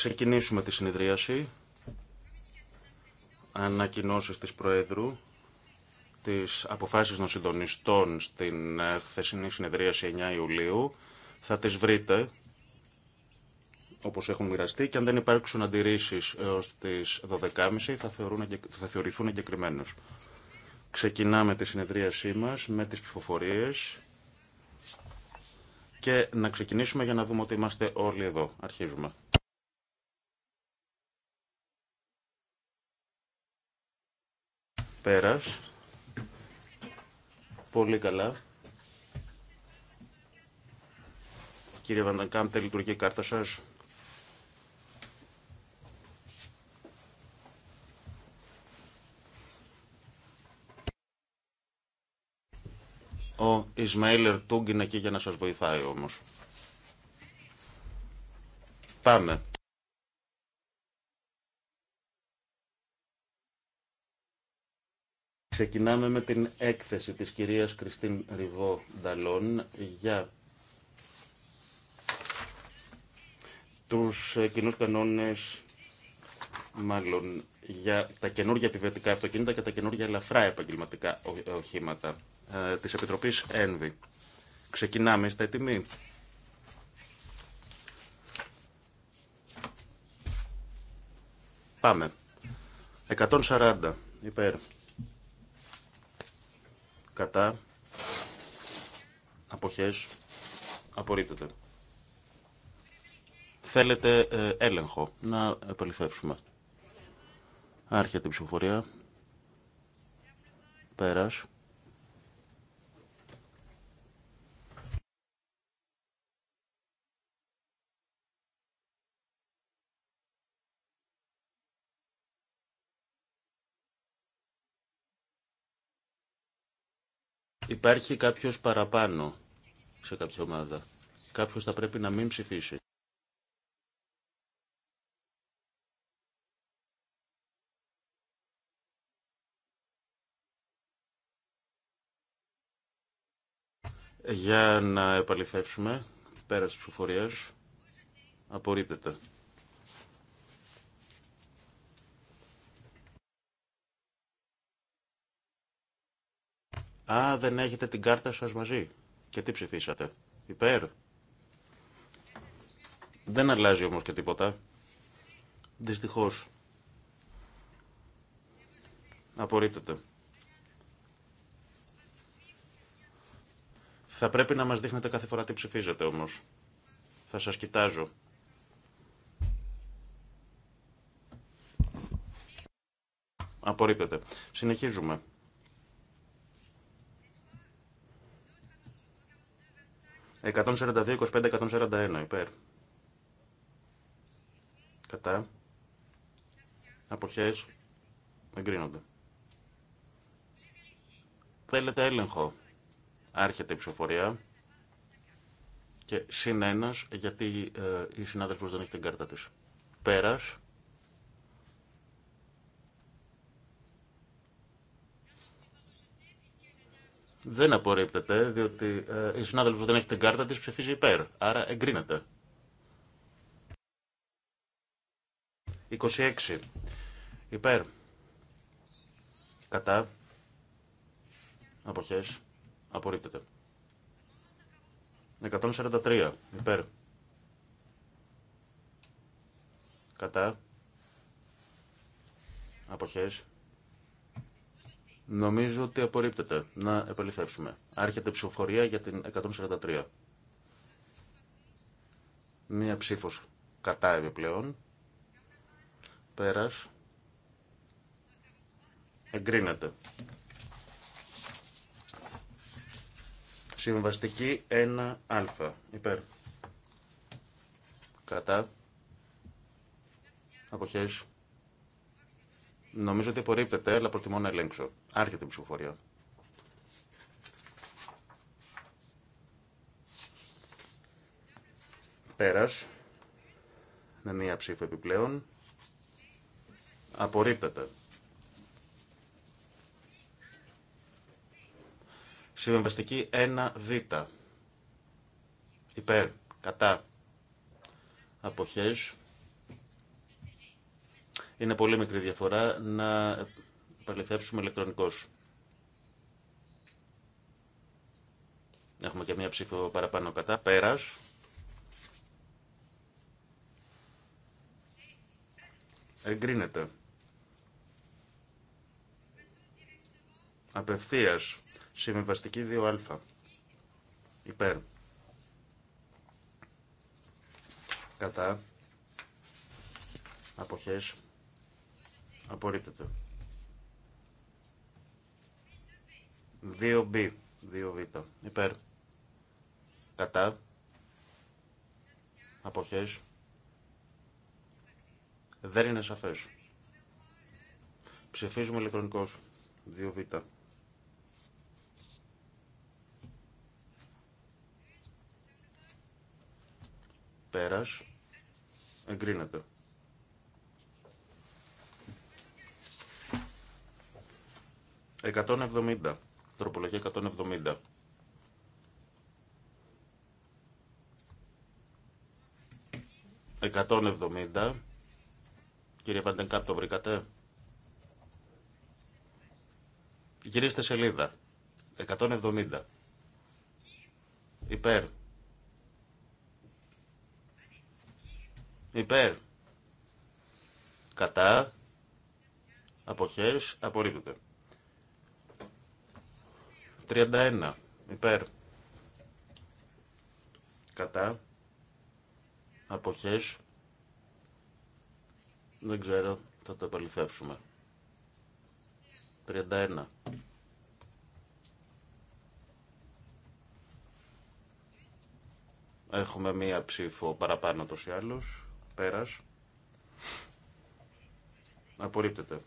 ξεκινήσουμε τη συνεδρίαση. Ανακοινώσεις της Προέδρου, τις αποφάσεις των συντονιστών στην ε, χθεσινή συνεδρίαση 9 Ιουλίου. Θα τις βρείτε, όπως έχουν μοιραστεί, και αν δεν υπάρξουν αντιρρήσεις έως τις 12.30 θα, θα θεωρηθούν εγκεκριμένες. Ξεκινάμε τη συνεδρίασή μας με τις ψηφοφορίες. Και να ξεκινήσουμε για να δούμε ότι είμαστε όλοι εδώ. Αρχίζουμε. Πέρας. Πολύ καλά. Κύριε Βαντακάμ, τελειτουργεί λειτουργεί η κάρτα σας. Ο Ισμαήλ Ερτούγκ είναι εκεί για να σας βοηθάει όμως. Πάμε. Ξεκινάμε με την έκθεση της κυρίας Κριστίν Ριβό Νταλόν για τους ε, κοινούς κανόνες, μάλλον για τα καινούργια επιβετικά αυτοκίνητα και τα καινούργια ελαφρά επαγγελματικά ε, οχήματα ε, της Επιτροπής ΕΝΒΗ. Ξεκινάμε, είστε έτοιμοι. Πάμε. 140 υπέρ κατά, αποχές, απορρίπτεται. Θέλετε ε, έλεγχο να επαληθεύσουμε. Άρχεται η ψηφοφορία. Πέρας. Υπάρχει κάποιος παραπάνω σε κάποια ομάδα. Κάποιος θα πρέπει να μην ψηφίσει. Για να επαληθεύσουμε, πέρα της ψηφοφορίας, απορρίπτεται. Α, δεν έχετε την κάρτα σας μαζί. Και τι ψηφίσατε. Υπέρ. Δεν αλλάζει όμως και τίποτα. Δυστυχώς. Απορρίπτεται. Θα πρέπει να μας δείχνετε κάθε φορά τι ψηφίζετε όμως. Θα σας κοιτάζω. Απορρίπτεται. Συνεχίζουμε. 142, 25, 141 υπέρ. Κατά. Αποχές. Εγκρίνονται. Θέλετε έλεγχο. Άρχεται η ψηφοφορία. Και συνένας γιατί ε, η συνάδελφος δεν έχει την κάρτα της. Πέρας. Δεν απορρίπτεται, διότι ε, η συνάδελφος δεν έχει την κάρτα της, ψηφίζει υπέρ. Άρα εγκρίνεται. 26. Υπέρ. Κατά. Αποχές. Απορρίπτεται. 143. Υπέρ. Κατά. Αποχές. Νομίζω ότι απορρίπτεται. Να επαληθεύσουμε. Άρχεται ψηφοφορία για την 143. Μία ψήφος κατά επιπλέον. Πέρας. Εγκρίνεται. Συμβαστική 1α. Υπέρ. Κατά. Αποχές. Νομίζω ότι απορρίπτεται, αλλά προτιμώ να ελέγξω. Άρχεται η ψηφοφορία. Πέρας. Με μία ψήφο επιπλέον. Απορρίπτεται. Συμβαστική 1Β. Υπέρ. Κατά. Αποχές. Είναι πολύ μικρή διαφορά να αληθεύσουμε Έχουμε και μία ψήφο παραπάνω κατά. Πέρας. Εγκρίνεται. Συμβαστική Συμβιβαστική 2α. Υπέρ. Κατά. Αποχές. Απορρίπτεται. 2B, 2Β, b υπερ κατά, αποχές, δεν είναι σαφές. Ψηφίζουμε ηλεκτρονικός, 2B. Πέρας, εγκρίνεται. Εκατόν εβδομήντα. Τροπολογία 170. 170. Κύριε Βαντενκάπ, το βρήκατε. Γυρίστε σελίδα. 170. Υπέρ. Υπέρ. Κατά. Αποχές. Απορρίπτεται. 31. Υπέρ. Κατά. Αποχές. Δεν ξέρω. Θα το επαληθεύσουμε. 31. Έχουμε μία ψήφο παραπάνω τόσο ή άλλως. Πέρας. Απορρίπτεται.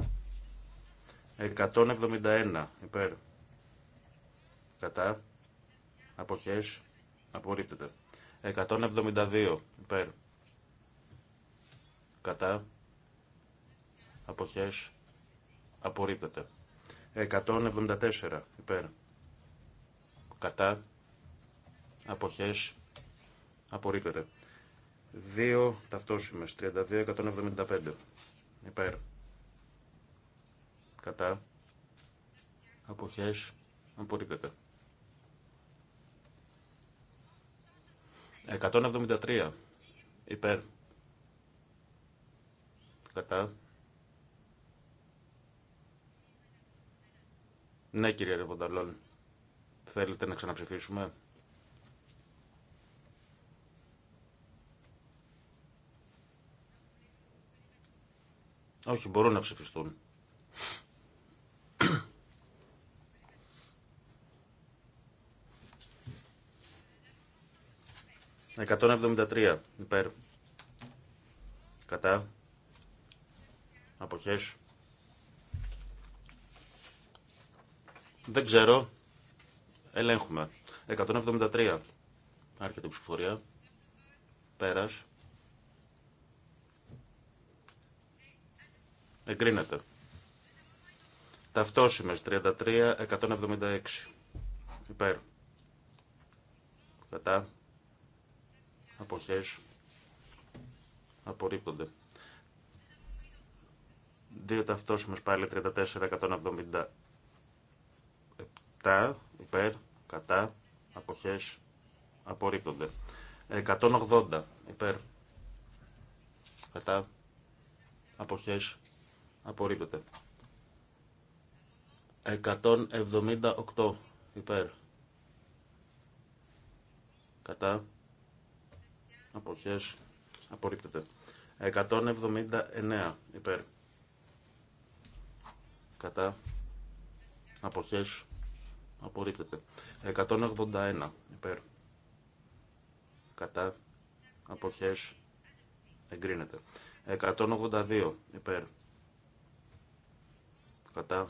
171. Υπέρ. Κατά. Αποχές. Απορρίπτεται. 172. Υπέρ. Κατά. Αποχές. Απορρίπτεται. 174. Υπέρ. Κατά. Αποχές. Απορρίπτεται. 2 ταυτόσημες. 32. 175. Υπέρ. Κατά. Αποχές. Απορρίπτεται. 173 υπέρ κατά Ναι κύριε Ρεβονταλόν θέλετε να ξαναψηφίσουμε Όχι μπορούν να ψηφιστούν 173 υπέρ. Κατά. Αποχές. Δεν ξέρω. Ελέγχουμε. 173. Άρχεται η ψηφοφορία. Πέρας. Εγκρίνεται. Ταυτόσιμες 33-176. Υπέρ. Κατά εποχες απορριπτονται απορρίπτονται. Δύο ταυτόσιμες πάλι 34-177 υπέρ, κατά, αποχές απορρίπτονται. 180 υπέρ, κατά, αποχές απορρίπτονται. 178 υπέρ, κατά, αποχές απορρίπτεται. 179 υπέρ κατά αποχές απορρίπτεται. 181 υπέρ κατά αποχές εγκρίνεται. 182 υπέρ κατά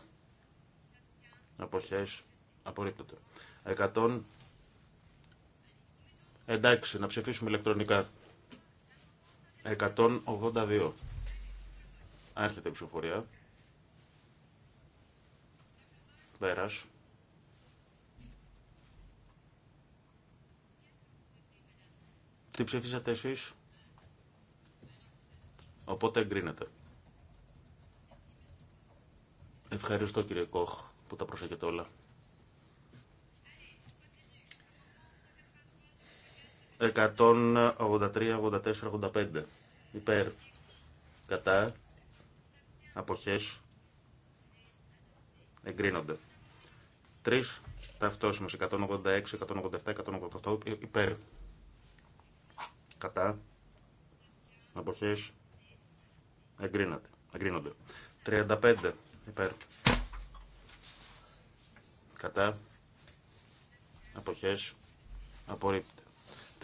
αποχές απορρίπτεται. Εντάξει, να ψηφίσουμε ηλεκτρονικά. 182. Άρχεται η ψηφοφορία. Πέρας. Τι ψηφίσατε εσείς. Οπότε εγκρίνεται. Ευχαριστώ κύριε Κόχ που τα προσέχετε όλα. 183, 84, 85. Υπέρ. Κατά. Αποχές. Εγκρίνονται. Τρεις ταυτόσιμες. 186, 187, 188. Υπέρ. Κατά. Αποχές. Εγκρίνονται. Εγκρίνονται. 35. Υπέρ. Κατά. Αποχές. απορρίπτει.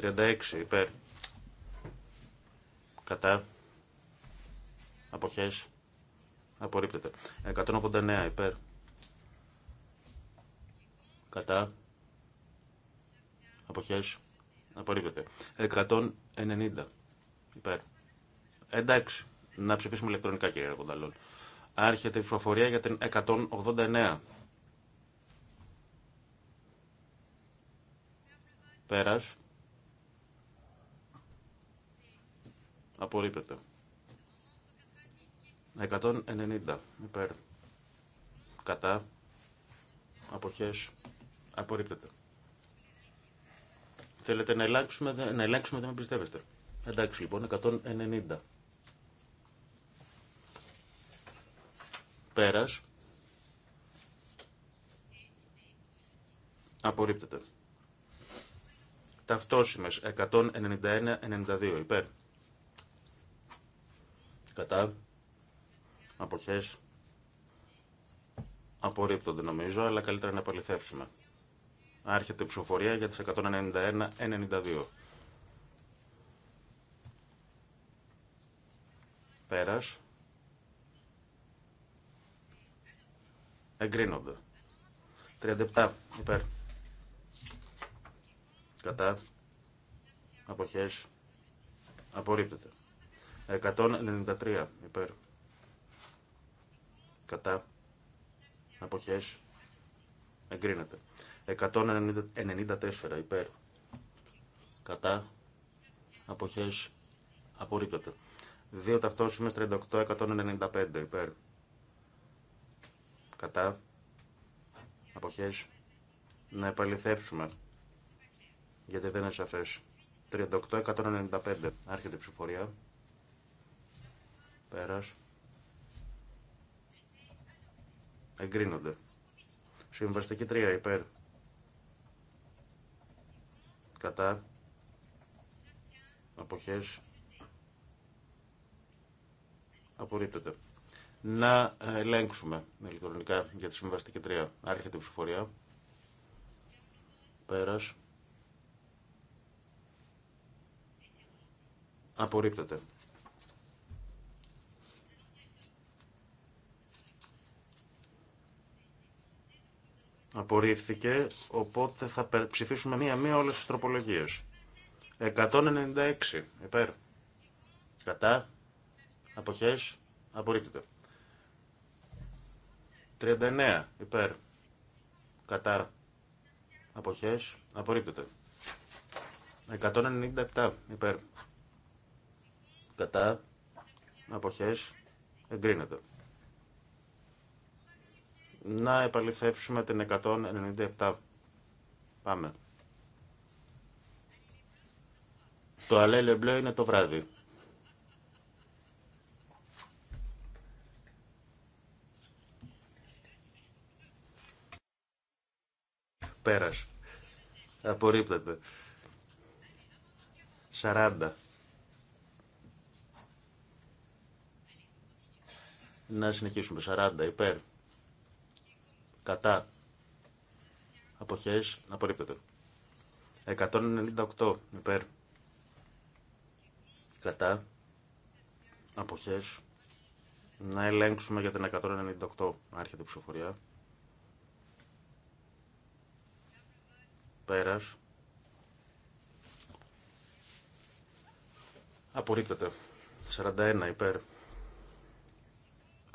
36 υπέρ. Κατά. Αποχές. Απορρίπτεται. 189 υπέρ. Κατά. Αποχές. Απορρίπτεται. 190 υπέρ. Εντάξει. Να ψηφίσουμε ηλεκτρονικά κύριε Κονταλόν. Άρχεται η ψηφοφορία για την 189. Πέρας. Απορρίπτεται. 190 υπέρ. Κατά. Αποχές. Απορρίπτεται. Θέλετε να ελέγξουμε, να ελέγξουμε δεν με πιστεύεστε. Εντάξει λοιπόν, 190. Πέρας. Απορρίπτεται. Ταυτόσιμες 191-92 υπέρ. Κατά. Αποχές. Απορρίπτονται νομίζω, αλλά καλύτερα να επαληθεύσουμε. Άρχεται η ψηφοφορία για τις 191-92. Πέρας. Εγκρίνονται. 37 υπέρ. Κατά. Αποχές. Απορρίπτεται. 193 υπέρ. Κατά. Αποχέ. Εγκρίνεται. 194 υπέρ. απόχέ, Αποχές. Απορρίπτεται. ταυτοσιμε ταυτόσημες 38-195 υπέρ. Κατά. αποχέ Να επαληθεύσουμε. Γιατί δεν ειναι σαφε σαφές. 38-195. Άρχεται η ψηφορία. Πέρας. Εγκρίνονται. Συμβαστική 3 υπέρ. Κατά. Αποχές. Απορρίπτεται. Να ελέγξουμε ηλεκτρονικά για τη συμβαστική τρία Άρχεται η ψηφορία. Πέρας. Απορρίπτεται. Απορρίφθηκε, οπότε θα ψηφίσουμε μία-μία όλες τις τροπολογίες. 196, υπέρ. Κατά, αποχές, απορρίπτεται. 39, υπέρ. Κατά, αποχές, απορρίπτεται. 197, υπέρ. Κατά, αποχές, εγκρίνεται. Να επαληθεύσουμε την 197. Πάμε. Το αλέλε μπλε είναι το βράδυ. Πέρας. Απορρίπτεται. 40. Να συνεχίσουμε. 40 υπέρ. Κατά. Αποχές. Απορρίπτεται. 198. Υπέρ. Κατά. Αποχές. Να ελέγξουμε για την 198. Άρχεται η ψηφοφορία. Πέρας. Απορρίπτεται. 41 υπέρ.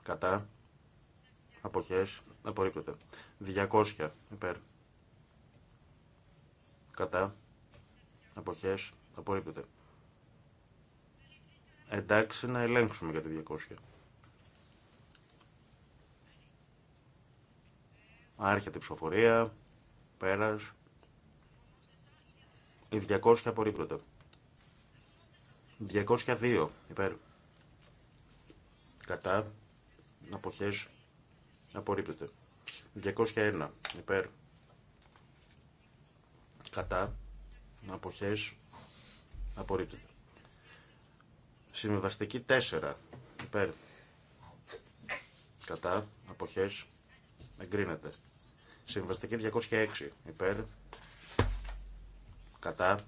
Κατά. Αποχές. Απορρίπτεται. 200 υπέρ. Κατά. αποχέ, Απορρίπτεται. Εντάξει, να ελέγξουμε για τη 200. Άρχεται η ψηφοφορία. Πέρας. Η 200 απορρίπτεται. 202 υπέρ. Κατά. Αποχές. Απορρίπτεται. 201 υπέρ. Κατά. Αποχές. Απορρίπτεται. Συμβαστική 4 υπέρ. Κατά. Αποχές. Εγκρίνεται. Συμβαστική 206 υπέρ. Κατά.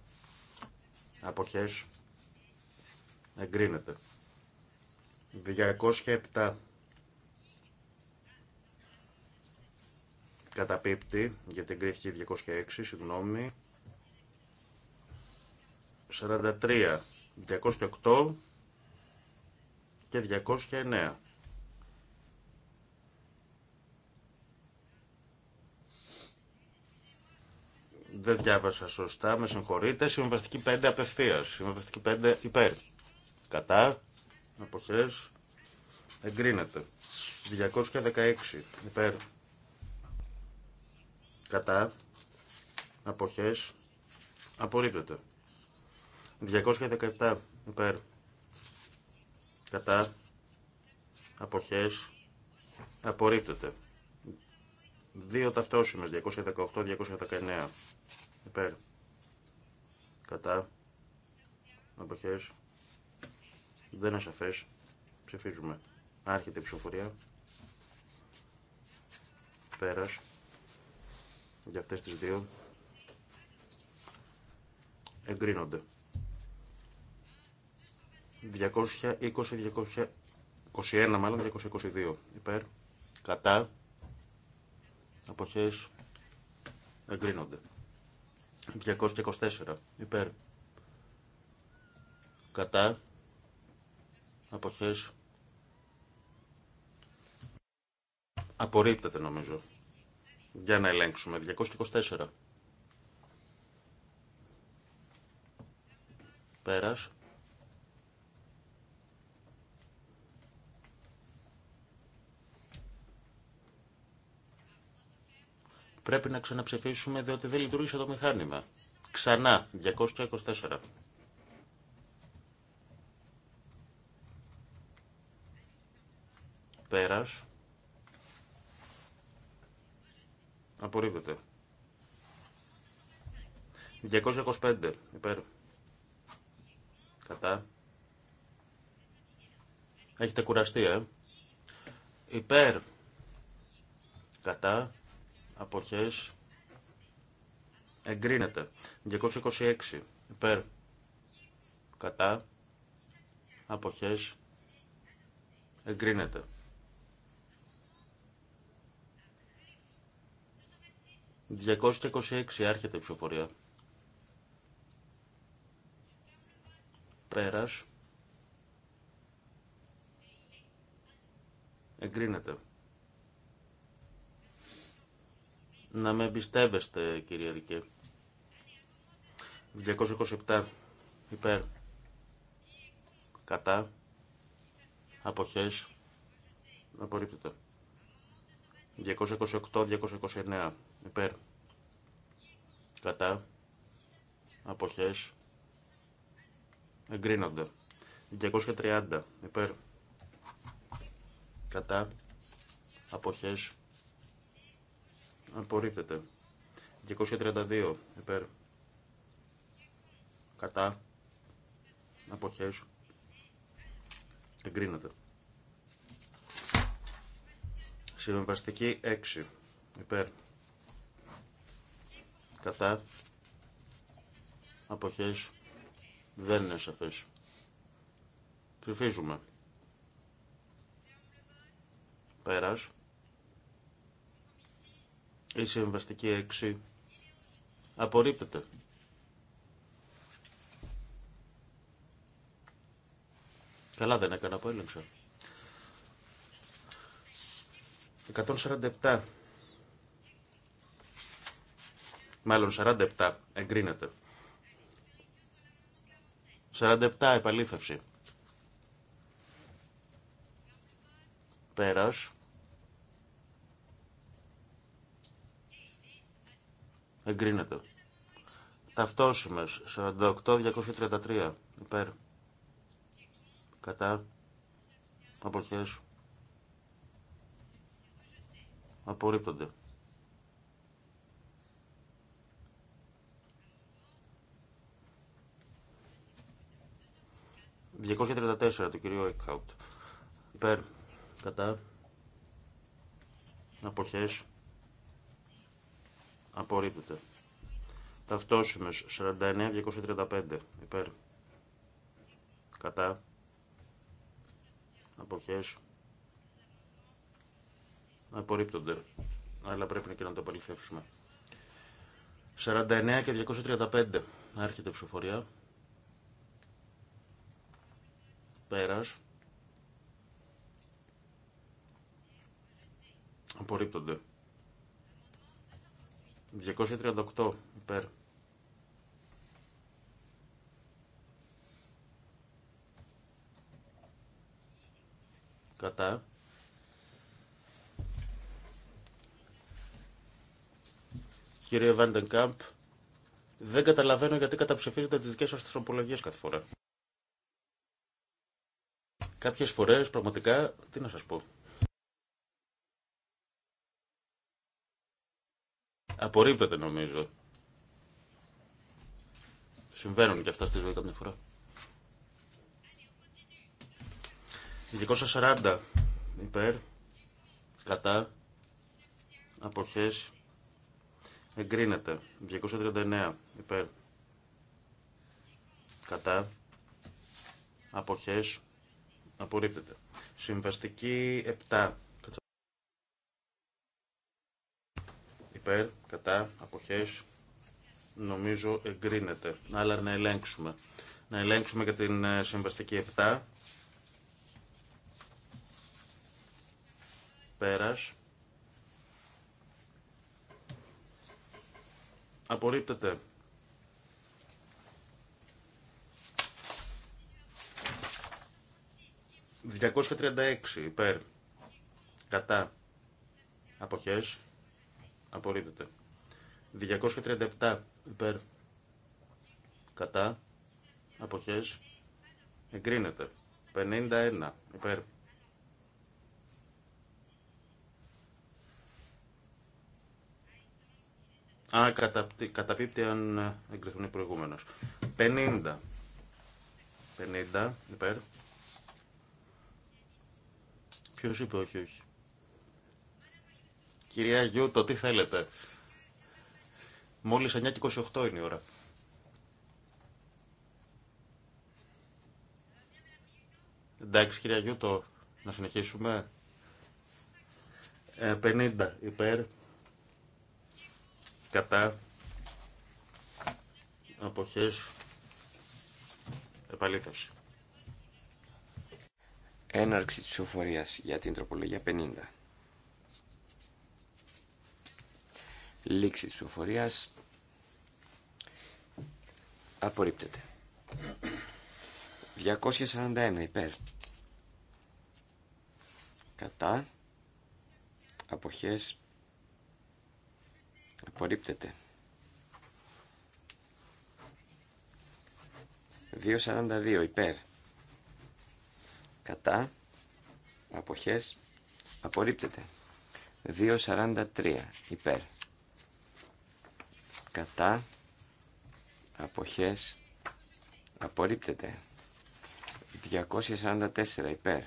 Αποχές. Εγκρίνεται. 207 Καταπίπτει, γιατί εγκρίθηκε 206, συγγνώμη. 43, 208 και 209. Δεν διάβασα σωστά, με συγχωρείτε. Συμβαστική 5 απευθεία. Συμβαστική 5 υπέρ. Κατά. Αποχέ. Εγκρίνεται. 216 υπέρ κατά αποχές απορρίπτεται 217 υπέρ κατά αποχές απορρίπτεται δύο ταυτόσημες 218-219 υπέρ κατά αποχές δεν είναι σαφές ψηφίζουμε άρχεται η ψηφοφορία πέρας για αυτές τις δύο εγκρίνονται. 220, 221 μάλλον, 222 υπέρ, κατά, αποχές, εγκρίνονται. 224 υπέρ, κατά, αποχές, απορρίπτεται νομίζω. Για να ελέγξουμε. 224. Πέρας. Πρέπει να ξαναψηφίσουμε διότι δεν λειτουργήσε το μηχάνημα. Ξανά. 224. Πέρας. Απορρίβεται. 225 υπέρ. Κατά. Έχετε κουραστεί, ε. Υπέρ. Κατά. Αποχές. Εγκρίνεται. 226 υπέρ. Κατά. Αποχές. Εγκρίνεται. 226 άρχεται η ψηφοφορία. Πέρας. Εγκρίνεται. Να με εμπιστεύεστε κύριε Ρικέ. 227 υπέρ. Κατά. Αποχές. Απορρίπτεται. 228-229 Υπέρ. Κατά. Αποχές. Εγκρίνονται. 230. Υπέρ. Κατά. Αποχές. Απορρίπτεται. 232. Υπέρ. Κατά. Αποχές. εγκρίνονται. Συμβαστική 6. Υπέρ. Κατά. Αποχές. Δεν είναι σαφές. Ψηφίζουμε. Πέρας. Η συμβαστική 6 απορρίπτεται. Καλά δεν έκανα που έλεγξα. 147 Μάλλον 47 εγκρίνεται. 47 επαλήθευση. Πέρας. Εγκρίνεται. Ταυτόσιμες. 48-233. Υπέρ. Κατά. Αποχές. Απορρίπτονται. 234 του κυρίου Έκχαουτ. Υπέρ, κατά, αποχές, απορρίπτεται. Ταυτόσιμες, 49-235, υπέρ, κατά, αποχές, απορρίπτονται. Αλλά πρέπει και να το απαλληθεύσουμε 49 και 235, άρχεται η ψηφοφορία. Πέρας. Απορρίπτονται. 238 υπέρ. Κατά. Κύριε Βάντεν δεν καταλαβαίνω γιατί καταψηφίζετε τις δικές σας τροπολογίες κάθε φορά. Κάποιες φορές πραγματικά, τι να σας πω, Απορρίπτεται νομίζω. Συμβαίνουν και αυτά στη ζωή κάποια φορά. 240 υπέρ, κατά, αποχές, εγκρίνεται. 239 υπέρ, κατά, αποχές, Απορρίπτεται. Συμβαστική 7. Υπέρ, κατά, αποχές. Νομίζω εγκρίνεται. Αλλά να ελέγξουμε. Να ελέγξουμε και την ε, συμβαστική 7. Πέρας. Απορρίπτεται. 236 υπέρ. Κατά. Αποχές. Απορρίπτεται. 237 υπέρ. Κατά. Αποχές. Εγκρίνεται. 51 υπέρ. Α, καταπίπτει αν εγκριθούν οι προηγούμενες. 50. 50 υπέρ. Ποιο είπε όχι, όχι. Κυρία Γιούτο, τι θέλετε. Μόλις 9.28 είναι η ώρα. Εντάξει, κυρία Γιούτο, να συνεχίσουμε. 50 ε, υπέρ. Κατά. Αποχές. Επαλήθευση. Έναρξη της ψηφοφορίας για την τροπολογία 50. Λήξη της ψηφοφορίας. Απορρίπτεται. 241 υπέρ. Κατά. Αποχές. Απορρίπτεται. 242 υπέρ κατά αποχές απορρίπτεται 2.43 υπέρ κατά αποχές απορρίπτεται 244 υπέρ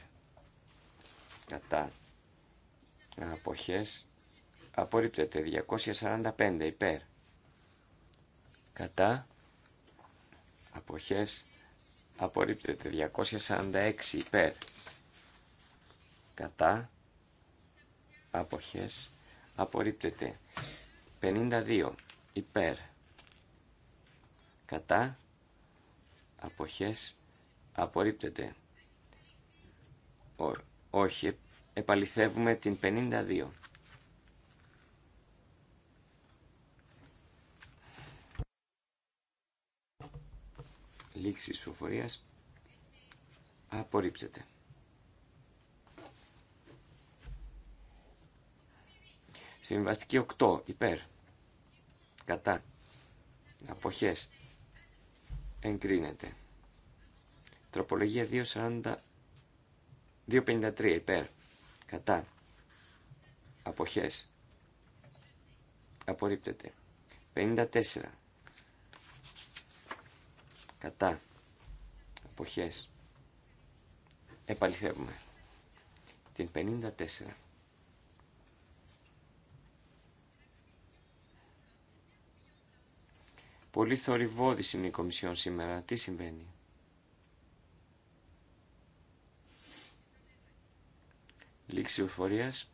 κατά αποχές απορρίπτεται 245 υπέρ κατά αποχές απορρίπτεται 246 υπέρ κατά αποχές απορρίπτεται 52 υπέρ κατά αποχές απορρίπτεται όχι επαληθεύουμε την 52 λήξη ψηφοφορίας απορρίπτεται. Συμβαστική 8 υπέρ κατά αποχές εγκρίνεται. Τροπολογία 240 253 υπέρ κατά αποχές απορρίπτεται. 54 κατά εποχές επαληθεύουμε την 54 Πολύ θορυβόδηση είναι η Κομισιόν σήμερα. Τι συμβαίνει. Λήξη ουφορίας;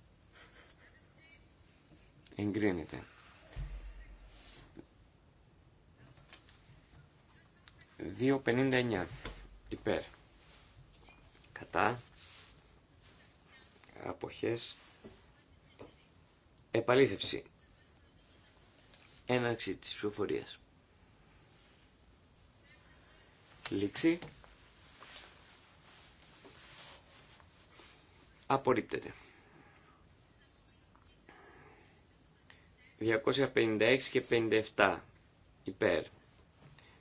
εγκρίνεται. 2.59 υπέρ κατά αποχές επαλήθευση έναρξη της ψηφοφορίας λήξη απορρίπτεται 256 και 57 υπέρ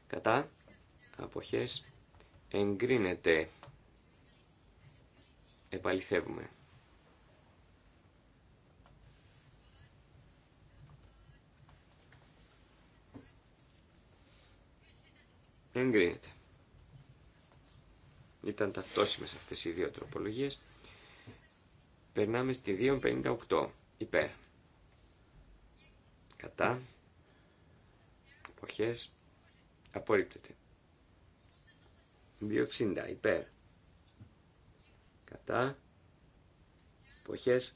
κατά αποχές εγκρίνεται. Επαληθεύουμε. Εγκρίνεται. Ήταν ταυτόσιμες αυτές οι δύο τροπολογίες. Περνάμε στη 258. Υπέρ. Κατά. Εποχές. Απορρίπτεται. 260 υπέρ. Κατά. Εποχές.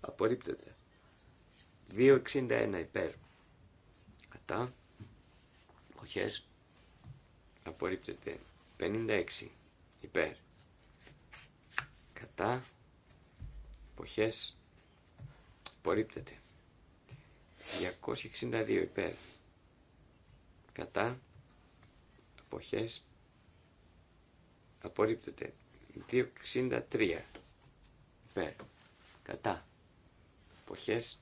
Απορρίπτεται. 261 υπέρ. Κατά. Εποχές. Απορρίπτεται. 56 υπέρ. Κατά. Εποχές. Απορρίπτεται. 262 υπέρ. Κατά. Εποχές Απορρίπτεται. 263. Υπέρ. Κατά. εποχές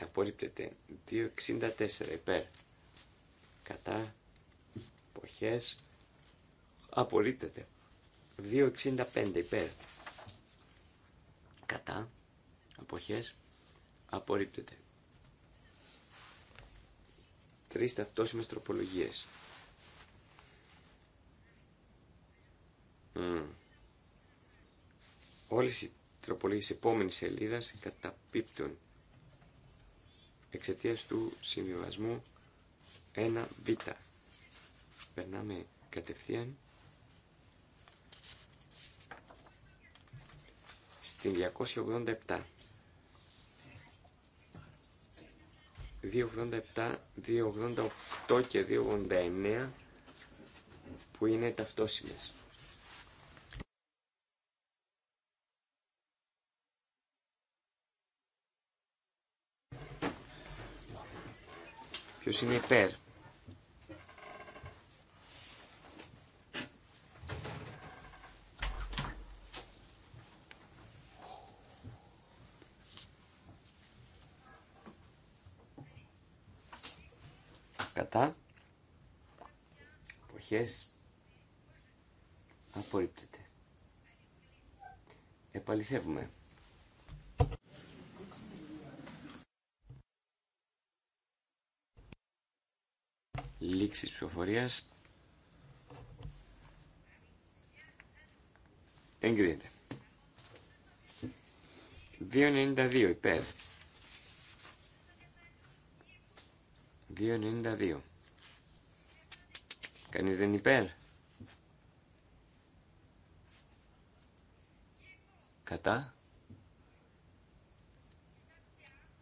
Απορρίπτεται. 264. Υπέρ. Κατά. εποχές Απορρίπτεται. 265. Υπέρ. Κατά. εποχές Απορρίπτεται. Τρεις ταυτόσιμες τροπολογίες. Mm. Όλες οι τροπολογίες επόμενης σελίδας καταπίπτουν εξαιτίας του συμβιβασμού 1β. Περνάμε κατευθείαν στην 287. 287, 288 και 289 που είναι ταυτόσιμες. Ποιος είναι υπέρ. Κατά. Εποχές. Απορρίπτεται. Επαληθεύουμε. λήξη της ψηφοφορίας. Εγκρίνεται. 2.92 υπέρ. 2.92. Κανείς δεν υπέρ. Κατά.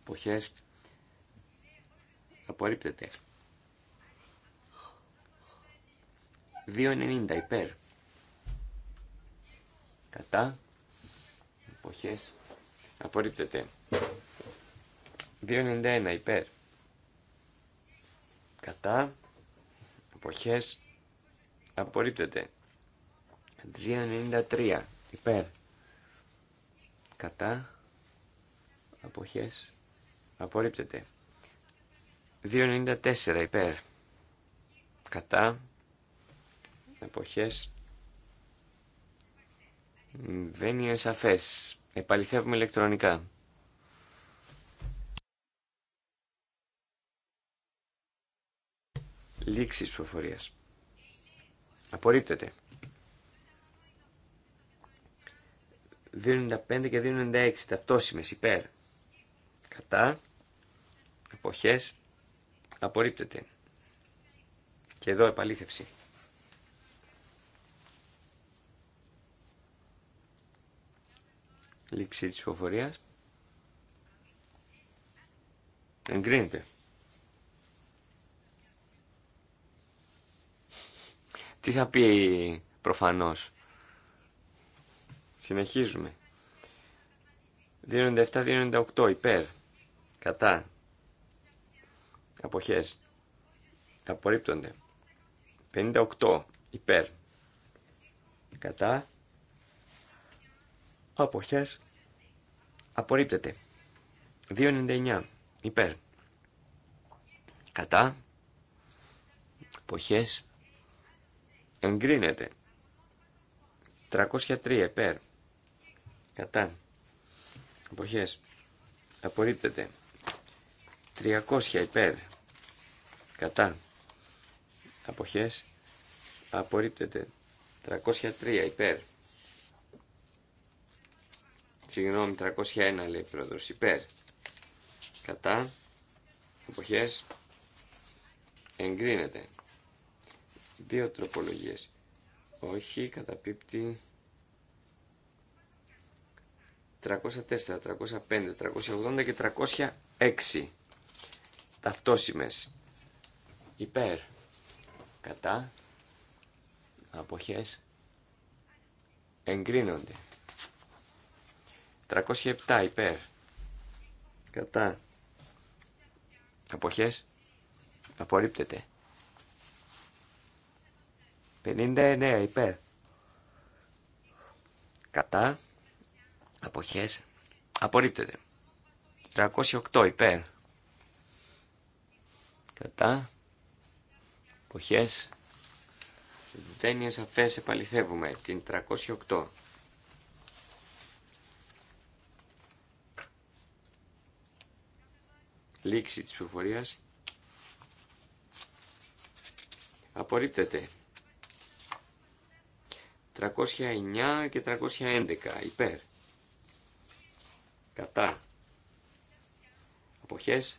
Ποχές. Απορρίπτεται. 2,90 υπέρ. Κατά. Εποχές. Απορρίπτεται. 2,91 υπέρ. Κατά. Εποχές. Απορρίπτεται. 2,93 υπέρ. Κατά. Αποχές. Απορρίπτεται. 2,94 υπέρ. Κατά Εποχές Δεν είναι σαφές. Επαληθεύουμε ηλεκτρονικά. Λήξη ψηφοφορίας. Απορρίπτεται. 2,95 και 2,96 ταυτόσιμες υπέρ. Κατά. Εποχές. Απορρίπτεται. Και εδώ επαλήθευση. Λήξη της ψηφοφορίας. Εγκρίνεται. Τι θα πει προφανώς. Συνεχίζουμε. 297-298 υπέρ. Κατά. Αποχές. Απορρίπτονται. 58 υπέρ. Κατά αποχές απορρίπτεται. 2.99 υπέρ κατά αποχές εγκρίνεται. 303 υπέρ κατά αποχές απορρίπτεται. 300 υπέρ κατά αποχές απορρίπτεται. 303 υπέρ Συγγνώμη, 301 λέει πρόεδρο. Υπέρ. Κατά. εποχέ. Εγκρίνεται. Δύο τροπολογίε. Όχι, καταπίπτει. 304, 305, 380 και 306. Ταυτόσιμες. Υπέρ. Κατά. Αποχές. Εγκρίνονται. 307 υπέρ. Κατά. Αποχές. Απορρίπτεται. 59 υπέρ. Κατά. Αποχές. Απορρίπτεται. 308 υπέρ. Κατά. Αποχές. Δεν είναι σαφές επαληθεύουμε την 308. Λήξη της ψηφοφορίας. Απορρίπτεται. 309 και 311 υπέρ. Κατά. Αποχές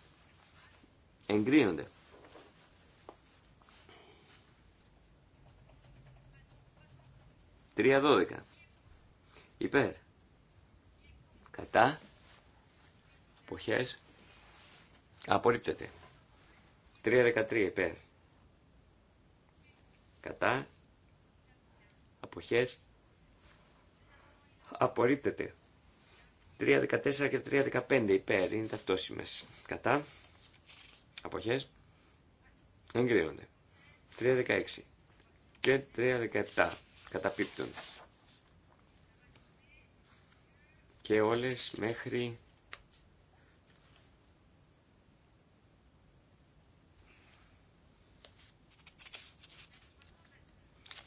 εγκρίνονται. Τρία δώδεκα. Υπέρ. Κατά. Αποχές Απορρίπτεται. 3.13 υπέρ. Κατά. Αποχές. Απορρίπτεται. 3.14 και 3.15 υπέρ. Είναι ταυτόσιμες. Κατά. Αποχές. Εγκρίνονται. 3.16 και 3.17 καταπίπτουν. Και όλες μέχρι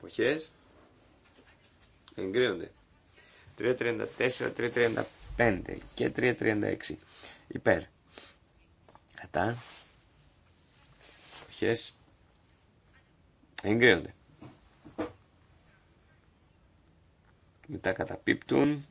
εποχές εγκρίνονται 334, 335 και 336 υπέρ κατά εποχές εγκρίνονται μετά καταπίπτουν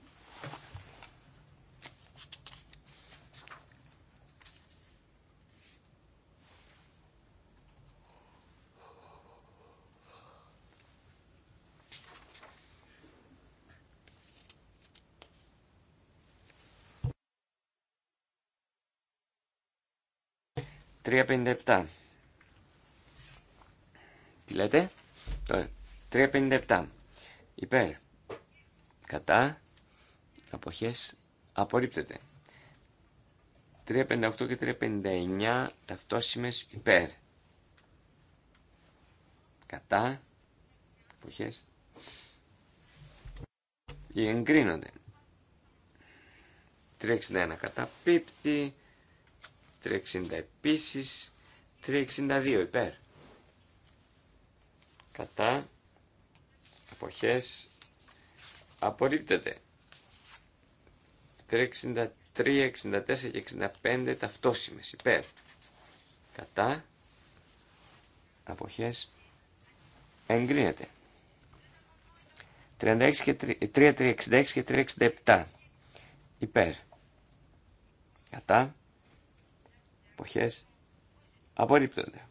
357. Τι λέτε? 357. Υπέρ. Κατά. Αποχές. Απορρίπτεται. 358 και 359 ταυτόσιμες υπέρ. Κατά. Αποχές. Εγκρίνονται. 361 κατά πίπτη. 360 επίσης. 362 υπέρ. Κατά. Αποχές. Απορρίπτεται. 363, 64 και 65 ταυτόσιμες υπέρ. Κατά. Αποχές. Εγκρίνεται. 36 και 3, 366 και 367 υπέρ. Κατά. Εποχές Απορρίπτονται.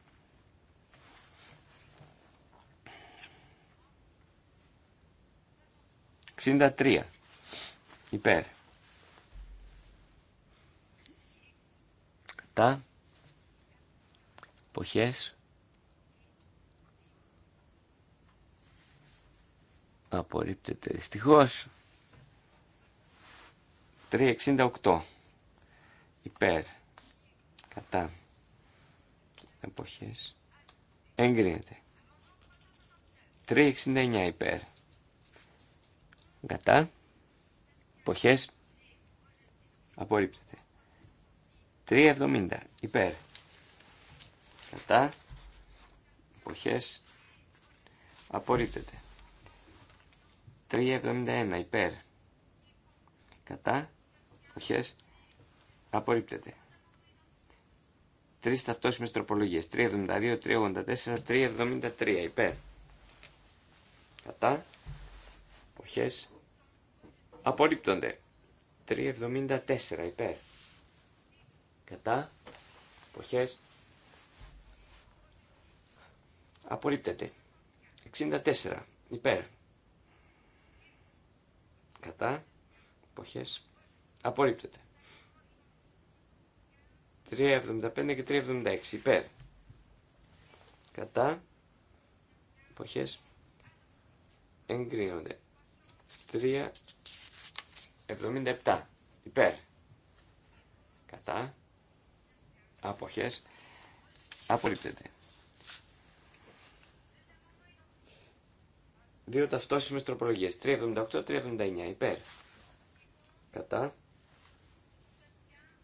Ξήντα τρία. Υπέρ. Κατά. εποχές Απορρίπτεται δυστυχώς. 368 υπέρ Κατά. Εποχές. Εγκρίνεται. 369 υπέρ. Κατά. Εποχές. Απορρίπτεται. 370 υπέρ. Κατά. Εποχές. Απορρίπτεται. 371 υπέρ. Κατά. Εποχές. Απορρίπτεται. Τρεις ταυτόσιμες τροπολογίες. 3.72, 3.84, 3.73. Υπέρ. Κατά. Εποχές. Απορρίπτονται. 3.74. Υπέρ. Κατά. Εποχές. Απορρίπτεται. 64. Υπέρ. Κατά. Εποχές. Απορρίπτεται. 3.75 και 3.76 υπέρ. Κατά εποχές εγκρίνονται. 3.77 υπέρ. Κατά αποχές απολύπτεται. Δύο ταυτόσιμες τροπολογίες. 3.78-3.79 υπέρ. Κατά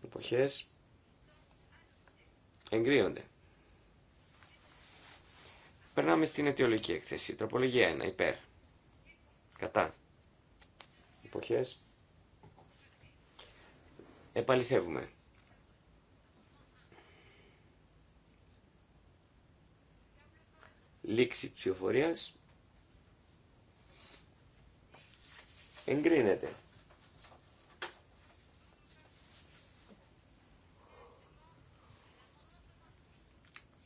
εποχές Εγκρίνονται. Περνάμε στην αιτιολογική έκθεση. Τροπολογία 1. Υπέρ. Κατά. Εποχές. Επαληθεύουμε. Λήξη ψηφοφορίας. Εγκρίνεται.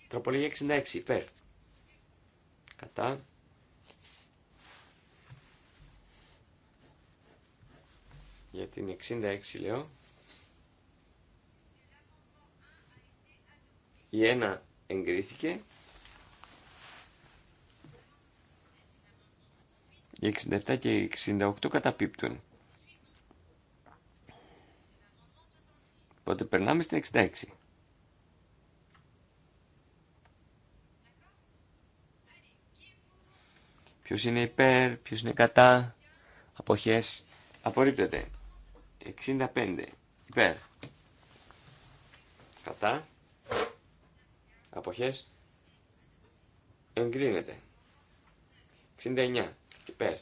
Τροπολογία 66 υπέρ. Κατά. Για την 66 λέω. Η 1 εγκρίθηκε. Η 67 και η 68 καταπίπτουν. Οπότε περνάμε στην 66. Ποιο είναι υπέρ, ποιο είναι κατά. αποχέ. Απορρίπτεται. 65. Υπέρ. Κατά. αποχέ. Εγκρίνεται. 69. Υπέρ.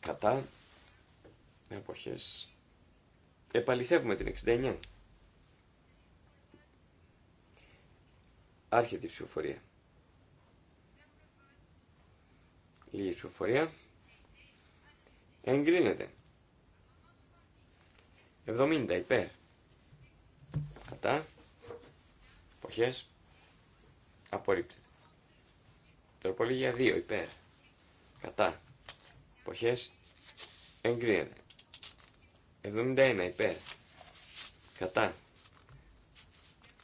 Κατά. Αποχέ. Επαληθεύουμε την 69. Άρχεται η ψηφοφορία. Λίγη πληροφορία. Εγκρίνεται. 70 υπέρ. Κατά. Εποχέ. Απορρίπτεται. Τροπολογία 2 υπέρ. Κατά. Εποχέ. Εγκρίνεται. 71 υπέρ. Κατά.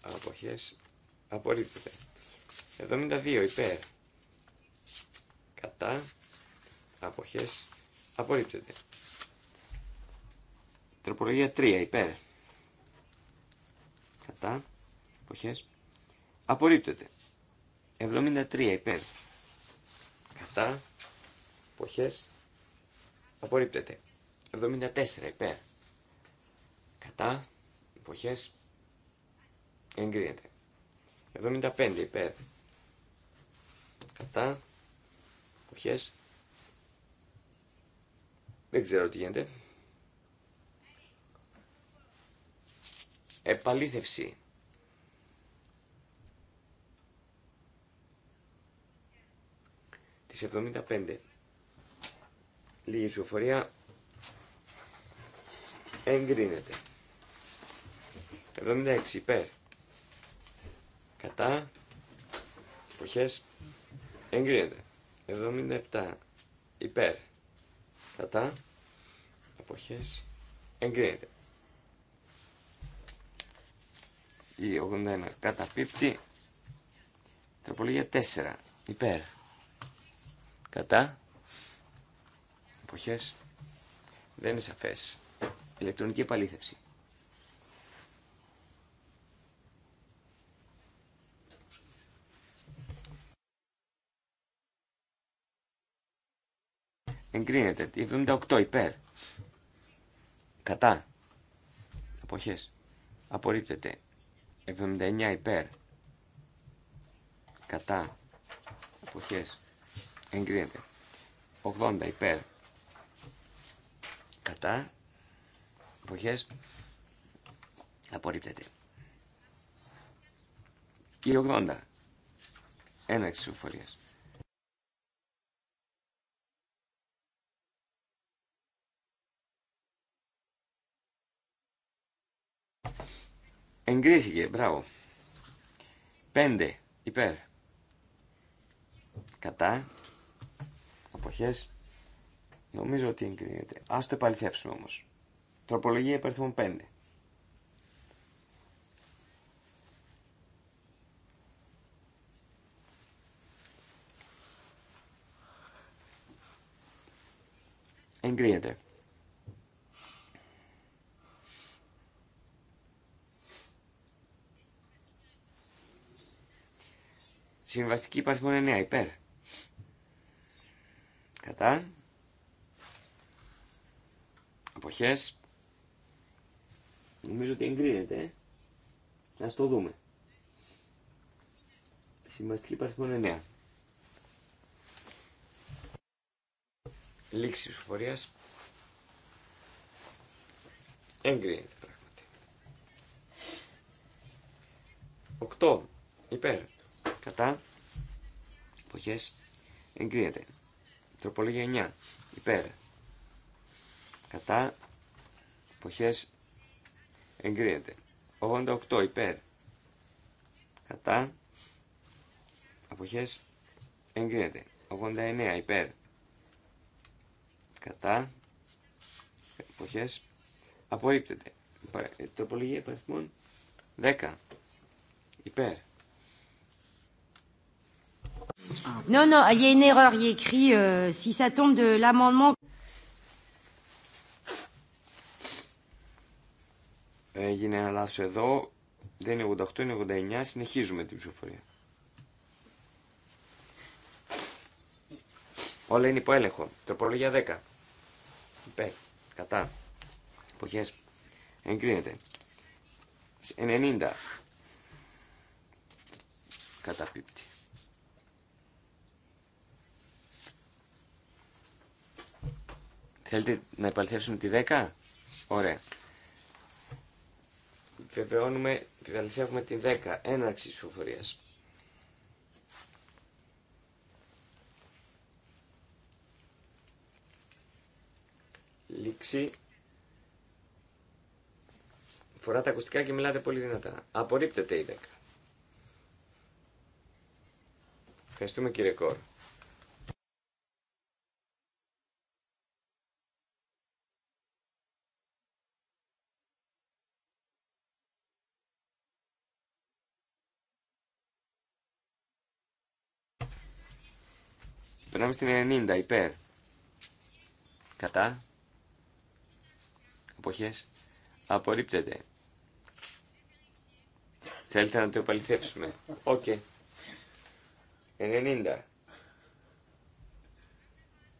Αποχές. Απορρίπτεται. 72 υπέρ κατά, αποχές, απορρίπτεται. Τροπολογία 3, υπέρ, κατά, αποχές, απορρίπτεται. 73, υπέρ, κατά, αποχές, απορρίπτεται. 74, υπέρ, κατά, αποχές, εγκρίνεται. 75, υπέρ, κατά, Εποχές, Δεν ξέρω τι γίνεται. Επαλήθευση. Τις 75. Λίγη ψηφοφορία. Εγκρίνεται. 76 υπέρ. Κατά. Εποχές. Εγκρίνεται. 77 υπέρ κατά αποχές εγκρίνεται. Η 81 καταπίπτει. Τροπολογία 4 υπέρ κατά αποχές δεν είναι σαφές. Ηλεκτρονική επαλήθευση. Εγκρίνεται. 78 υπέρ. Κατά. Αποχέ. Απορρίπτεται. 79 υπέρ. Κατά. Αποχές. Εγκρίνεται. 80 υπέρ. Κατά. Αποχές. Απορρίπτεται. Ή 80. Ένα εξωφορίας. Εγκρίθηκε, μπράβο. 5 υπέρ. Κατά. Αποχές. Νομίζω ότι εγκρίνεται. Ας το επαληθεύσουμε όμως. Τροπολογία υπερθυμών 5. Εγκρίνεται. Συμβαστική υπαριθμόν 9 υπέρ. Κατά. Αποχές. Νομίζω ότι εγκρίνεται. Ας το δούμε. Συμβαστική υπαριθμόν 9. Λήξη ψηφοφορίας. Εγκρίνεται πράγματι. 8. Υπέρ. Κατά. Εποχές. Εγκρίνεται. Τροπολογία 9. Υπέρ. Κατά. Εποχές. Εγκρίνεται. 88. Υπέρ. Κατά. εποχέ. Εγκρίνεται. 89. Υπέρ. Κατά. Εποχές. Απορρίπτεται. Τροπολογία υπαριθμών 10. Υπέρ. Non, non, il y a une erreur, il écrit euh, Έγινε ε, ένα λάθος εδώ, δεν είναι 88, είναι 89, συνεχίζουμε την ψηφοφορία. Όλα είναι υπό έλεγχο. Τροπολογία 10. Υπέρ. Κατά. Εποχές. Εγκρίνεται. 90. Καταπίπτει. Θέλετε να επαληθεύσουμε τη 10. Ωραία. Βεβαιώνουμε, επαληθεύουμε τη 10. Έναρξη ψηφοφορία. Λήξη. Φοράτε ακουστικά και μιλάτε πολύ δυνατά. Απορρίπτεται η 10. Ευχαριστούμε κύριε Κόρ. Περνάμε στην 90 υπέρ. Κατά. Αποχές. Απορρίπτεται. Θέλετε να το επαληθεύσουμε. Οκ. Okay. 90.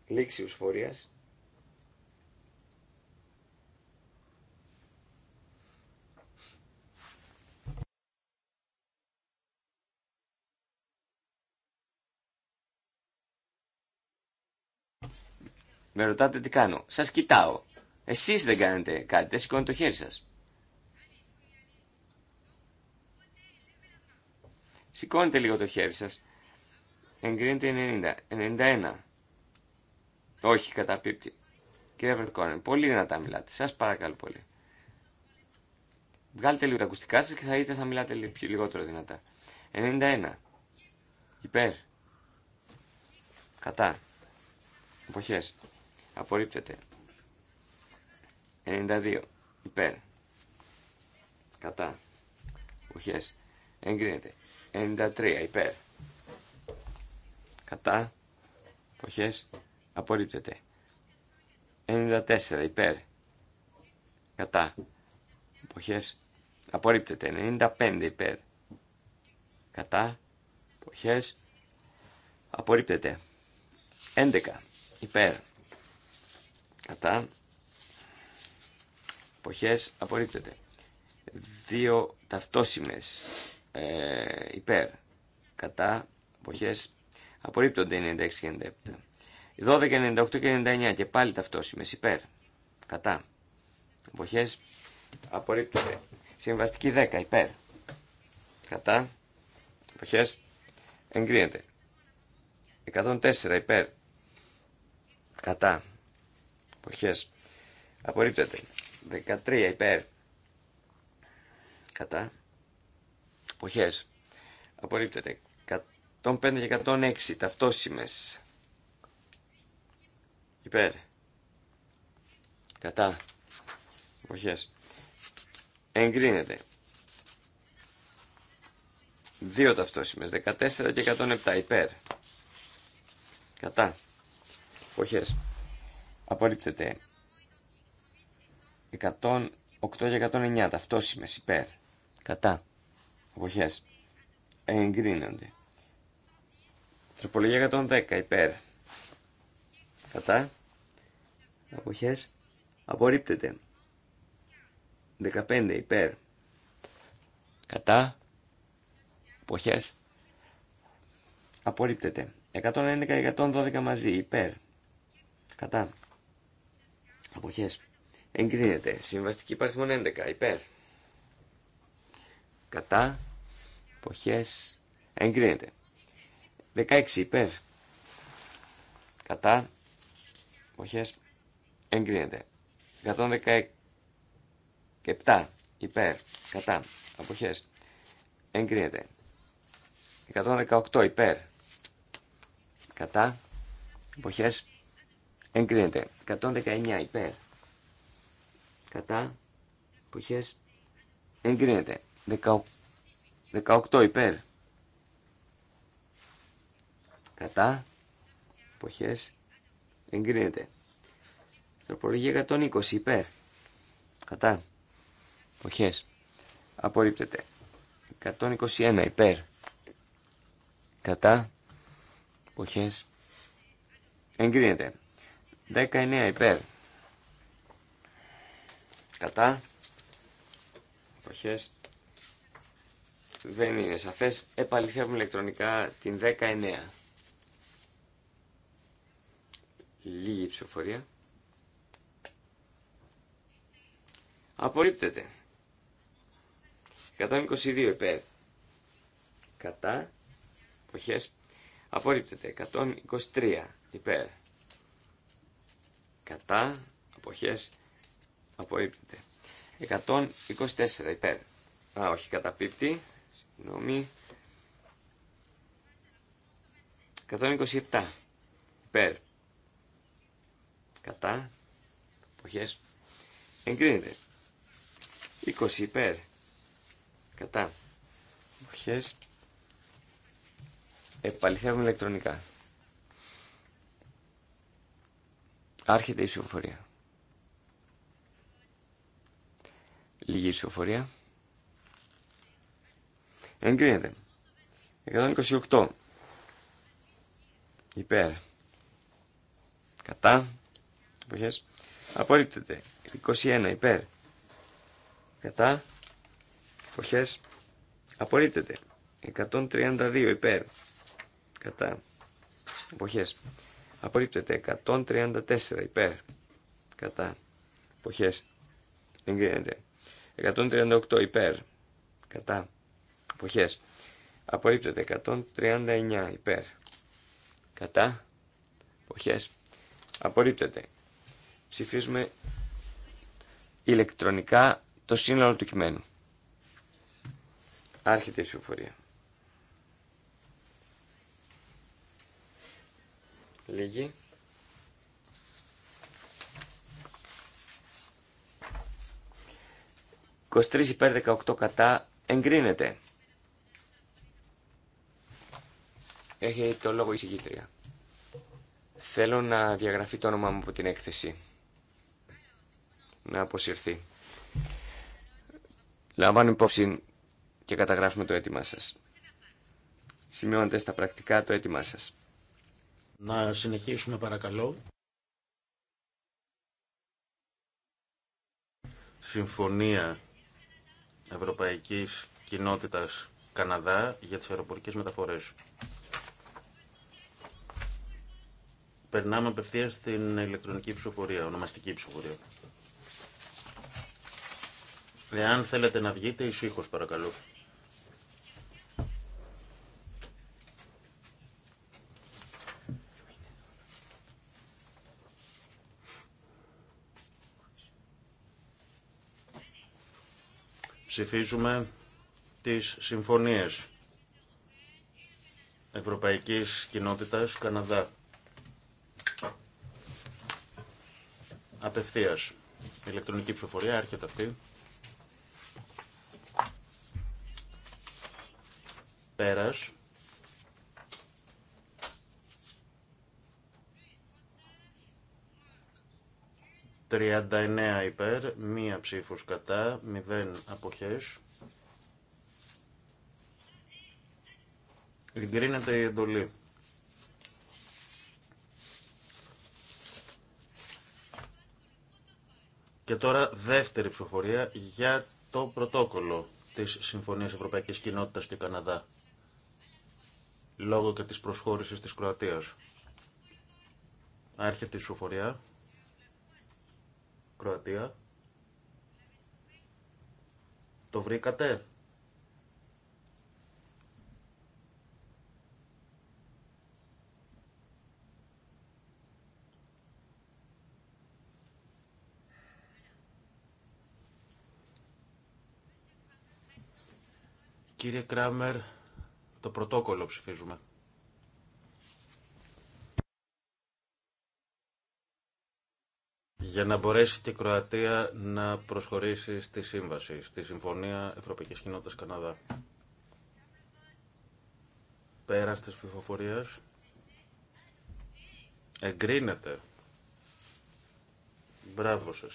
Λήξη ουσφορίας. Με ρωτάτε τι κάνω. Σας κοιτάω. Εσείς δεν κάνετε κάτι, δεν σηκώνετε το χέρι σας. Σηκώνετε λίγο το χέρι σας. Εγκρίνετε 90. 91. Όχι, καταπίπτει. Κύριε Βερκόνεν, πολύ δυνατά μιλάτε. Σας παρακαλώ πολύ. Βγάλτε λίγο τα ακουστικά σας και θα είτε θα μιλάτε λιγότερο δυνατά. 91. Υπέρ. Κατά. Εποχές. Απορρίπτεται. 92. Υπέρ. Κατά. Οχές. Εγκρίνεται. 93. Υπέρ. Κατά. Οχές. Απορρίπτεται. 94. Υπέρ. Κατά. Εποχές. Απορρίπτεται. 95 υπέρ. Κατά. Εποχές. Απορρίπτεται. 11 υπέρ. Κατά. Εποχές απορρίπτεται. Δύο ταυτόσημες ε, υπέρ. Κατά. Εποχές απορρίπτονται 96 και 97. 12, 98 και 99 και πάλι ταυτόσημες υπέρ. Κατά. Εποχές απορρίπτονται. Συμβαστική 10 υπέρ. Κατά. Εποχές εγκρίνεται. 104 υπέρ. Κατά εποχές Απορρίπτεται. 13 υπέρ. Κατά. εποχές Απορρίπτεται. 105 και 106 ταυτόσιμες. Υπέρ. Κατά. εποχές Εγκρίνεται. Δύο ταυτόσιμες 14 και 107 υπέρ. Κατά. εποχές Απορρίπτεται. 108 και 109 ταυτόσημες υπέρ. Κατά. Αποχές. Εγκρίνονται. Τροπολογία 110 υπέρ. Κατά. Αποχές. Απορρίπτεται. 15 υπέρ. Κατά. Αποχές. Απορρίπτεται. 111 και 112 μαζί υπέρ. Κατά. Αποχέ. Εγκρίνεται. Συμβαστική παριθμόν 11. Υπέρ. Κατά. Αποχέ. Εγκρίνεται. 16. Υπέρ. Κατά. Αποχέ. Εγκρίνεται. 117. Υπέρ. Κατά. Αποχέ. Εγκρίνεται. 118. Υπέρ. Κατά. Αποχέ. Εγκρίνεται. 119 υπέρ. Κατά. Εποχές. Εγκρίνεται. 18 υπέρ. Κατά. Εποχές. Εγκρίνεται. Τροπολογία 120 υπέρ. Κατά. Εποχές. Απορρίπτεται. 121 υπέρ. Κατά. Εποχές. Εγκρίνεται. 19 υπέρ. Κατά. Εποχές. Δεν είναι σαφές. Επαληθεύουμε ηλεκτρονικά την 19. Λίγη ψηφοφορία. Απορρίπτεται. 122 υπέρ. Κατά. Εποχές. Απορρίπτεται. 123 υπέρ κατά αποχές απορρίπτεται. 124 υπέρ. Α, όχι, καταπίπτει. Συγγνώμη. 127 υπέρ. Κατά αποχές εγκρίνεται. 20 υπέρ. Κατά αποχές επαληθεύουν ηλεκτρονικά. Άρχεται η ψηφοφορία. Λίγη ψηφοφορία. Εγκρίνεται. 128. Υπέρ. Κατά. Εποχές. Απορρίπτεται. 21. Υπέρ. Κατά. Εποχές. Απορρίπτεται. 132. Υπέρ. Κατά. Εποχές απορρίπτεται 134 υπέρ κατά εποχές εγκρίνεται 138 υπέρ κατά εποχές απορρίπτεται 139 υπέρ κατά εποχές απορρίπτεται ψηφίζουμε ηλεκτρονικά το σύνολο του κειμένου άρχεται η ψηφοφορία Λίγη. «23 υπέρ 18 κατά εγκρίνεται». Έχει το λόγο η συγκήτρια. Θέλω να διαγραφεί το όνομά μου από την έκθεση. Να αποσυρθεί. Λαμβάνω υπόψη και καταγράφουμε το αίτημά σας. Σημειώνετε στα πρακτικά το αίτημά σας. Να συνεχίσουμε παρακαλώ. Συμφωνία Ευρωπαϊκής Κοινότητας Καναδά για τις αεροπορικές μεταφορές. Περνάμε απευθεία στην ηλεκτρονική ψηφοφορία, ονομαστική ψηφοφορία. Εάν θέλετε να βγείτε, ησύχως παρακαλώ. Ψηφίζουμε τις συμφωνίες Ευρωπαϊκής Κοινότητας Καναδά. Απευθείας. Ηλεκτρονική ψηφοφορία έρχεται αυτή. Πέρας. 39 υπέρ, μία ψήφος κατά, 0 αποχές. Εγκρίνεται η εντολή. Και τώρα δεύτερη ψηφοφορία για το πρωτόκολλο της Συμφωνίας Ευρωπαϊκής Κοινότητας και Καναδά. Λόγω και της προσχώρησης της Κροατίας. Άρχεται η ψηφοφορία. Κροατία. Το βρήκατε. Κύριε Κράμερ, το πρωτόκολλο ψηφίζουμε. για να μπορέσει και η Κροατία να προσχωρήσει στη σύμβαση, στη Συμφωνία Ευρωπαϊκής Κοινότητας Καναδά. Πέρα τη ψηφοφορία. εγκρίνεται. Μπράβο σας.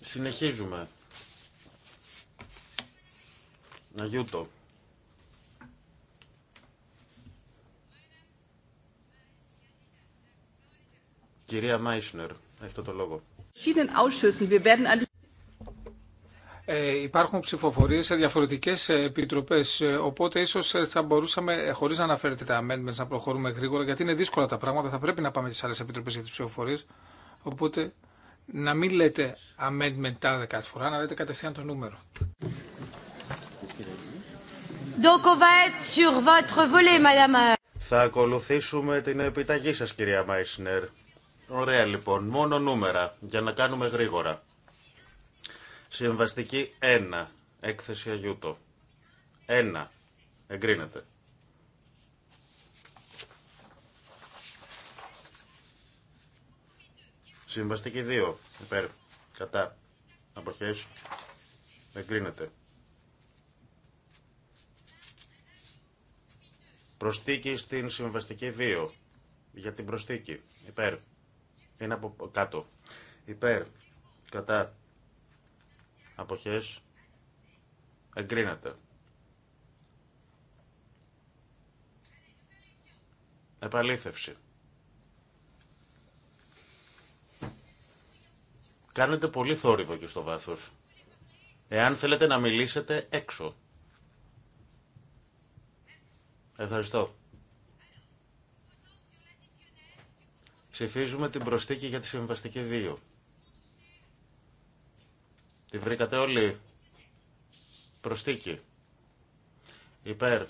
Συνεχίζουμε. Αγιούτο. Κυρία Μάισνερ, έχετε το λόγο. Ε, υπάρχουν ψηφοφορίες σε διαφορετικές ε, επιτροπές, ε, οπότε ίσως ε, θα μπορούσαμε, χωρίς να αναφέρετε τα amendments, να προχωρούμε γρήγορα, γιατί είναι δύσκολα τα πράγματα, θα πρέπει να πάμε στις άλλες επιτροπές για τις ψηφοφορίες, οπότε να μην λέτε amendment τα κάθε φορά, να λέτε κατευθείαν το νούμερο. Donc on va être sur votre volet, madame. Θα ακολουθήσουμε την επιταγή σας, κυρία Μάισνερ. Ωραία λοιπόν, μόνο νούμερα για να κάνουμε γρήγορα. Συμβαστική 1, έκθεση Αγιούτο. 1, εγκρίνεται. Συμβαστική 2, υπέρ, κατά, αποχές, εγκρίνεται. Προστίκη στην συμβαστική 2, για την προστίκη, υπέρ, είναι από κάτω. Υπέρ. Κατά. Αποχές. Εγκρίνεται. Επαλήθευση. Κάνετε πολύ θόρυβο και στο βάθος. Εάν θέλετε να μιλήσετε έξω. Ευχαριστώ. Ψηφίζουμε την προστίκη για τη συμβαστική 2. Τη βρήκατε όλοι. Προστίκη. Υπέρ.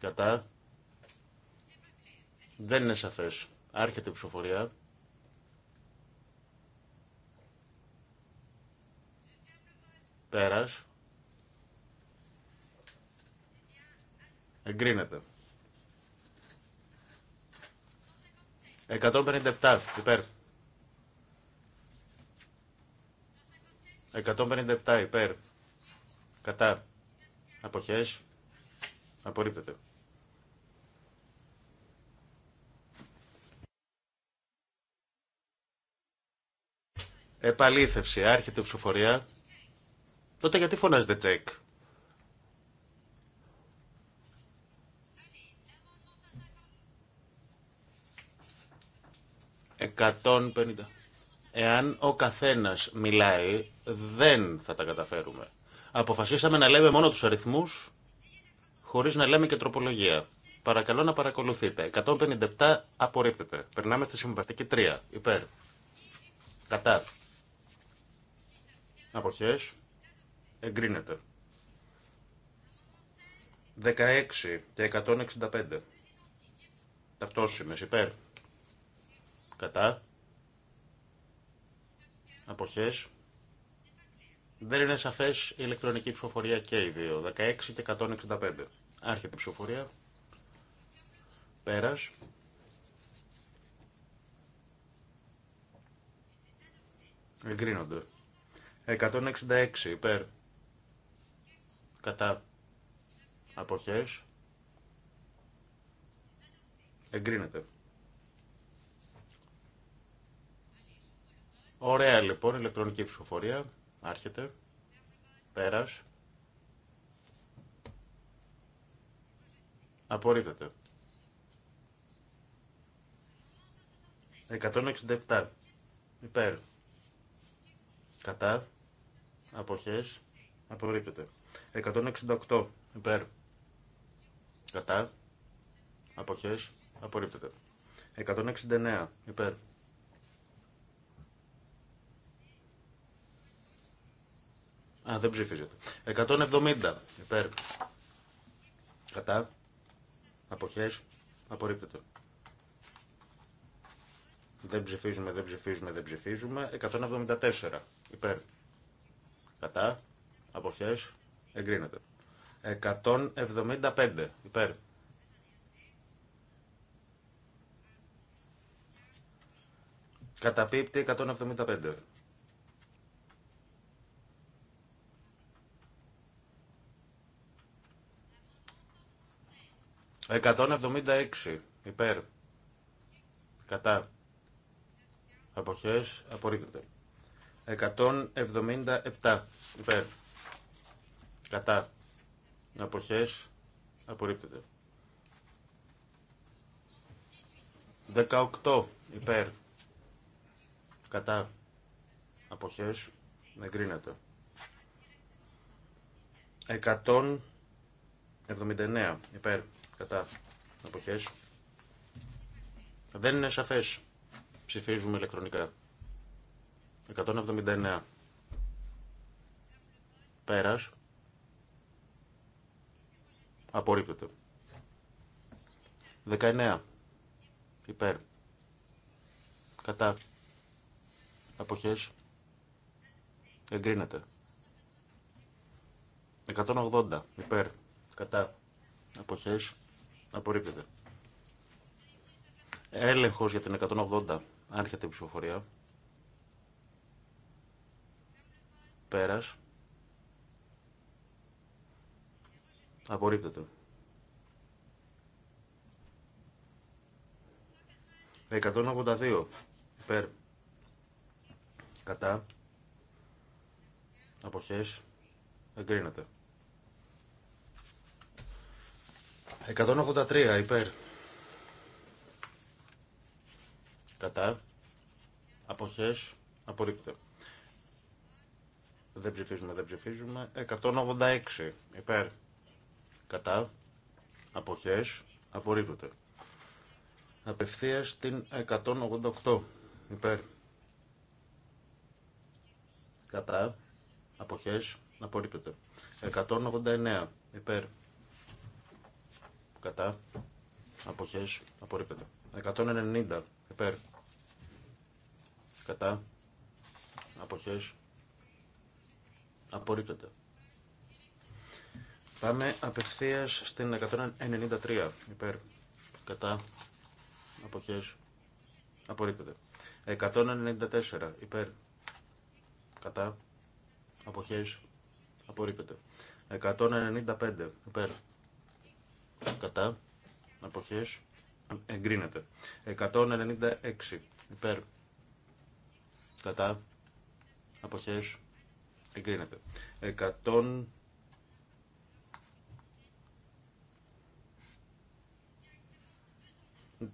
Κατά. Δεν είναι σαφές. Άρχεται η ψηφοφορία. Πέρας. Εγκρίνεται. 157 υπέρ. 157 υπέρ. Κατά. Αποχές. Απορρίπτεται. Επαλήθευση. Άρχεται η ψηφοφορία. Τότε γιατί φωνάζετε τσεκ. 150. Εάν ο καθένα μιλάει, δεν θα τα καταφέρουμε. Αποφασίσαμε να λέμε μόνο του αριθμού χωρί να λέμε και τροπολογία. Παρακαλώ να παρακολουθείτε. 157 απορρίπτεται. Περνάμε στη συμβαστική 3. Υπέρ. Κατά. Αποχέ. Εγκρίνεται. 16 και 165. Ταυτόσιμες. Υπέρ. Κατά. Αποχές. Δεν είναι σαφές η ηλεκτρονική ψηφοφορία και οι δύο. 16 και 165. Άρχεται η ψηφοφορία. Πέρας. Εγκρίνονται. 166 υπέρ. Κατά. Αποχές. Εγκρίνεται. Ωραία λοιπόν, ηλεκτρονική ψηφοφορία. Άρχεται. Πέρας. Απορρίπτεται. 167. Υπέρ. Κατά. Αποχές. Απορρίπτεται. 168. Υπέρ. Κατά. Αποχές. Απορρίπτεται. 169. Υπέρ. Α, δεν ψηφίζεται. 170 υπέρ. Κατά. Αποχές. Απορρίπτεται. Δεν ψηφίζουμε, δεν ψηφίζουμε, δεν ψηφίζουμε. 174 υπέρ. Κατά. Αποχές. Εγκρίνεται. 175 υπέρ. Καταπίπτει 175. 176 υπέρ. Κατά. Αποχές απορρίπτεται. 177 υπέρ. Κατά. Αποχές απορρίπτεται. 18 υπέρ. Κατά. Αποχές εγκρίνεται. 100 79 υπέρ κατά αποχές. Δεν είναι σαφές. Ψηφίζουμε ηλεκτρονικά. 179. Πέρας. Απορρίπτεται. 19. Υπέρ. Κατά. Αποχές. Εγκρίνεται. 180. Υπέρ. Κατά. Αποχές. Απορρίπτεται. Έλεγχος για την 180. Άρχεται η ψηφοφορία. Πέρας. Απορρίπτεται. 182. περ Κατά. Αποχές. Εγκρίνεται. 183 υπέρ. Κατά. Αποχές. Απορρίπτεται. Δεν ψηφίζουμε, δεν ψηφίζουμε. 186 υπέρ. Κατά. Αποχές. Απορρίπτεται. Απευθείας στην 188 υπέρ. Κατά. Αποχές. Απορρίπτεται. 189 υπέρ κατά, αποχές, απορρίπτεται. 190 υπέρ, κατά, αποχές, απορρίπτεται. Πάμε απευθείας στην 193 υπέρ, κατά, αποχές, απορρίπτεται. 194 υπέρ, κατά, αποχές, απορρίπτεται. 195 υπέρ, κατά, αποχές, εγκρίνεται. 196 υπέρ, κατά, αποχές, εγκρίνεται. 100...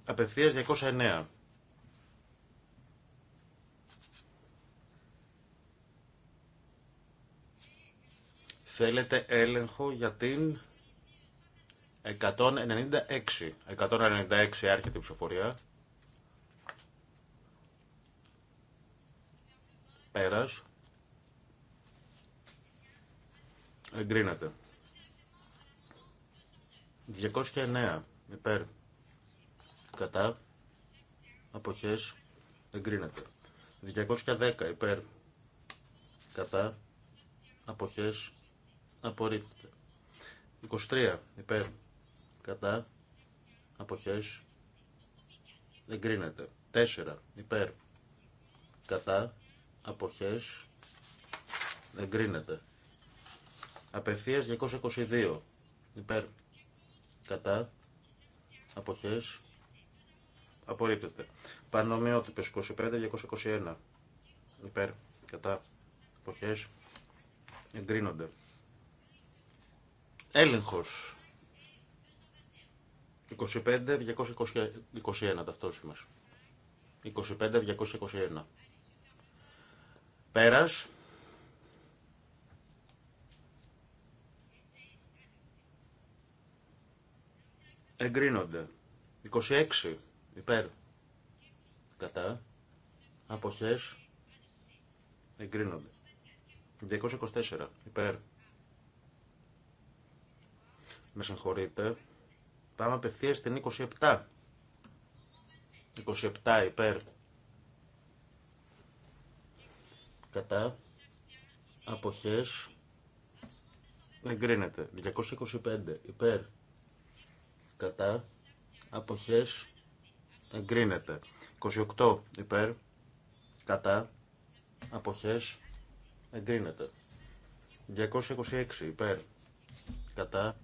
Απευθείας 209. Θέλετε έλεγχο για την 196. 196 άρχεται η ψηφοφορία. Πέρας. Εγκρίνεται. 209. Υπέρ. Κατά. Αποχές. Εγκρίνεται. 210. Υπέρ. Κατά. Αποχές. Απορρίπτεται. 23. Υπέρ κατά αποχές εγκρίνεται 4 υπέρ κατά αποχές εγκρίνεται απευθείας 222 υπέρ κατά αποχές απορρίπτεται πανομοιότυπες 25-221 υπέρ κατά αποχές εγκρίνονται έλεγχος 25-221 ταυτόσημες. 25-221. Πέρας. Εγκρίνονται. 26 υπέρ. Κατά. Αποχές. Εγκρίνονται. 224 υπέρ. Με συγχωρείτε. Πάμε απευθείας στην 27. 27 υπέρ. Κατά. Αποχές. Εγκρίνεται. 225 υπέρ. Κατά. Αποχές. Εγκρίνεται. 28 υπέρ. Κατά. Αποχές. Εγκρίνεται. 226 υπέρ. Κατά.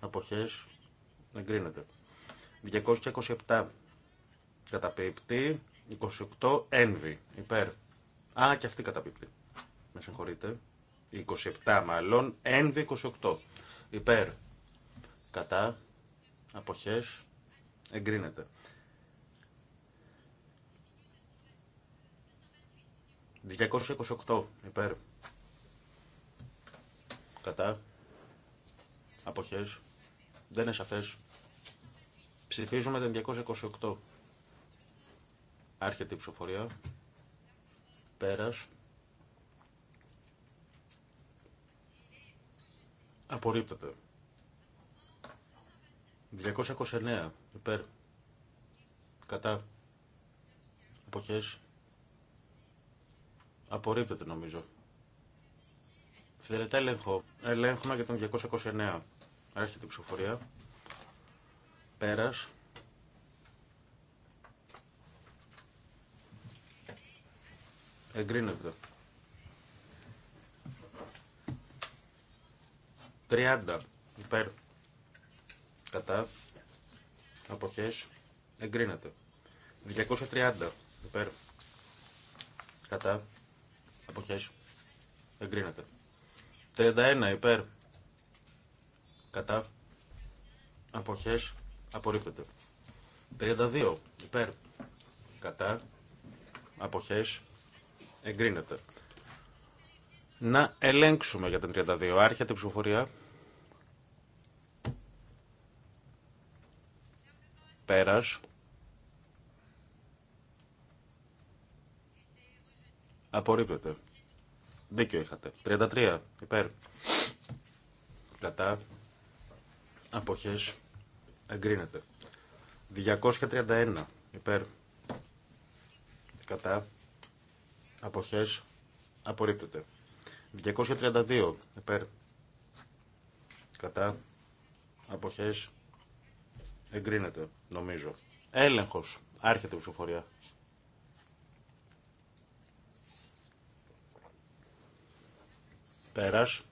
Αποχές. Εγκρίνεται. 227 καταπίπτει. 28 ένβη. Υπέρ. Α, και αυτή καταπίπτει. Με συγχωρείτε. 27 μάλλον. Ένβη 28. Υπέρ. Κατά. Αποχές. Εγκρίνεται. 228 υπέρ. Κατά. Αποχές. Δεν είναι σαφέ. Ψηφίζουμε την 228. Άρχεται η ψηφοφορία. Πέρας. Απορρίπτεται. 229. Υπέρ. Κατά. Εποχές. Απορρίπτεται νομίζω. Θέλετε έλεγχο. Ελέγχουμε για τον 229. Άρχεται η ψηφοφορία. Πέρα. Εγκρίνεται. 30 υπέρ κατά αποχές εγκρίνεται. 230 υπέρ κατά αποχές εγκρίνεται. 31 υπέρ Κατά. Αποχές. Απορρίπτεται. 32. Υπέρ. Κατά. Αποχές. Εγκρίνεται. Να ελέγξουμε για την 32. Άρχια την ψηφοφορία. Πέρας. Απορρίπτεται. Δίκιο είχατε. 33. Υπέρ. Κατά. Αποχές. Εγκρίνεται. 231. Υπέρ. Κατά. Αποχές. Απορρίπτεται. 232. Υπέρ. Κατά. Αποχές. Εγκρίνεται, νομίζω. Έλεγχος. Άρχεται η ψηφοφορία. Πέρας.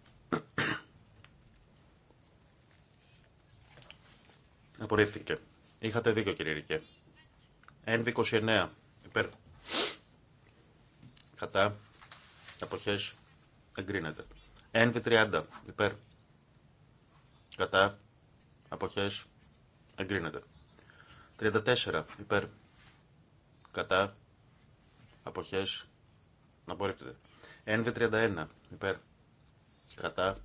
Απορρίφθηκε. Είχατε δίκιο κύριε Ρικέ. Εν 29. Υπέρ. Κατά. Αποχές. Εγκρίνεται. Εν 30. Υπέρ. Κατά. Αποχές. Εγκρίνεται. 34. Υπέρ. Κατά. Αποχές. Απορρίπτεται. Εν 31. Υπέρ. Κατά.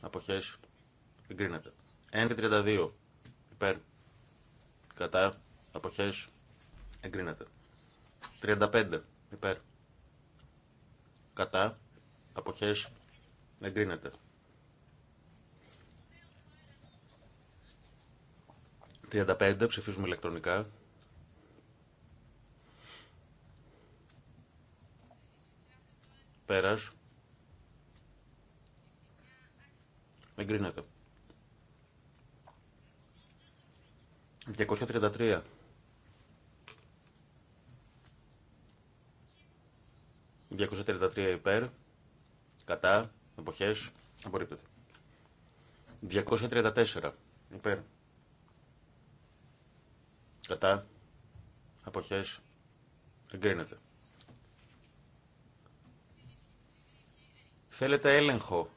Αποχές. Εγκρίνεται. Εν 32. Υπέρ. Κατά. Αποχές. Εγκρίνεται. 35. Υπέρ. Κατά. Αποχές. Εγκρίνεται. 35. Ψηφίζουμε ηλεκτρονικά. Πέρας. Εγκρίνεται. 233. ...233 υπέρ, κατά, εποχές, απορρίπτεται. 234 υπέρ, κατά, εποχές, εγκρίνεται. Θέλετε έλεγχο.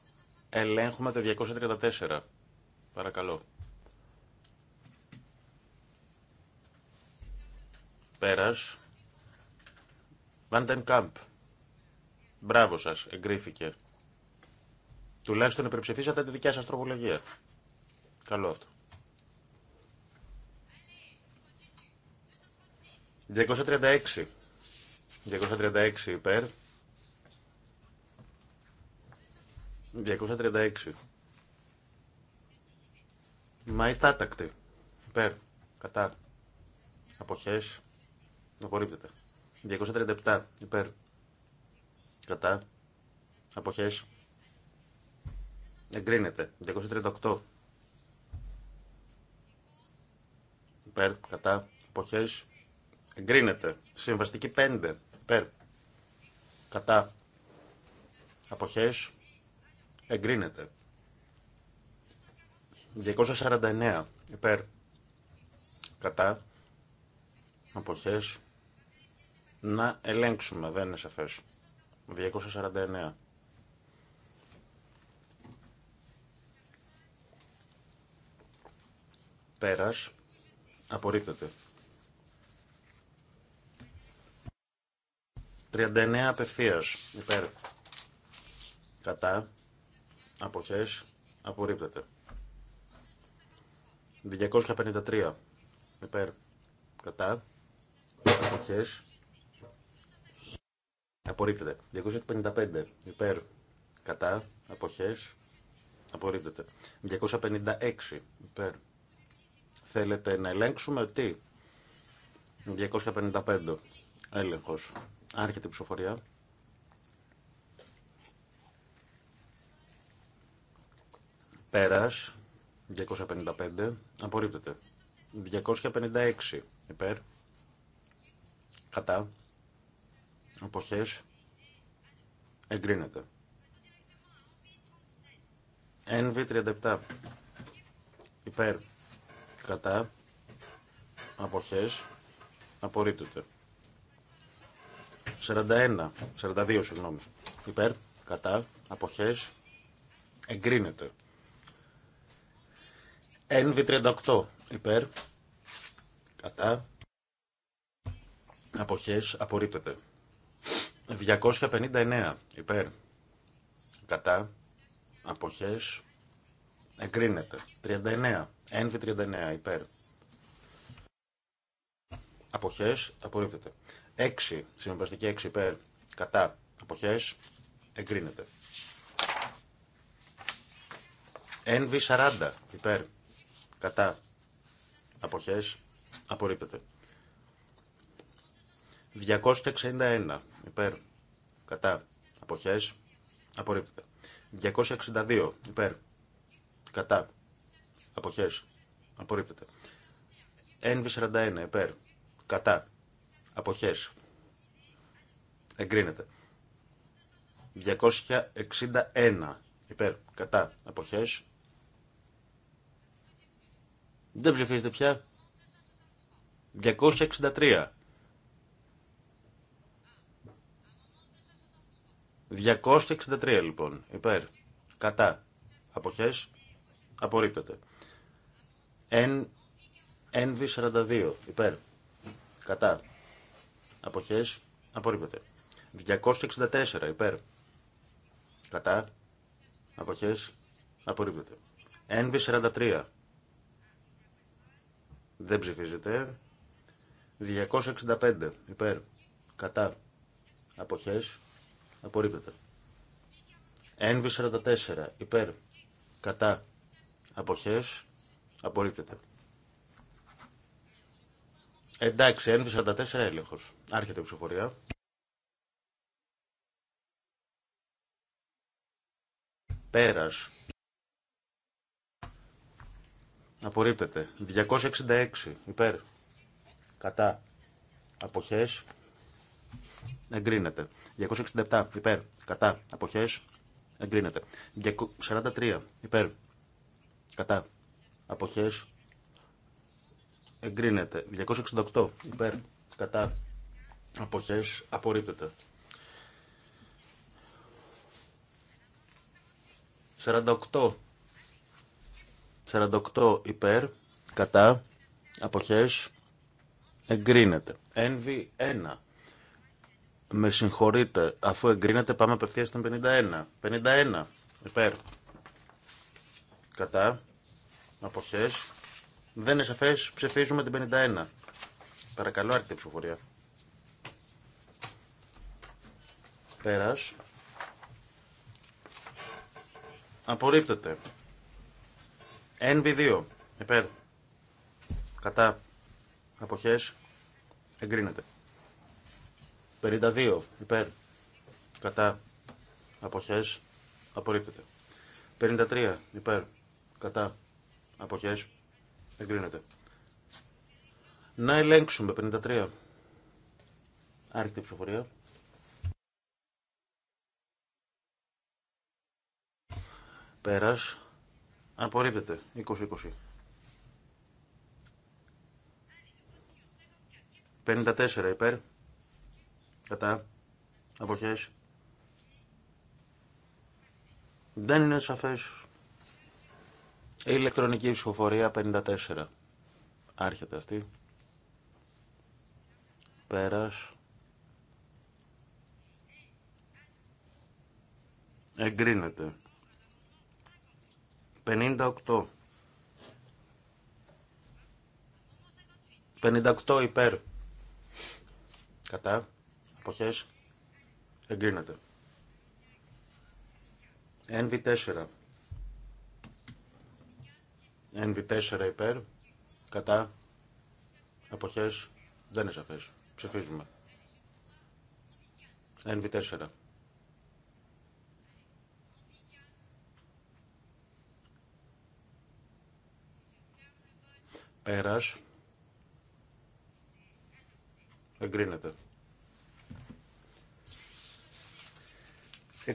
Ελέγχουμε το 234. Παρακαλώ. Πέρας. Βάντεν Κάμπ. Μπράβο σας, εγκρίθηκε. Τουλάχιστον υπερψηφίσατε τη δικιά σας τροπολογία. Καλό αυτό. 236. 236 υπέρ. 236. Μα είστε άτακτοι. Υπέρ. Κατά. Αποχές. Απορρίπτεται. 237 υπέρ. Κατά. Αποχέ. Εγκρίνεται. 238 υπέρ. Κατά. Αποχέ. Εγκρίνεται. Συμβαστική 5 υπέρ. Κατά. αποχέ. Εγκρίνεται. 249 υπέρ. Κατά. Αποχές να ελέγξουμε, δεν είναι σαφές. 249. Πέρας, απορρίπτεται. 39 απευθείας, υπέρ. Κατά, αποχές, απορρίπτεται. 253, υπέρ. Κατά, αποχές, Απορρίπτεται. 255 υπέρ κατά αποχές. Απορρίπτεται. 256 υπέρ. Θέλετε να ελέγξουμε τι. 255 έλεγχος. Άρχεται η ψηφοφορία. Πέρας. 255. Απορρίπτεται. 256 υπέρ. Κατά εποχες εγκρινεται Εγκρίνεται. NV37. Υπέρ. Κατά. Αποχές. Απορρίπτεται. 41. 42 συγγνώμη. Υπέρ. Κατά. Αποχές. Εγκρίνεται. NV38. Υπέρ. Κατά. Αποχές. Απορρίπτεται. 259 υπέρ. Κατά. Αποχές. Εγκρίνεται. 39. Ένβη 39 υπέρ. Αποχές. Απορρίπτεται. 6. Συμβαστική 6 υπέρ. Κατά. Αποχές. Εγκρίνεται. Ένβη 40 υπέρ. Κατά. Αποχές. Απορρίπτεται. 261 υπέρ κατά αποχές απορρίπτεται. 262 υπέρ κατά αποχές απορρίπτεται. NV41 υπέρ κατά αποχές εγκρίνεται. 261 υπέρ κατά αποχές δεν ψηφίζεται πια. 263 263 λοιπόν. Υπέρ. Κατά. Αποχές. Απορρίπτεται. Εν... NV42. Υπέρ. Κατά. Αποχές. Απορρίπτεται. 264. Υπέρ. Κατά. Αποχές. Απορρίπτεται. NV43. Δεν ψηφίζεται. 265. Υπέρ. Κατά. Αποχές. Απορρίπτεται. Ένβη 44. Υπέρ. Κατά. Αποχές. Απορρίπτεται. Εντάξει, ένβη 44 έλεγχος. Άρχεται η ψηφορία. Πέρας. Απορρίπτεται. 266. Υπέρ. Κατά. Αποχές εγκρίνεται. 267 υπέρ, κατά, αποχέ. εγκρίνεται. 43 υπέρ, κατά, αποχέ. εγκρίνεται. 268 υπέρ, κατά, Αποχέ. απορρίπτεται. 48 48 υπέρ, αποχέ, αποχές, εγκρίνεται. NV1 με συγχωρείτε, αφού εγκρίνεται πάμε απευθεία στην 51. 51, υπέρ. Κατά. Αποχές. Δεν είναι σαφές, ψεφίζουμε την 51. Παρακαλώ, άρχεται η ψηφοφορία. Πέρας. Απορρίπτεται. NV2. Υπέρ. Κατά. Αποχές. Εγκρίνεται. 52 υπέρ κατά αποχές απορρίπτεται. 53 υπέρ κατά αποχές εγκρίνεται. Να ελέγξουμε 53. Άρχεται η ψηφοφορία. Πέρας. Απορρίπτεται. 20-20. 54 υπέρ. Κατά. Αποχές. Δεν είναι σαφές. Η ηλεκτρονική ψηφοφορία 54. Άρχεται αυτή. Πέρας. Εγκρίνεται. 58. 58 υπέρ. Κατά. Αποχές. Εγκρίνεται. NV4. NV4 υπέρ. Κατά. Αποχές. Δεν είναι σαφές. Ψηφίζουμε. NV4. Πέρας. Εγκρίνεται.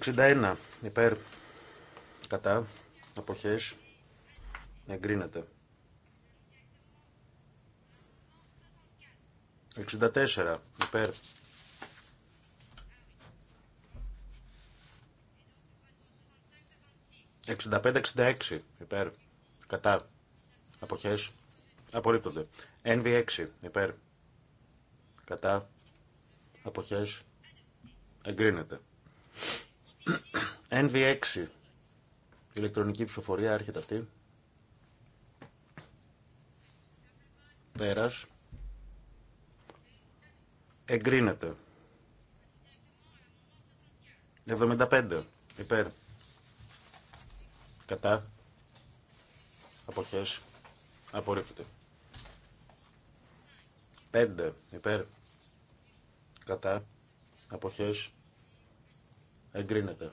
61 υπέρ κατά αποχές εγκρίνεται. 64 υπέρ Εξήντα πέντε, έξι, υπέρ, κατά, αποχές, απορρίπτονται. NV6, υπέρ, κατά, αποχές, εγκρίνεται. NV6. Ηλεκτρονική ψηφοφορία έρχεται αυτή. Πέρας. Εγκρίνεται. 75. Υπέρ. Κατά. Αποχές. Απορρίπτεται. 5. Υπέρ. Κατά. Αποχές. Εγκρίνεται.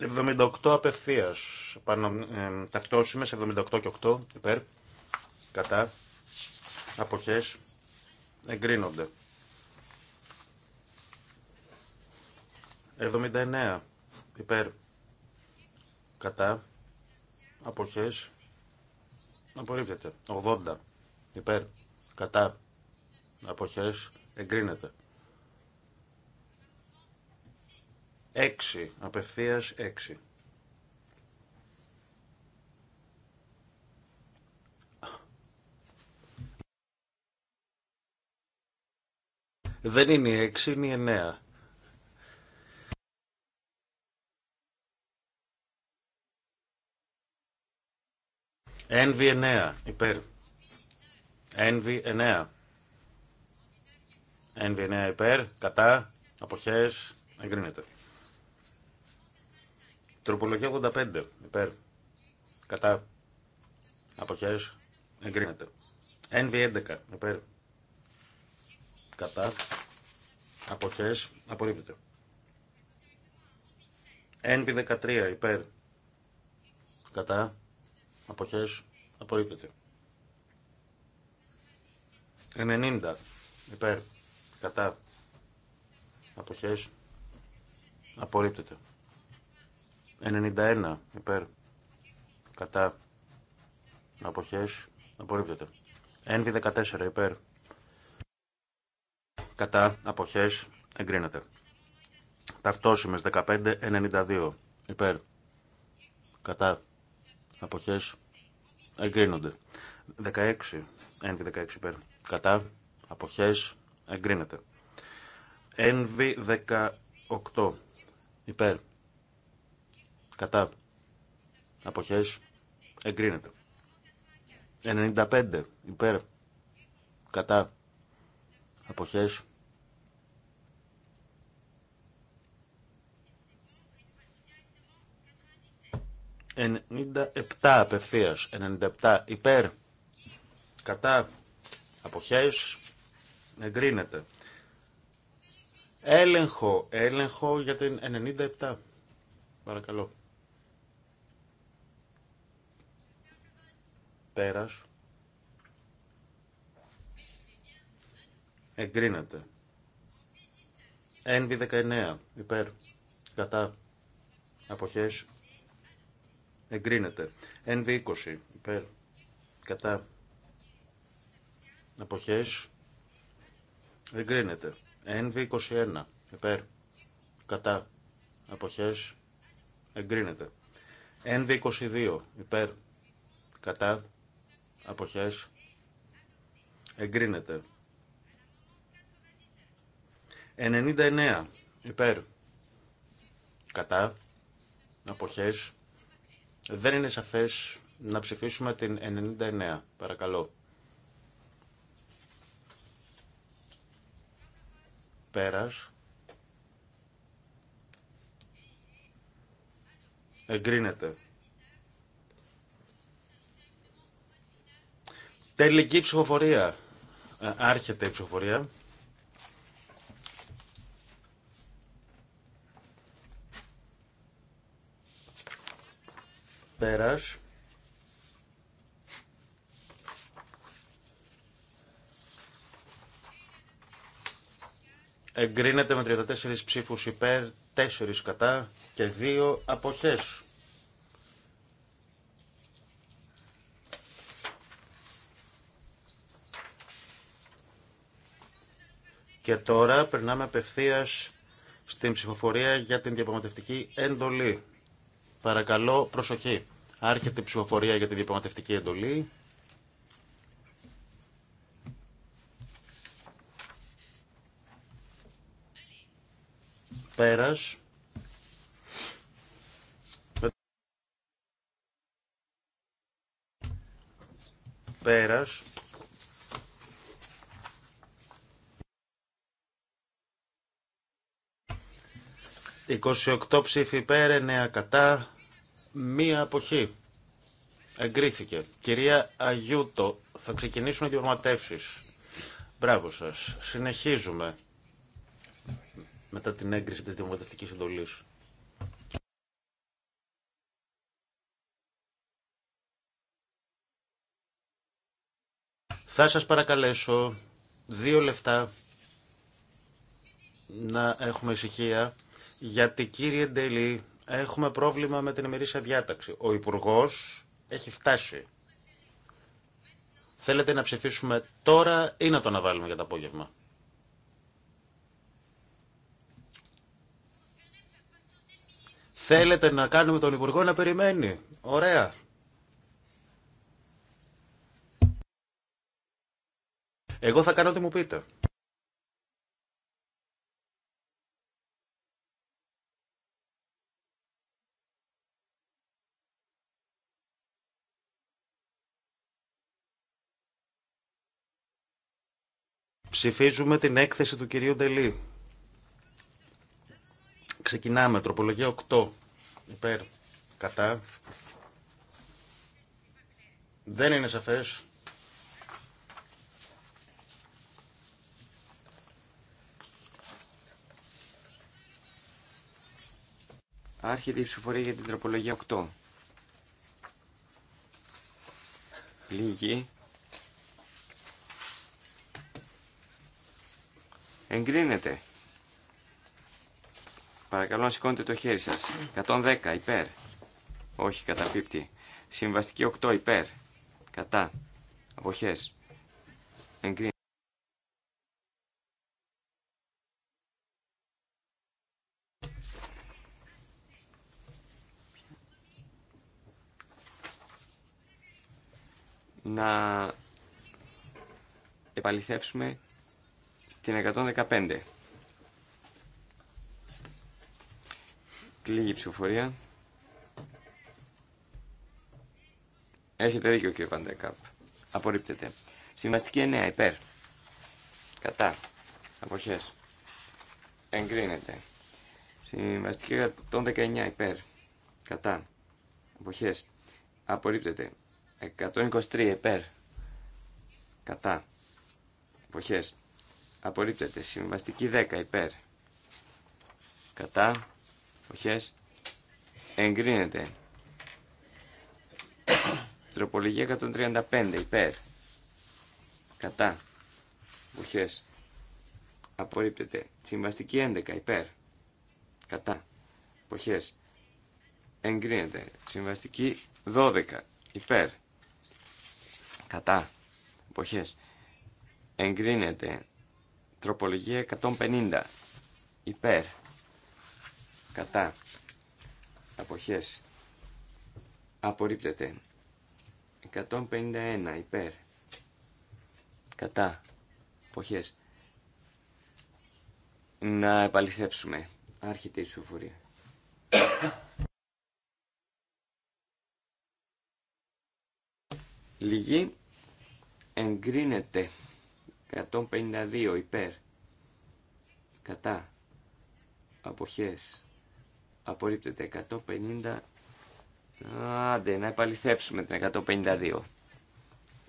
78 απευθείας. Πάνω, ε, ταυτόσιμες 78 και 8 υπέρ. Κατά. Αποχές. Εγκρίνονται. 79 υπέρ. Κατά. Αποχές. Απορρίπτεται. 80 υπέρ. Κατά αποχές εγκρίνεται. 6. Απευθείας 6. Δεν είναι η 6, είναι η 9. NV9, υπέρ. NV9. NV9 υπέρ, κατά, αποχές, εγκρίνεται. Τροπολογία 85 υπέρ, κατά, αποχές, εγκρίνεται. NV11 υπέρ, κατά, αποχές, απορρίπτεται. NV13 υπέρ, κατά, αποχές, απορρίπτεται. 90 υπέρ, Κατά. Αποχές. Απορρίπτεται. 91 υπέρ. Κατά. Αποχές. Ένβι NV14 υπέρ. Κατά. Αποχές. Εγκρίνεται. Ταυτόσιμες 15-92 υπέρ. Κατά. Αποχές. Εγκρίνονται. 16. ένβι 16 υπέρ. Κατά. Αποχές. Εγκρίνεται. ΕΝΒΙ 18. Υπέρ. Κατά. Αποχές. Εγκρίνεται. 95. Υπέρ. Κατά. Αποχές. Ενενήντα επτά απευθείας. Ενενήντα υπέρ. Κατά. Αποχές. Εγκρίνεται. Έλεγχο. Έλεγχο για την 97. Παρακαλώ. Πέρας. Εγκρίνεται. NV19. Υπέρ. Κατά. Αποχές. Εγκρίνεται. NV20. Υπέρ. Κατά. Αποχές. Εγκρίνεται. Ένβη 21. Υπέρ. Κατά. Αποχές. Εγκρίνεται. Ένβη 22. Υπέρ. Κατά. Αποχές. Εγκρίνεται. 99. Υπέρ. Κατά. Αποχές. Δεν είναι σαφές να ψηφίσουμε την 99. Παρακαλώ. Πέρας. Εγκρίνεται. Τελική ψηφοφορία. Ε, άρχεται η ψηφοφορία. Πέρας. Εγκρίνεται με 34 ψήφους υπέρ, 4 κατά και 2 αποχές. Και τώρα περνάμε απευθείας στην ψηφοφορία για την διαπραγματευτική εντολή. Παρακαλώ, προσοχή. Άρχεται η ψηφοφορία για την διαπραγματευτική εντολή. Πέρας. Πέρας. «28 ψήφοι υπέρ, 9 κατά, μία αποχή». Εγκρίθηκε. Κυρία Αγιούτο, θα ξεκινήσουν οι διαπραγματεύσει. Μπράβο σας. Συνεχίζουμε μετά την έγκριση της δημοκρατικής εντολής. Θα σας παρακαλέσω δύο λεφτά να έχουμε ησυχία, γιατί κύριε Ντελή έχουμε πρόβλημα με την ημερήσια διάταξη. Ο Υπουργός έχει φτάσει. Θέλετε να ψηφίσουμε τώρα ή να το αναβάλουμε για το απόγευμα. Θέλετε να κάνουμε τον Υπουργό να περιμένει. Ωραία. Εγώ θα κάνω ό,τι μου πείτε. Ψηφίζουμε την έκθεση του κυρίου Ντελή. Ξεκινάμε. Τροπολογία 8. Υπέρ. Κατά. Δεν είναι σαφές. Άρχεται η ψηφορία για την τροπολογία 8. Λίγη. Εγκρίνεται. Παρακαλώ να σηκώνετε το χέρι σας. 110 υπέρ. Όχι καταπίπτει. Συμβαστική 8 υπέρ. Κατά. Αποχές. Εγκρίνεται. Να επαληθεύσουμε την 115. Λίγη ψηφοφορία. Έχετε δίκιο κύριε Παντεκάπ. Απορρίπτεται. Συμβαστική 9 υπέρ. Κατά. Αποχές. Εγκρίνεται. Συμβαστική 119 υπέρ. Κατά. Αποχές. Απορρίπτεται. 123 υπέρ. Κατά. Αποχές. Απορρίπτεται. Συμβαστική 10 υπέρ. Κατά. Αποχές. Εγκρίνεται. Τροπολογία 135. Υπέρ. Κατά. Αποχές. Απορρίπτεται. Συμβαστική 11. Υπέρ. Κατά. Αποχές. Εγκρίνεται. Συμβαστική 12. Υπέρ. Κατά. εποχές Εγκρίνεται. Τροπολογία 150. Υπέρ κατά αποχές απορρίπτεται 151 υπέρ κατά αποχές να επαληθεύσουμε άρχεται η ψηφοφορία Λυγή εγκρίνεται 152 υπέρ κατά αποχές Απορρίπτεται 150. Άντε, να επαληθεύσουμε την 152.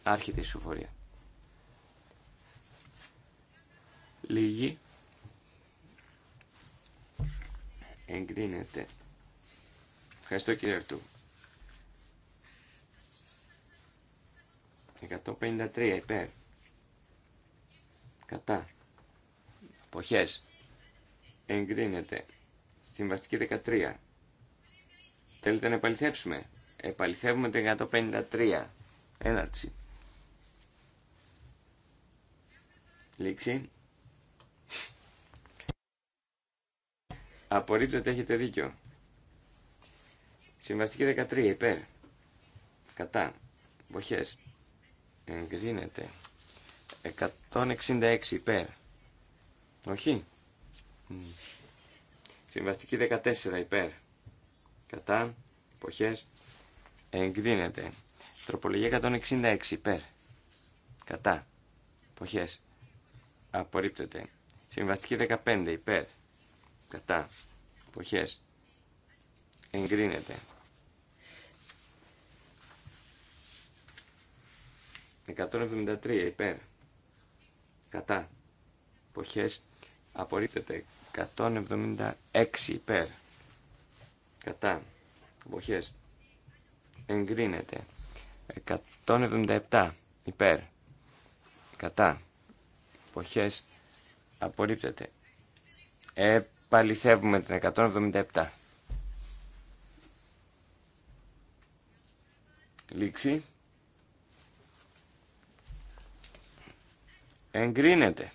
Άρχεται η σωφορία Λίγη. Εγκρίνεται. Ευχαριστώ κύριε Αρτού. 153 υπέρ. Κατά. Αποχές. Εγκρίνεται. Συμβαστική 13. Θέλετε να επαληθεύσουμε. Επαληθεύουμε το 153. Έναρξη. Λήξη. Απορρίπτεται, έχετε δίκιο. Συμβαστική 13, υπέρ. Κατά. Βοχές. Εγκρίνεται. 166 υπέρ. Όχι. Συμβαστική 14 υπέρ. Κατά. εποχέ Εγκρίνεται. Τροπολογία 166 υπέρ. Κατά. εποχέ Απορρίπτεται. Συμβαστική 15 υπέρ. Κατά. εποχέ Εγκρίνεται. 173 υπέρ. Κατά. εποχέ Απορρίπτεται. 176 υπέρ. Κατά. Εποχέ. Εγκρίνεται. 177 υπέρ. Κατά. εποχέ. Απορρίπτεται. Επαληθεύουμε την 177. Λήξη. Εγκρίνεται.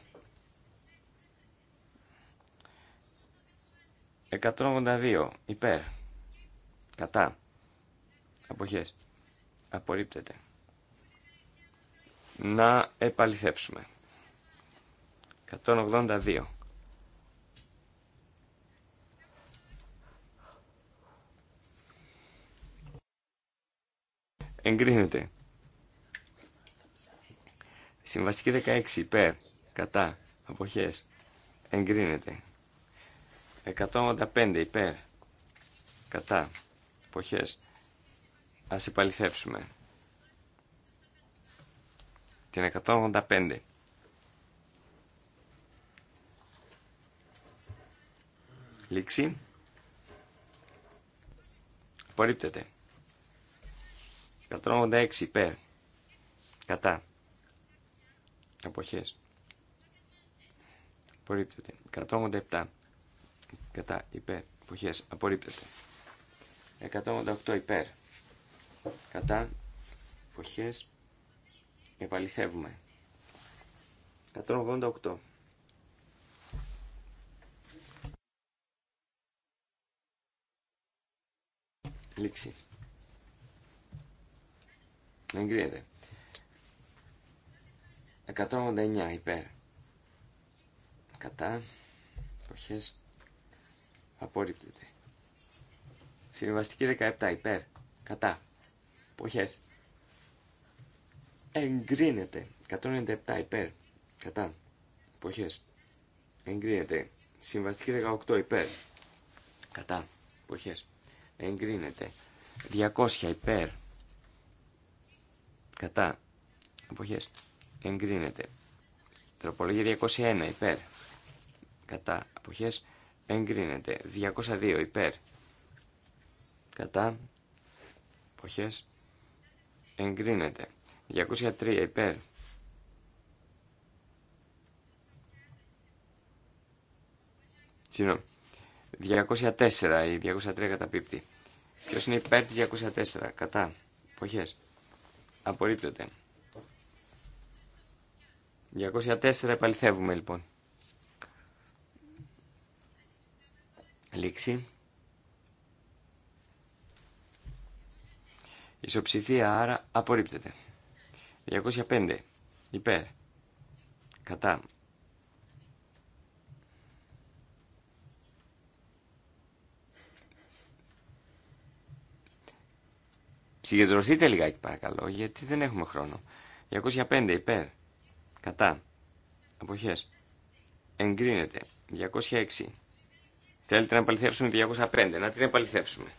182 υπέρ. Κατά. Αποχές. Απορρίπτεται. Να επαληθεύσουμε. 182. Εγκρίνεται. Συμβαστική 16 υπέρ. Κατά. Αποχές. Εγκρίνεται. 185 υπέρ. Κατά. Εποχές. Ας υπαλληθεύσουμε Την 185. Λήξη. Απορρίπτεται. 186 υπέρ. Κατά. εποχές. Απορρίπτεται. 187 κατά υπέρ εποχές απορρίπτεται 188 υπέρ κατά εποχές επαληθεύουμε 188 λήξη εγκρίνεται 189 υπέρ κατά εποχές Απορρίπτεται. Συμβαστική 17 υπέρ. Κατά. Ποχές. Εγκρίνεται. 197 υπέρ. Κατά. Ποχές. Εγκρίνεται. Συμβαστική 18 υπέρ. Κατά. Ποχές. Εγκρίνεται. 200 υπέρ. Κατά. Εποχέ. Εγκρίνεται. Τροπολογία 201 υπέρ. Κατά. εποχέ εγκρίνεται. 202 υπέρ κατά εποχές εγκρίνεται. 203 υπέρ Συγγνώμη. 204 ή 203 καταπίπτει. Ποιο είναι υπέρ τη 204 κατά εποχέ. Απορρίπτεται. 204 επαληθεύουμε λοιπόν. Λήξη. Ισοψηφία άρα απορρίπτεται. 205. Υπέρ. Κατά. Συγκεντρωθείτε λιγάκι παρακαλώ, γιατί δεν έχουμε χρόνο. 205 υπέρ. Κατά. Αποχές. Εγκρίνεται. 206 Θέλετε να επαληθεύσουμε 205. Να την επαληθεύσουμε.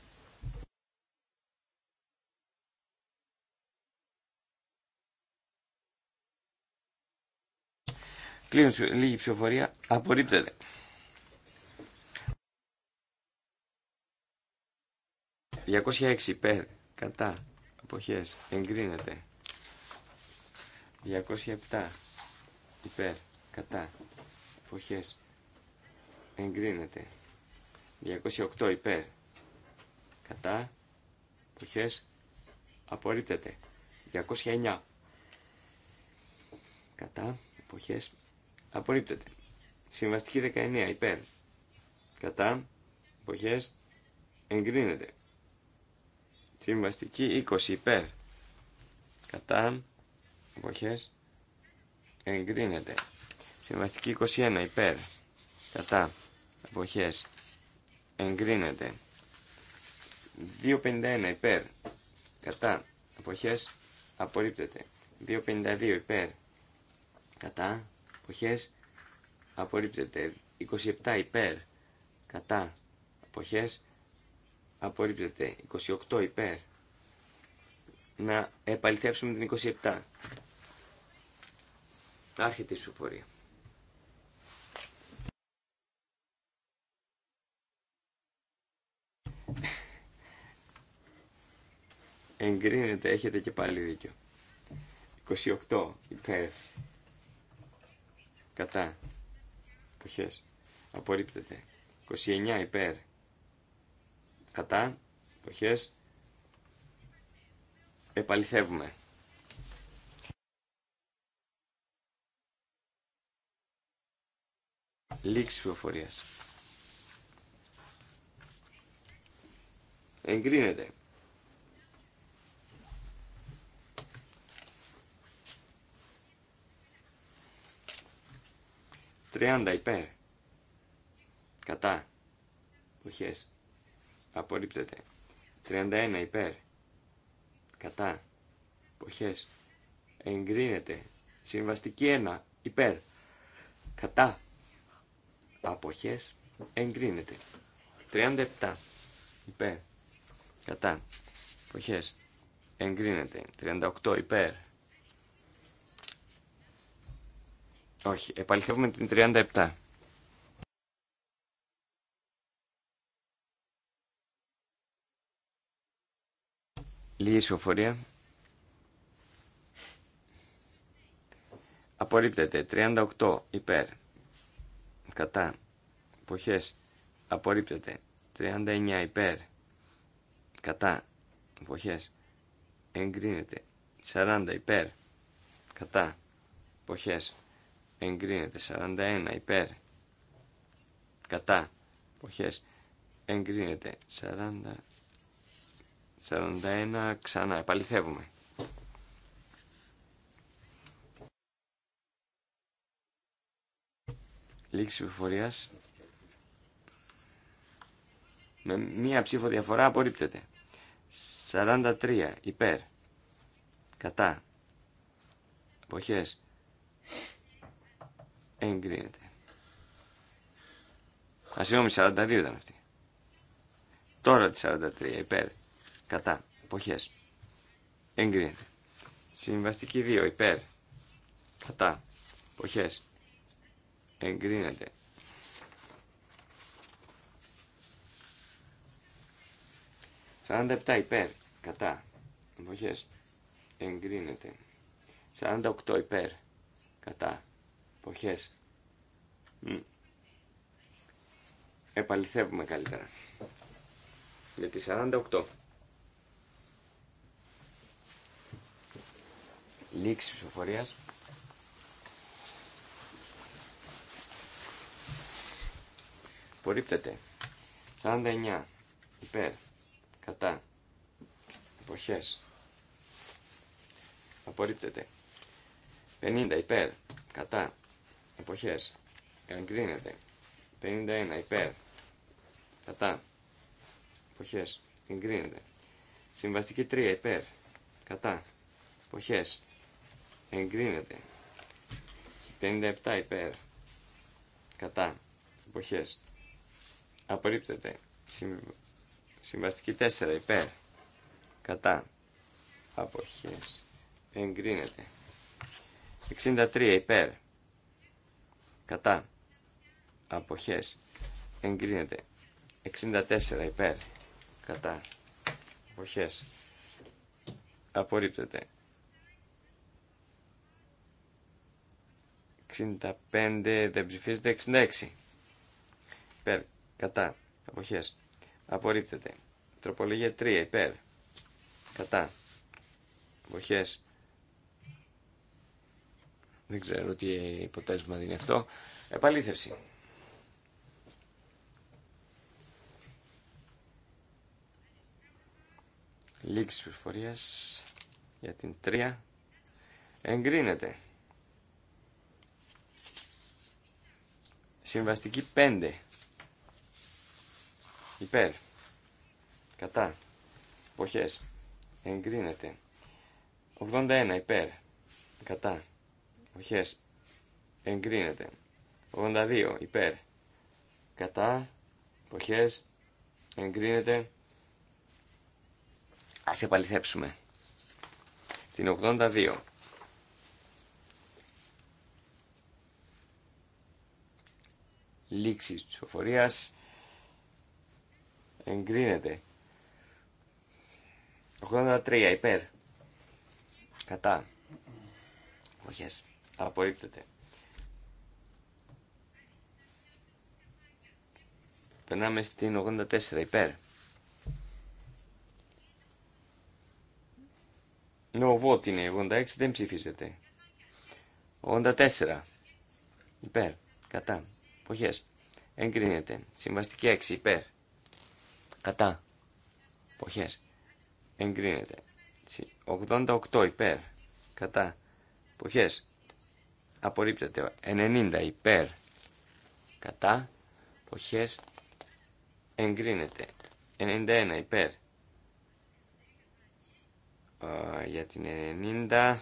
Κλείνω λίγη ψηφοφορία. Απορρίπτεται. 206 υπέρ. Κατά. Αποχές. Εγκρίνεται. 207 υπέρ. Κατά. Αποχές. Εγκρίνεται. 208 υπέρ. Κατά. εποχές Απορρίπτεται. 209. Κατά. εποχές Απορρίπτεται. Συμβαστική 19 υπέρ. Κατά. εποχές Εγκρίνεται. Συμβαστική 20 υπέρ. Κατά. εποχές Εγκρίνεται. Συμβαστική 21 υπέρ. Κατά. εποχές εγκρίνεται. 2.51 υπέρ, κατά, εποχές απορρίπτεται. 2.52 υπέρ, κατά, εποχές απορρίπτεται. 27 υπέρ, κατά, εποχές απορρίπτεται. 28 υπέρ, να επαληθεύσουμε την 27. Άρχεται η συμφορία. Εγκρίνεται, έχετε και πάλι δίκιο. 28 υπέρ. Κατά. Ποχές. Απορρίπτεται. 29 υπέρ. Κατά. Ποχές. Επαληθεύουμε. Λήξη πληροφορίας. Εγκρίνεται. 30 υπέρ. Κατά. Αποχές. Απορρίπτεται. 31 υπέρ. Κατά. Αποχές. Εγκρίνεται. Συμβαστική 1 υπέρ. Κατά. Αποχές. Εγκρίνεται. 37 υπέρ. Κατά. Αποχές. Εγκρίνεται. 38 υπέρ. Όχι, επαληθεύουμε την 37. Λίγη ισοφορία. Απορρίπτεται. 38 υπέρ. Κατά. Εποχές. Απορρίπτεται. 39 υπέρ. Κατά. Εποχές. Εγκρίνεται. 40 υπέρ. Κατά. Εποχές εγκρίνεται. 41 υπέρ κατά εποχές εγκρίνεται. 40, 41 ξανά επαληθεύουμε. Λήξη ψηφοφορίας με μία ψήφο διαφορά απορρίπτεται. 43 υπέρ κατά εποχές εγκρίνεται. Α, συγγνώμη, 42 ήταν αυτή. Τώρα τη 43, υπέρ, κατά, εποχέ. εγκρίνεται. Συμβαστική 2, υπέρ, κατά, εποχέ. εγκρίνεται. Σαράντα επτά υπέρ, κατά, εποχές, εγκρίνεται. 48 υπέρ, κατά, Αποχές. Επαληθεύουμε καλύτερα. Γιατί 48. Λήξη ψηφοφορίας. Απορρίπτεται. 49. Υπέρ. Κατά. Εποχές. Απορρίπτεται. 50. Υπέρ. Κατά εποχές εγκρίνεται 51 υπέρ κατά εποχές εγκρίνεται συμβαστική 3 υπέρ κατά εποχές εγκρίνεται 57 υπέρ κατά εποχές απορρίπτεται συμβαστική 4 υπέρ κατά αποχές εγκρίνεται 63 υπέρ κατά αποχές εγκρίνεται 64 υπέρ κατά αποχές απορρίπτεται 65 δεν ψηφίζεται 66 υπέρ κατά αποχές απορρίπτεται τροπολογία 3 υπέρ κατά αποχές δεν ξέρω τι υποτέλεσμα δίνει αυτό. Επαλήθευση. Λήξη πληροφορία για την 3. Εγκρίνεται. Συμβαστική 5. Υπέρ. Κατά. Εποχές. Εγκρίνεται. 81 υπέρ. Κατά. Αποχές. Εγκρίνεται. 82. Υπέρ. Κατά. Αποχές. Εγκρίνεται. Ας επαληθέψουμε. Την 82. Λήξη της ψηφοφορίας. Εγκρίνεται. 83. Υπέρ. Κατά. εποχέ. Απορρίπτεται. Περνάμε στην 84 υπέρ. Νοβότ είναι, 86 δεν ψηφίζεται. 84 υπέρ, κατά, Ποχέ. εγκρίνεται. Συμβαστική 6 υπέρ, κατά, Ποχέ. εγκρίνεται. 88 υπέρ, κατά, ποχέ απορρίπτεται 90 υπέρ κατά χες εγκρίνεται 91 υπέρ για την 90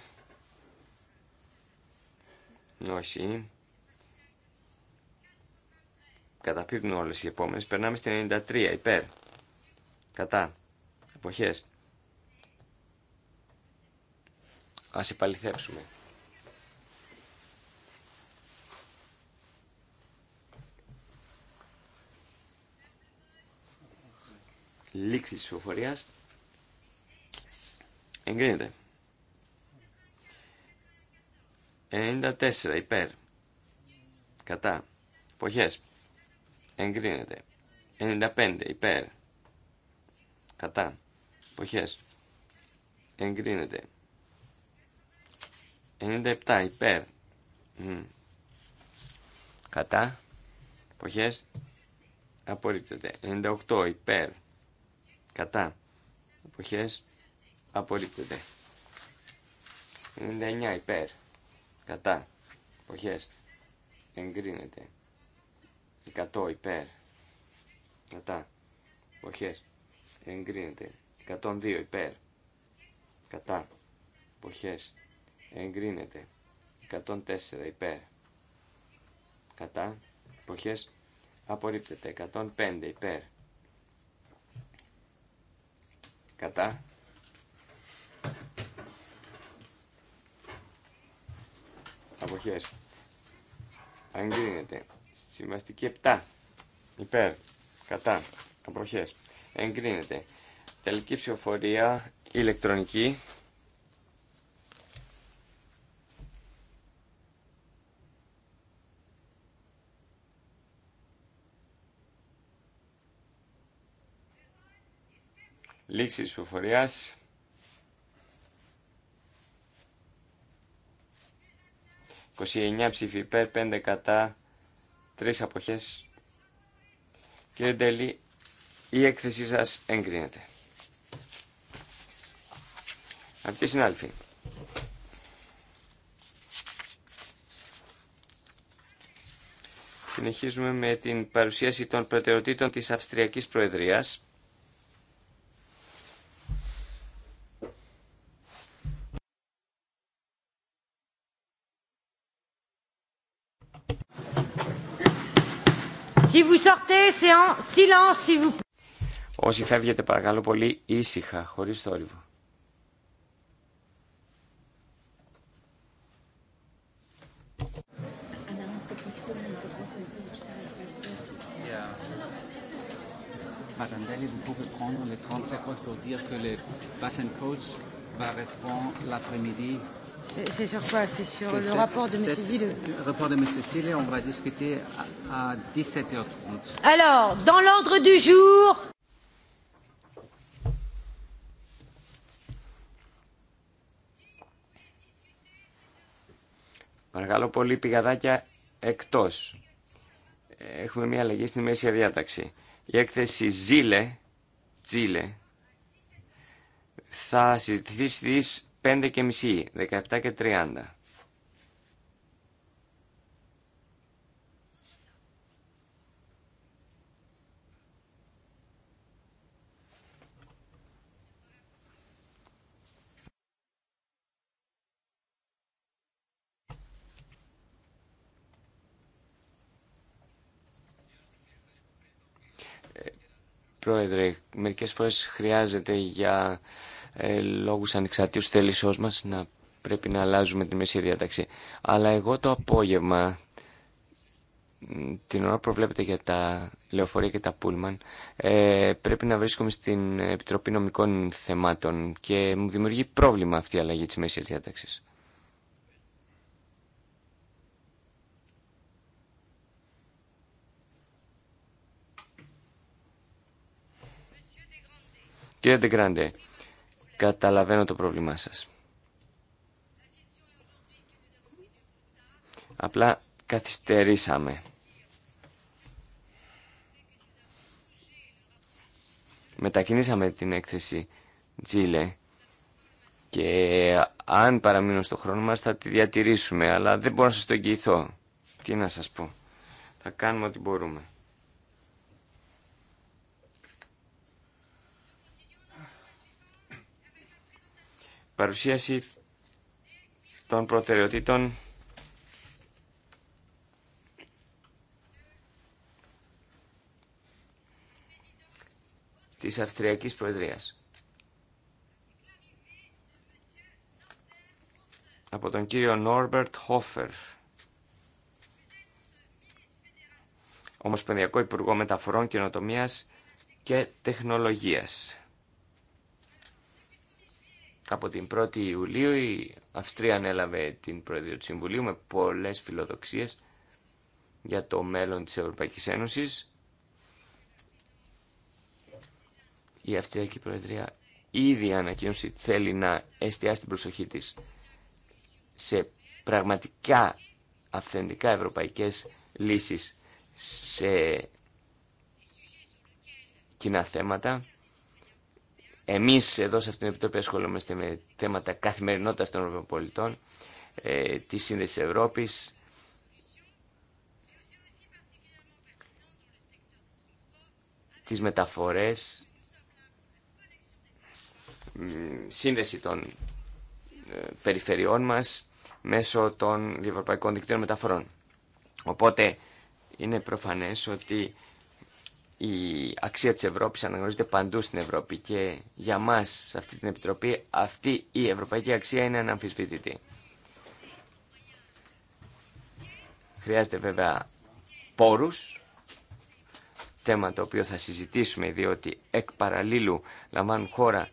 όχι καταπίπτουν όλες οι επόμενες περνάμε στην 93 υπέρ κατά εποχές ας υπαλληθεύσουμε Λήξη της ψηφοφορίας. Εγκρίνεται. 94 υπέρ. Κατά. Εποχές. Εγκρίνεται. 95 υπέρ. Κατά. Εποχές. Εγκρίνεται. 97 υπέρ. Κατά. Εποχές. Απορρίπτεται. 98 υπέρ. Κατά. εποχές Απορρίπτεται. 99 υπέρ. Κατά. εποχές Εγκρίνεται. 100 υπέρ. Κατά. εποχές Εγκρίνεται. 102 υπέρ. Κατά. εποχές Εγκρίνεται. 104 υπέρ. Κατά. εποχές Απορρίπτεται. 105 υπέρ. Κατά. Αποχές. Εγκρίνεται. Συμβαστική 7. Υπέρ. Κατά. Αποχές. Εγκρίνεται. Τελική ψηφοφορία ηλεκτρονική. Λήξη της 29 ψήφοι υπέρ, 5 κατά, 3 αποχές. Κύριε Ντελή, η έκθεσή σας εγκρίνεται. Αυτή συνάλφη. Συνεχίζουμε με την παρουσίαση των προτεραιοτήτων της Αυστριακής Προεδρίας. vous sortez, c'est en silence, s'il vous plaît. Όσοι φεύγετε παρακαλώ πολύ ήσυχα, χωρίς θόρυβο. vous pouvez prendre les 30 secondes pour dire que les bassin coach va repondre l'après-midi. C'est sur quoi C'est sur le rapport de M. Zille Le rapport de M. Zille, on va discuter à 17h30. Alors, dans l'ordre du jour. Παρακαλώ πολύ πηγαδάκια εκτός. Έχουμε μια αλλαγή στη μέση διάταξη. Η έκθεση Ζήλε, Τζίλε, θα συζητηθεί στις μισή 17 και 30. Ε, πρόεδρε, μερικές φορές χρειάζεται για ε, λόγους ανεξαρτήτω θέλησός να πρέπει να αλλάζουμε τη μεσή διάταξη. Αλλά εγώ το απόγευμα, την ώρα που βλέπετε για τα λεωφορεία και τα πούλμαν, ε, πρέπει να βρίσκομαι στην Επιτροπή Νομικών Θεμάτων και μου δημιουργεί πρόβλημα αυτή η αλλαγή της μεσή διάταξη. Κύριε Ντεγκράντε, Καταλαβαίνω το πρόβλημά σας. Απλά καθυστερήσαμε. Μετακινήσαμε την έκθεση Τζίλε και αν παραμείνω στο χρόνο μας θα τη διατηρήσουμε, αλλά δεν μπορώ να σας το εγγυηθώ. Τι να σας πω. Θα κάνουμε ό,τι μπορούμε. παρουσίαση των προτεραιοτήτων της Αυστριακής Προεδρίας. Από τον κύριο Νόρμπερτ Χόφερ, Ομοσπονδιακό Υπουργό Μεταφορών, Καινοτομίας και Τεχνολογίας. Από την 1η Ιουλίου η Αυστρία ανέλαβε την Προεδρία του Συμβουλίου με πολλές φιλοδοξίες για το μέλλον της Ευρωπαϊκής Ένωσης. Η Αυστριακή Προεδρία ήδη ανακοίνωσε ότι θέλει να εστιάσει την προσοχή της σε πραγματικά αυθεντικά ευρωπαϊκές λύσεις σε κοινά θέματα Εμεί εδώ σε αυτήν την επιτροπή ασχολούμαστε με θέματα καθημερινότητα των Ευρωπαϊκών πολιτών, ε, τη σύνδεση Ευρώπη. τις μεταφορές, σύνδεση των ε, περιφερειών μας μέσω των διευρωπαϊκών δικτύων μεταφορών. Οπότε είναι προφανές ότι η αξία της Ευρώπης αναγνωρίζεται παντού στην Ευρώπη και για μας σε αυτή την Επιτροπή αυτή η ευρωπαϊκή αξία είναι αναμφισβήτητη. Χρειάζεται βέβαια πόρους, θέμα το οποίο θα συζητήσουμε διότι εκ παραλίλου λαμβάνουν χώρα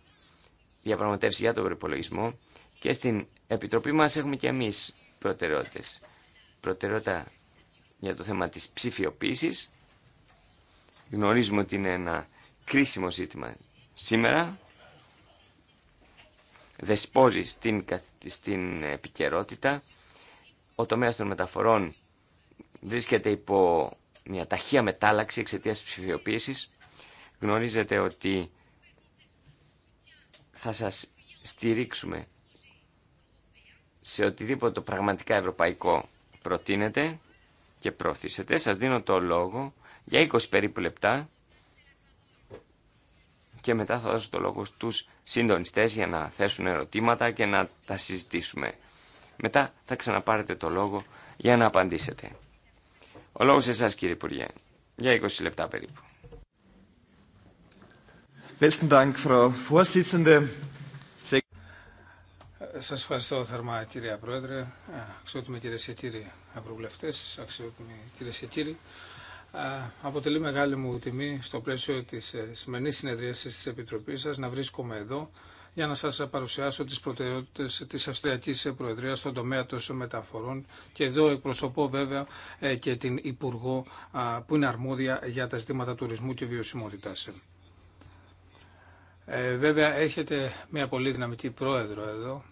διαπραγματεύσει για τον προπολογισμό και στην Επιτροπή μας έχουμε και εμείς προτεραιότητες. Προτεραιότητα για το θέμα της ψηφιοποίησης, Γνωρίζουμε ότι είναι ένα κρίσιμο ζήτημα σήμερα. Δεσπόζει στην, στην επικαιρότητα. Ο τομέας των μεταφορών βρίσκεται υπό μια ταχεία μετάλλαξη εξαιτία τη ψηφιοποίηση. Γνωρίζετε ότι θα σας στηρίξουμε σε οτιδήποτε το πραγματικά ευρωπαϊκό προτείνετε και προωθήσετε. Σας δίνω το λόγο για 20 περίπου λεπτά και μετά θα δώσω το λόγο στους συντονιστές για να θέσουν ερωτήματα και να τα συζητήσουμε. Μετά θα ξαναπάρετε το λόγο για να απαντήσετε. Ο λόγος σε εσάς κύριε Υπουργέ, για 20 λεπτά περίπου. Σα ευχαριστώ θερμά κυρία Πρόεδρε, αξιότιμοι κυρίε και κύριοι Ευρωβουλευτέ, αξιότιμοι κυρίε και κύριοι αποτελεί μεγάλη μου τιμή στο πλαίσιο της ε, σημερινής συνεδρίασης της Επιτροπής σας να βρίσκομαι εδώ για να σας ε, παρουσιάσω τις προτεραιότητες της Αυστριακής ε, Προεδρίας στον τομέα των μεταφορών και εδώ εκπροσωπώ βέβαια και την Υπουργό που είναι αρμόδια για τα ζητήματα τουρισμού και βιωσιμότητας. βέβαια έχετε μια πολύ δυναμική πρόεδρο εδώ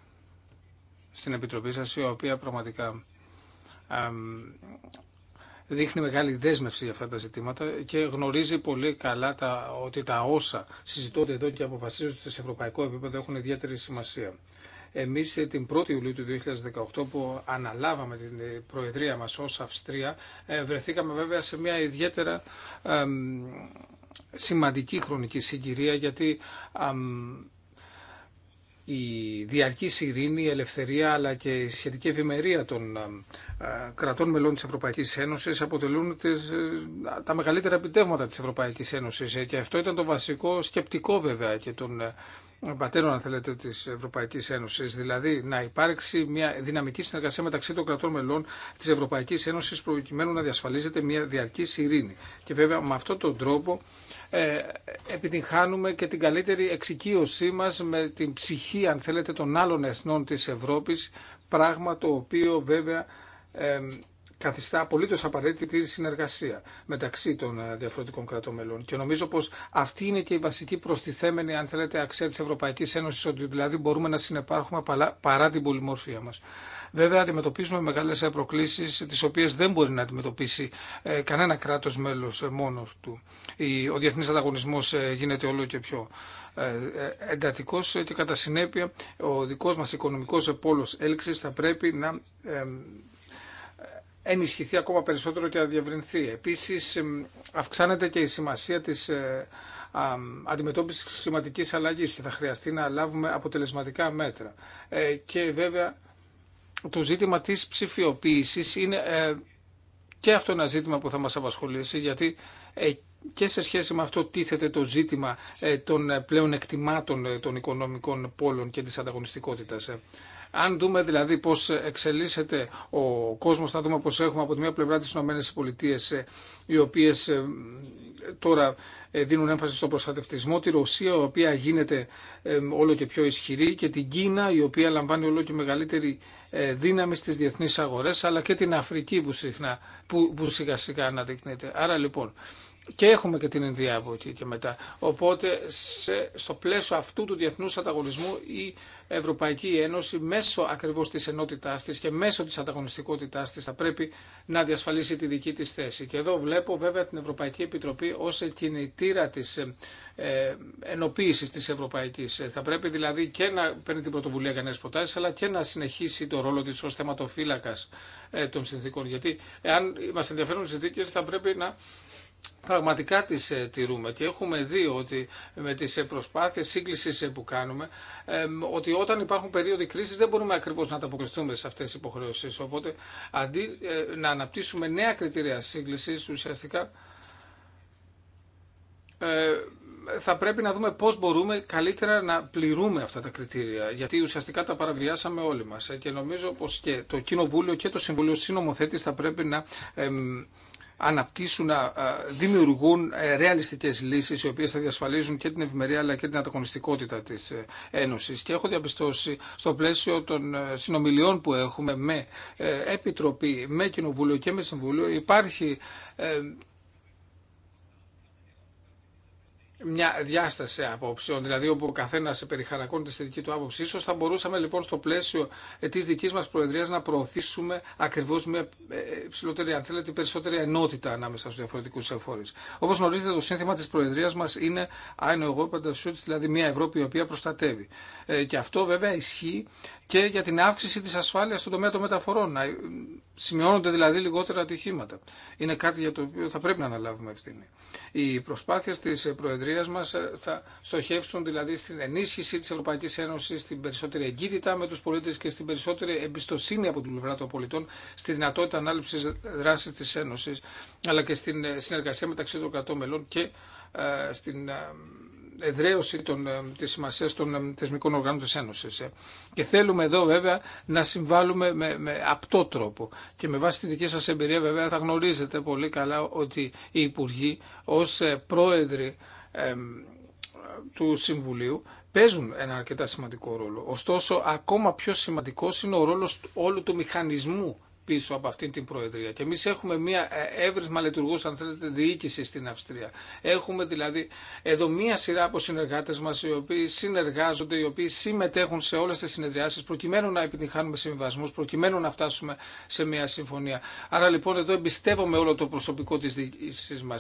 στην Επιτροπή σας η οποία πραγματικά δείχνει μεγάλη δέσμευση για αυτά τα ζητήματα και γνωρίζει πολύ καλά τα, ότι τα όσα συζητώνται εδώ και αποφασίζονται σε ευρωπαϊκό επίπεδο έχουν ιδιαίτερη σημασία. Εμείς ε, την 1η Ιουλίου του 2018 που αναλάβαμε την ε, Προεδρία μας ω Αυστρία ε, βρεθήκαμε βέβαια σε μια ιδιαίτερα σημαντική χρονική συγκυρία γιατί η διαρκή ειρήνη, η ελευθερία αλλά και η σχετική ευημερία των ε, κρατών μελών της Ευρωπαϊκής Ένωσης αποτελούν ε, τα μεγαλύτερα επιτεύγματα της Ευρωπαϊκής Ένωσης ε, και αυτό ήταν το βασικό σκεπτικό βέβαια και των πατέρων αν θέλετε της Ευρωπαϊκής Ένωσης δηλαδή να υπάρξει μια δυναμική συνεργασία μεταξύ των κρατών μελών της Ευρωπαϊκής Ένωσης προκειμένου να διασφαλίζεται μια διαρκή ειρήνη και βέβαια με αυτόν τον τρόπο ε, επιτυγχάνουμε και την καλύτερη εξοικείωσή μας με την ψυχή, αν θέλετε, των άλλων εθνών της Ευρώπης, πράγμα το οποίο βέβαια καθιστά απολύτως απαραίτητη συνεργασία μεταξύ των ε, διαφορετικών κρατών μελών. Και νομίζω πως αυτή είναι και η βασική προστιθέμενη, αν θέλετε, αξία της Ευρωπαϊκής Ένωση, ότι δηλαδή μπορούμε να συνεπάρχουμε παρά την πολυμορφία μας. Βέβαια, αντιμετωπίζουμε μεγάλε προκλήσει, τι οποίε δεν μπορεί να αντιμετωπίσει ε, κανένα κράτο μέλο ε, μόνο του. Ο διεθνή ανταγωνισμό ε, γίνεται όλο και πιο εντατικό και κατά συνέπεια ο δικό μα οικονομικό πόλο έλξη θα πρέπει να ενισχυθεί ακόμα περισσότερο και να διευρυνθεί. Επίσης αυξάνεται και η σημασία της αντιμετώπισης της κλιματικής αλλαγής και θα χρειαστεί να λάβουμε αποτελεσματικά μέτρα. Και βέβαια το ζήτημα της ψηφιοποίησης είναι ε, και αυτό ένα ζήτημα που θα μας απασχολήσει γιατί ε, και σε σχέση με αυτό τίθεται το ζήτημα ε, των πλέον εκτιμάτων των οικονομικών πόλων και της ανταγωνιστικότητας. Αν δούμε δηλαδή πώς εξελίσσεται ο κόσμος, θα δούμε πώς έχουμε από τη μία πλευρά τι ΗΠΑ, οι οποίες τώρα ε, δίνουν έμφαση στον προστατευτισμό, τη Ρωσία η οποία γίνεται ε, όλο και πιο ισχυρή και την Κίνα η οποία λαμβάνει όλο και μεγαλύτερη ε, δύναμη στις διεθνείς αγορές αλλά και την Αφρική που, συχνά, που σιγά σιγά αναδεικνύεται. Άρα λοιπόν και έχουμε και την Ινδία από εκεί και μετά. Οπότε σε, στο πλαίσιο αυτού του διεθνούς ανταγωνισμού η Ευρωπαϊκή Ένωση μέσω ακριβώς της ενότητάς της και μέσω της ανταγωνιστικότητάς της θα πρέπει να διασφαλίσει τη δική της θέση. Και εδώ βλέπω βέβαια την Ευρωπαϊκή Επιτροπή ως κινητήρα της ε, ενοποίησης της Ευρωπαϊκής. Θα πρέπει δηλαδή και να παίρνει την πρωτοβουλία για νέες προτάσεις αλλά και να συνεχίσει το ρόλο της ως θεματοφύλακας ε, των συνθήκων. Γιατί εάν μας ενδιαφέρουν οι συνθήκες θα πρέπει να πραγματικά τις ε, τηρούμε και έχουμε δει ότι με τις ε, προσπάθειες σύγκλησης ε, που κάνουμε ότι όταν υπάρχουν περίοδοι κρίσης δεν μπορούμε ακριβώς να ανταποκριθούμε σε αυτές τις υποχρεώσεις. Οπότε αντί να αναπτύσσουμε νέα κριτήρια σύγκλησης ουσιαστικά θα πρέπει να δούμε πώς μπορούμε καλύτερα να πληρούμε αυτά τα κριτήρια, γιατί ουσιαστικά τα παραβιάσαμε όλοι μας. Και νομίζω πως και το Κοινοβούλιο και το Συμβουλίο Συνομοθέτης θα πρέπει να αναπτύσσουν, να δημιουργούν ε, ρεαλιστικέ λύσεις οι οποίες θα διασφαλίζουν και την ευημερία αλλά και την ανταγωνιστικότητα της ε, Ένωσης. Και έχω διαπιστώσει στο πλαίσιο των ε, συνομιλιών που έχουμε με Επιτροπή, με Κοινοβούλιο και με Συμβούλιο υπάρχει μια διάσταση απόψεων, δηλαδή όπου ο καθένα περιχαρακώνει τη θετική του άποψη. σω θα μπορούσαμε λοιπόν στο πλαίσιο ε, τη δική μα Προεδρία να προωθήσουμε ακριβώ μια ε, ψηλότερη, αν θέλετε, περισσότερη ενότητα ανάμεσα στου διαφορετικού εφόρου. Όπω γνωρίζετε, το σύνθημα τη Προεδρία μα είναι Ein Europa der Schutz, δηλαδή μια Ευρώπη η οποία προστατεύει. Ε, και αυτό βέβαια ισχύει και για την αύξηση της ασφάλειας στον τομέα των μεταφορών. Να ε, σημειώνονται δηλαδή λιγότερα ατυχήματα. Είναι κάτι για το οποίο θα πρέπει να αναλάβουμε ευθύνη. Οι προσπάθειες της ε, Προεδρίας μας ε, θα στοχεύσουν δηλαδή στην ενίσχυση της Ευρωπαϊκής Ένωσης, στην περισσότερη εγκύτητα με τους πολίτες και στην περισσότερη εμπιστοσύνη από την πλευρά των πολιτών στη δυνατότητα ανάληψης δράσης της Ένωσης, αλλά και στην συνεργασία μεταξύ των κρατών μελών και στην εδραίωση των, ε, της σημασίας των ε, θεσμικών οργάνων της Ένωσης. Ε. Και θέλουμε εδώ βέβαια να συμβάλλουμε με, με απτό τρόπο. Και με βάση τη δική σας εμπειρία βέβαια θα γνωρίζετε πολύ καλά ότι οι Υπουργοί ως πρόεδροι του Συμβουλίου παίζουν ένα αρκετά σημαντικό ρόλο. Ωστόσο, ακόμα πιο σημαντικός είναι ο ρόλος όλου του μηχανισμού πίσω από αυτή την Προεδρία. Και εμεί έχουμε μία ε, έβρισμα λειτουργού, αν θέλετε, διοίκηση στην Αυστρία. Έχουμε δηλαδή εδώ μία σειρά από συνεργάτε μα, οι οποίοι συνεργάζονται, οι οποίοι συμμετέχουν σε όλε τι συνεδριάσει, προκειμένου να επιτυχάνουμε συμβιβασμού, προκειμένου να φτάσουμε σε μία συμφωνία. Άρα λοιπόν εδώ εμπιστεύομαι όλο το προσωπικό τη διοίκηση μα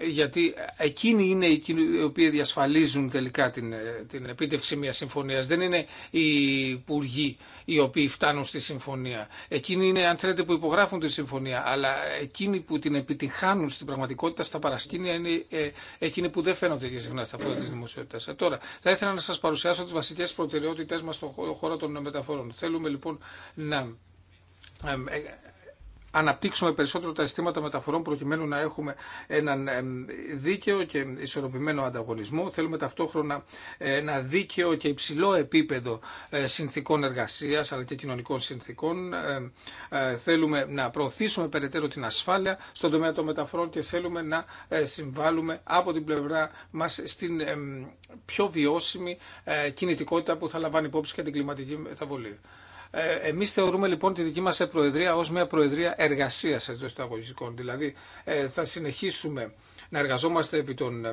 γιατί εκείνοι είναι εκείνοι οι οποίοι διασφαλίζουν τελικά την, ε, την επίτευξη μιας συμφωνίας. Δεν είναι οι υπουργοί οι οποίοι φτάνουν στη συμφωνία. Εκείνοι είναι, αν θέλετε, που υπογράφουν τη συμφωνία, αλλά εκείνοι που την επιτυχάνουν στην πραγματικότητα στα παρασκήνια είναι ε, εκείνοι που δεν φαίνονται και συχνά στα πόδια της δημοσιότητας. Ε, τώρα, θα ήθελα να σα παρουσιάσω τι βασικέ προτεραιότητε μα στον χώρο των μεταφορών. Θέλουμε λοιπόν να αναπτύξουμε περισσότερο τα αισθήματα μεταφορών προκειμένου να έχουμε έναν δίκαιο και ισορροπημένο ανταγωνισμό. Θέλουμε ταυτόχρονα ε, ένα δίκαιο και υψηλό επίπεδο ε, συνθήκων εργασίας αλλά και κοινωνικών συνθήκων. Ε, θέλουμε να προωθήσουμε περαιτέρω την ασφάλεια στον τομέα των μεταφορών και θέλουμε να συμβάλλουμε από την πλευρά μα στην πιο βιώσιμη κινητικότητα που θα λαμβάνει υπόψη και την κλιματική μεταβολή. Ε, εμείς θεωρούμε λοιπόν τη δική μας ε, Προεδρία ως μια Προεδρία εργασία των εισαγωγικών. Δηλαδή ε, θα συνεχίσουμε να εργαζόμαστε επί των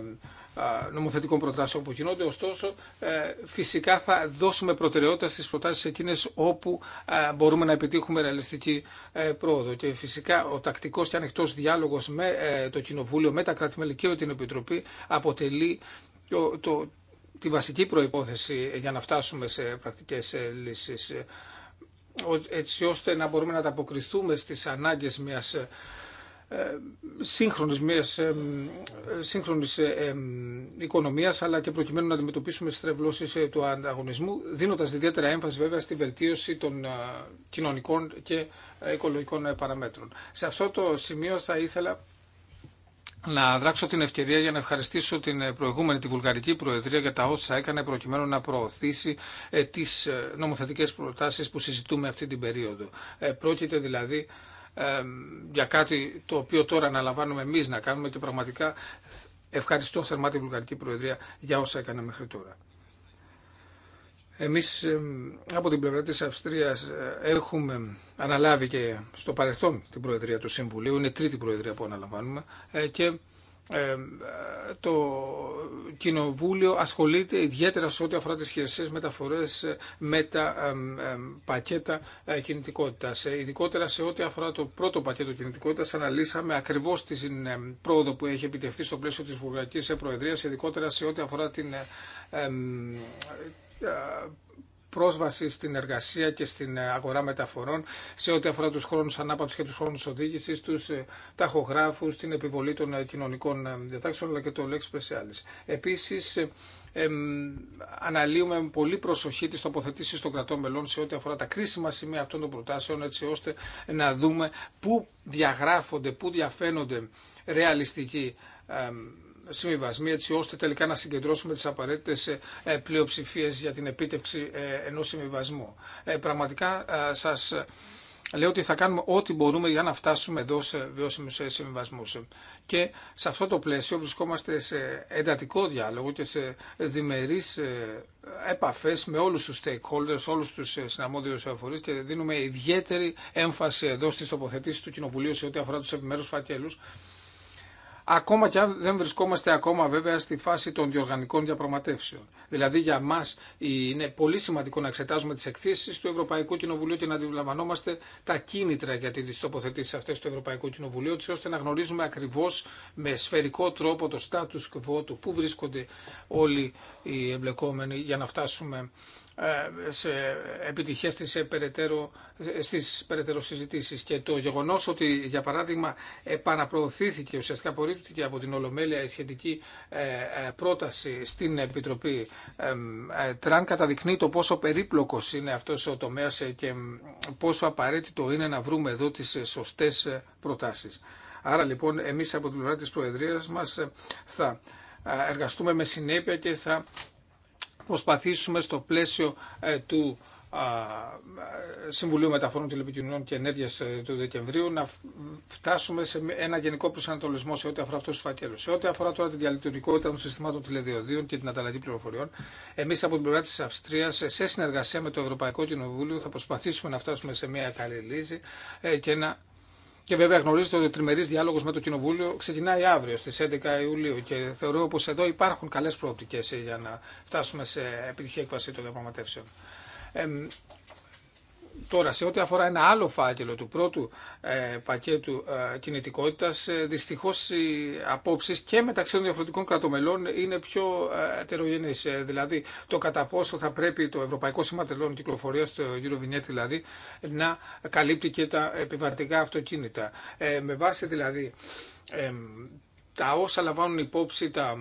νομοθετικών προτάσεων που γίνονται. Ωστόσο, φυσικά θα δώσουμε προτεραιότητα στις προτάσεις εκείνες όπου μπορούμε να επιτύχουμε ρεαλιστική πρόοδο. Και φυσικά ο τακτικός και ανοιχτός διάλογος με το Κοινοβούλιο, με τα κράτη-μέλη και την Επιτροπή αποτελεί το, τη βασική προϋπόθεση για να φτάσουμε σε πρακτικές λύσεις έτσι ώστε να μπορούμε να ανταποκριθούμε στις ανάγκες μιας ε, ε, σύγχρονης, μιας ε, σύγχρονης οικονομίας αλλά και προκειμένου να αντιμετωπίσουμε στρεβλώσεις του ανταγωνισμού δίνοντας ιδιαίτερα έμφαση βέβαια στη βελτίωση των κοινωνικών και οικολογικών παραμέτρων. Σε αυτό το σημείο θα ήθελα να δράξω την ευκαιρία για να ευχαριστήσω την ε, προηγούμενη, τη Βουλγαρική Προεδρία για τα όσα έκανε προκειμένου να προωθήσει ε, τις ε, νομοθετικές προτάσεις που συζητούμε αυτή την περίοδο. Πρόκειται δηλαδή για κάτι το οποίο τώρα αναλαμβάνουμε εμείς να κάνουμε και πραγματικά ευχαριστώ θερμά τη Βουλγαρική Προεδρία για όσα έκανε μέχρι τώρα. Εμείς από την πλευρά της Αυστρίας ε, έχουμε αναλάβει και στο παρελθόν την Προεδρία του Συμβουλίου, είναι τρίτη Προεδρία που αναλαμβάνουμε ε, και ε, το Κοινοβούλιο ασχολείται ιδιαίτερα σε ό,τι αφορά τις χειρισίες μεταφορές με τα πακέτα κινητικότητας. Ειδικότερα σε ό,τι αφορά το πρώτο πακέτο κινητικότητας αναλύσαμε ακριβώς την πρόοδο που έχει επιτευχθεί στο πλαίσιο της Βουλγαρικής Προεδρίας, ειδικότερα σε ό,τι αφορά την ε, πρόσβαση στην εργασία και στην ε, αγορά μεταφορών σε ό,τι αφορά τους χρόνους ανάπαυσης και τους χρόνους οδήγησης, τους ε, ταχογράφους, την επιβολή των κοινωνικών διατάξεων, αλλά και το Lex Specialis. Επίσης, αναλύουμε πολύ προσοχή τις τοποθετήσεις των κρατών μελών σε ό,τι αφορά τα κρίσιμα σημεία αυτών των προτάσεων, έτσι ώστε να δούμε πού διαγράφονται, πού διαφαίνονται ρεαλιστικοί συμβιβασμοί έτσι ώστε τελικά να συγκεντρώσουμε τις απαραίτητες ε, ε, πλειοψηφίε για την επίτευξη ε, ενός συμβιβασμού. Πραγματικά σας λέω ότι θα κάνουμε ό,τι μπορούμε για να φτάσουμε εδώ σε βιώσιμους συμβιβασμούς. Και σε αυτό το πλαίσιο βρισκόμαστε σε εντατικό διάλογο και σε διμερείς επαφές με όλους τους stakeholders, όλους τους συναμόδιους φορείς και δίνουμε ιδιαίτερη έμφαση εδώ στις τοποθετήσεις του Κοινοβουλίου σε ό,τι αφορά τους επιμέρους φακέλους ακόμα και αν δεν βρισκόμαστε ακόμα βέβαια στη φάση των διοργανικών διαπραγματεύσεων. Δηλαδή για μας είναι πολύ σημαντικό να εξετάζουμε τις εκθέσει του Ευρωπαϊκού Κοινοβουλίου και να αντιλαμβανόμαστε τα κίνητρα για τι τοποθετήσει αυτές του Ευρωπαϊκού Κοινοβουλίου έτσι ώστε να γνωρίζουμε ακριβώς με σφαιρικό τρόπο το status quo του, πού βρίσκονται όλοι οι εμπλεκόμενοι για να φτάσουμε ε, σε επιτυχίες της περαιτέρω, στις περαιτέρω συζητήσεις. Και το γεγονός ότι, για παράδειγμα, επαναπροωθήθηκε, ουσιαστικά απορρίπτηκε από την Ολομέλεια η σχετική ε, ε, πρόταση στην Επιτροπή Τραν, καταδεικνύει το πόσο περίπλοκος είναι αυτός ο τομέας και πόσο απαραίτητο είναι να βρούμε εδώ τις σωστές προτάσεις. Άρα λοιπόν εμείς από την πλευρά της Προεδρίας μας θα εργαστούμε με συνέπεια και θα προσπαθήσουμε στο πλαίσιο ε, του Συμβουλίου Μεταφορών Τηλεπικοινωνιών και Ενέργεια ε, του Δεκεμβρίου να φτάσουμε σε ένα γενικό προσανατολισμό σε ό,τι αφορά αυτού του φακέλου. Σε ό,τι αφορά τώρα τη διαλειτουργικότητα των συστημάτων τηλεδιοδίων και την ανταλλαγή πληροφοριών, εμεί από την πλευρά τη Αυστρία, ε, σε συνεργασία με το Ευρωπαϊκό Κοινοβούλιο, θα προσπαθήσουμε να φτάσουμε σε μια καλή λύση και να και βέβαια γνωρίζετε ότι ο τριμερής διάλογος με το Κοινοβούλιο ξεκινάει αύριο στις 11 Ιουλίου και θεωρώ πω εδώ υπάρχουν καλές προοπτικέ για να φτάσουμε σε επιτυχία εκβασή των διαπραγματεύσεων. Τώρα, σε ό,τι αφορά ένα άλλο φάκελο του πρώτου ε, πακέτου ε, κινητικότητας, ε, δυστυχώς οι απόψει και μεταξύ των διαφορετικών κρατομελών είναι πιο ε, ε, δηλαδή, το κατά πόσο θα πρέπει το Ευρωπαϊκό Σήμα Τελών Κυκλοφορίας, το Eurovinet δηλαδή, να καλύπτει και τα επιβατικά αυτοκίνητα. Ε, με βάση δηλαδή τα όσα λαμβάνουν υπόψη τα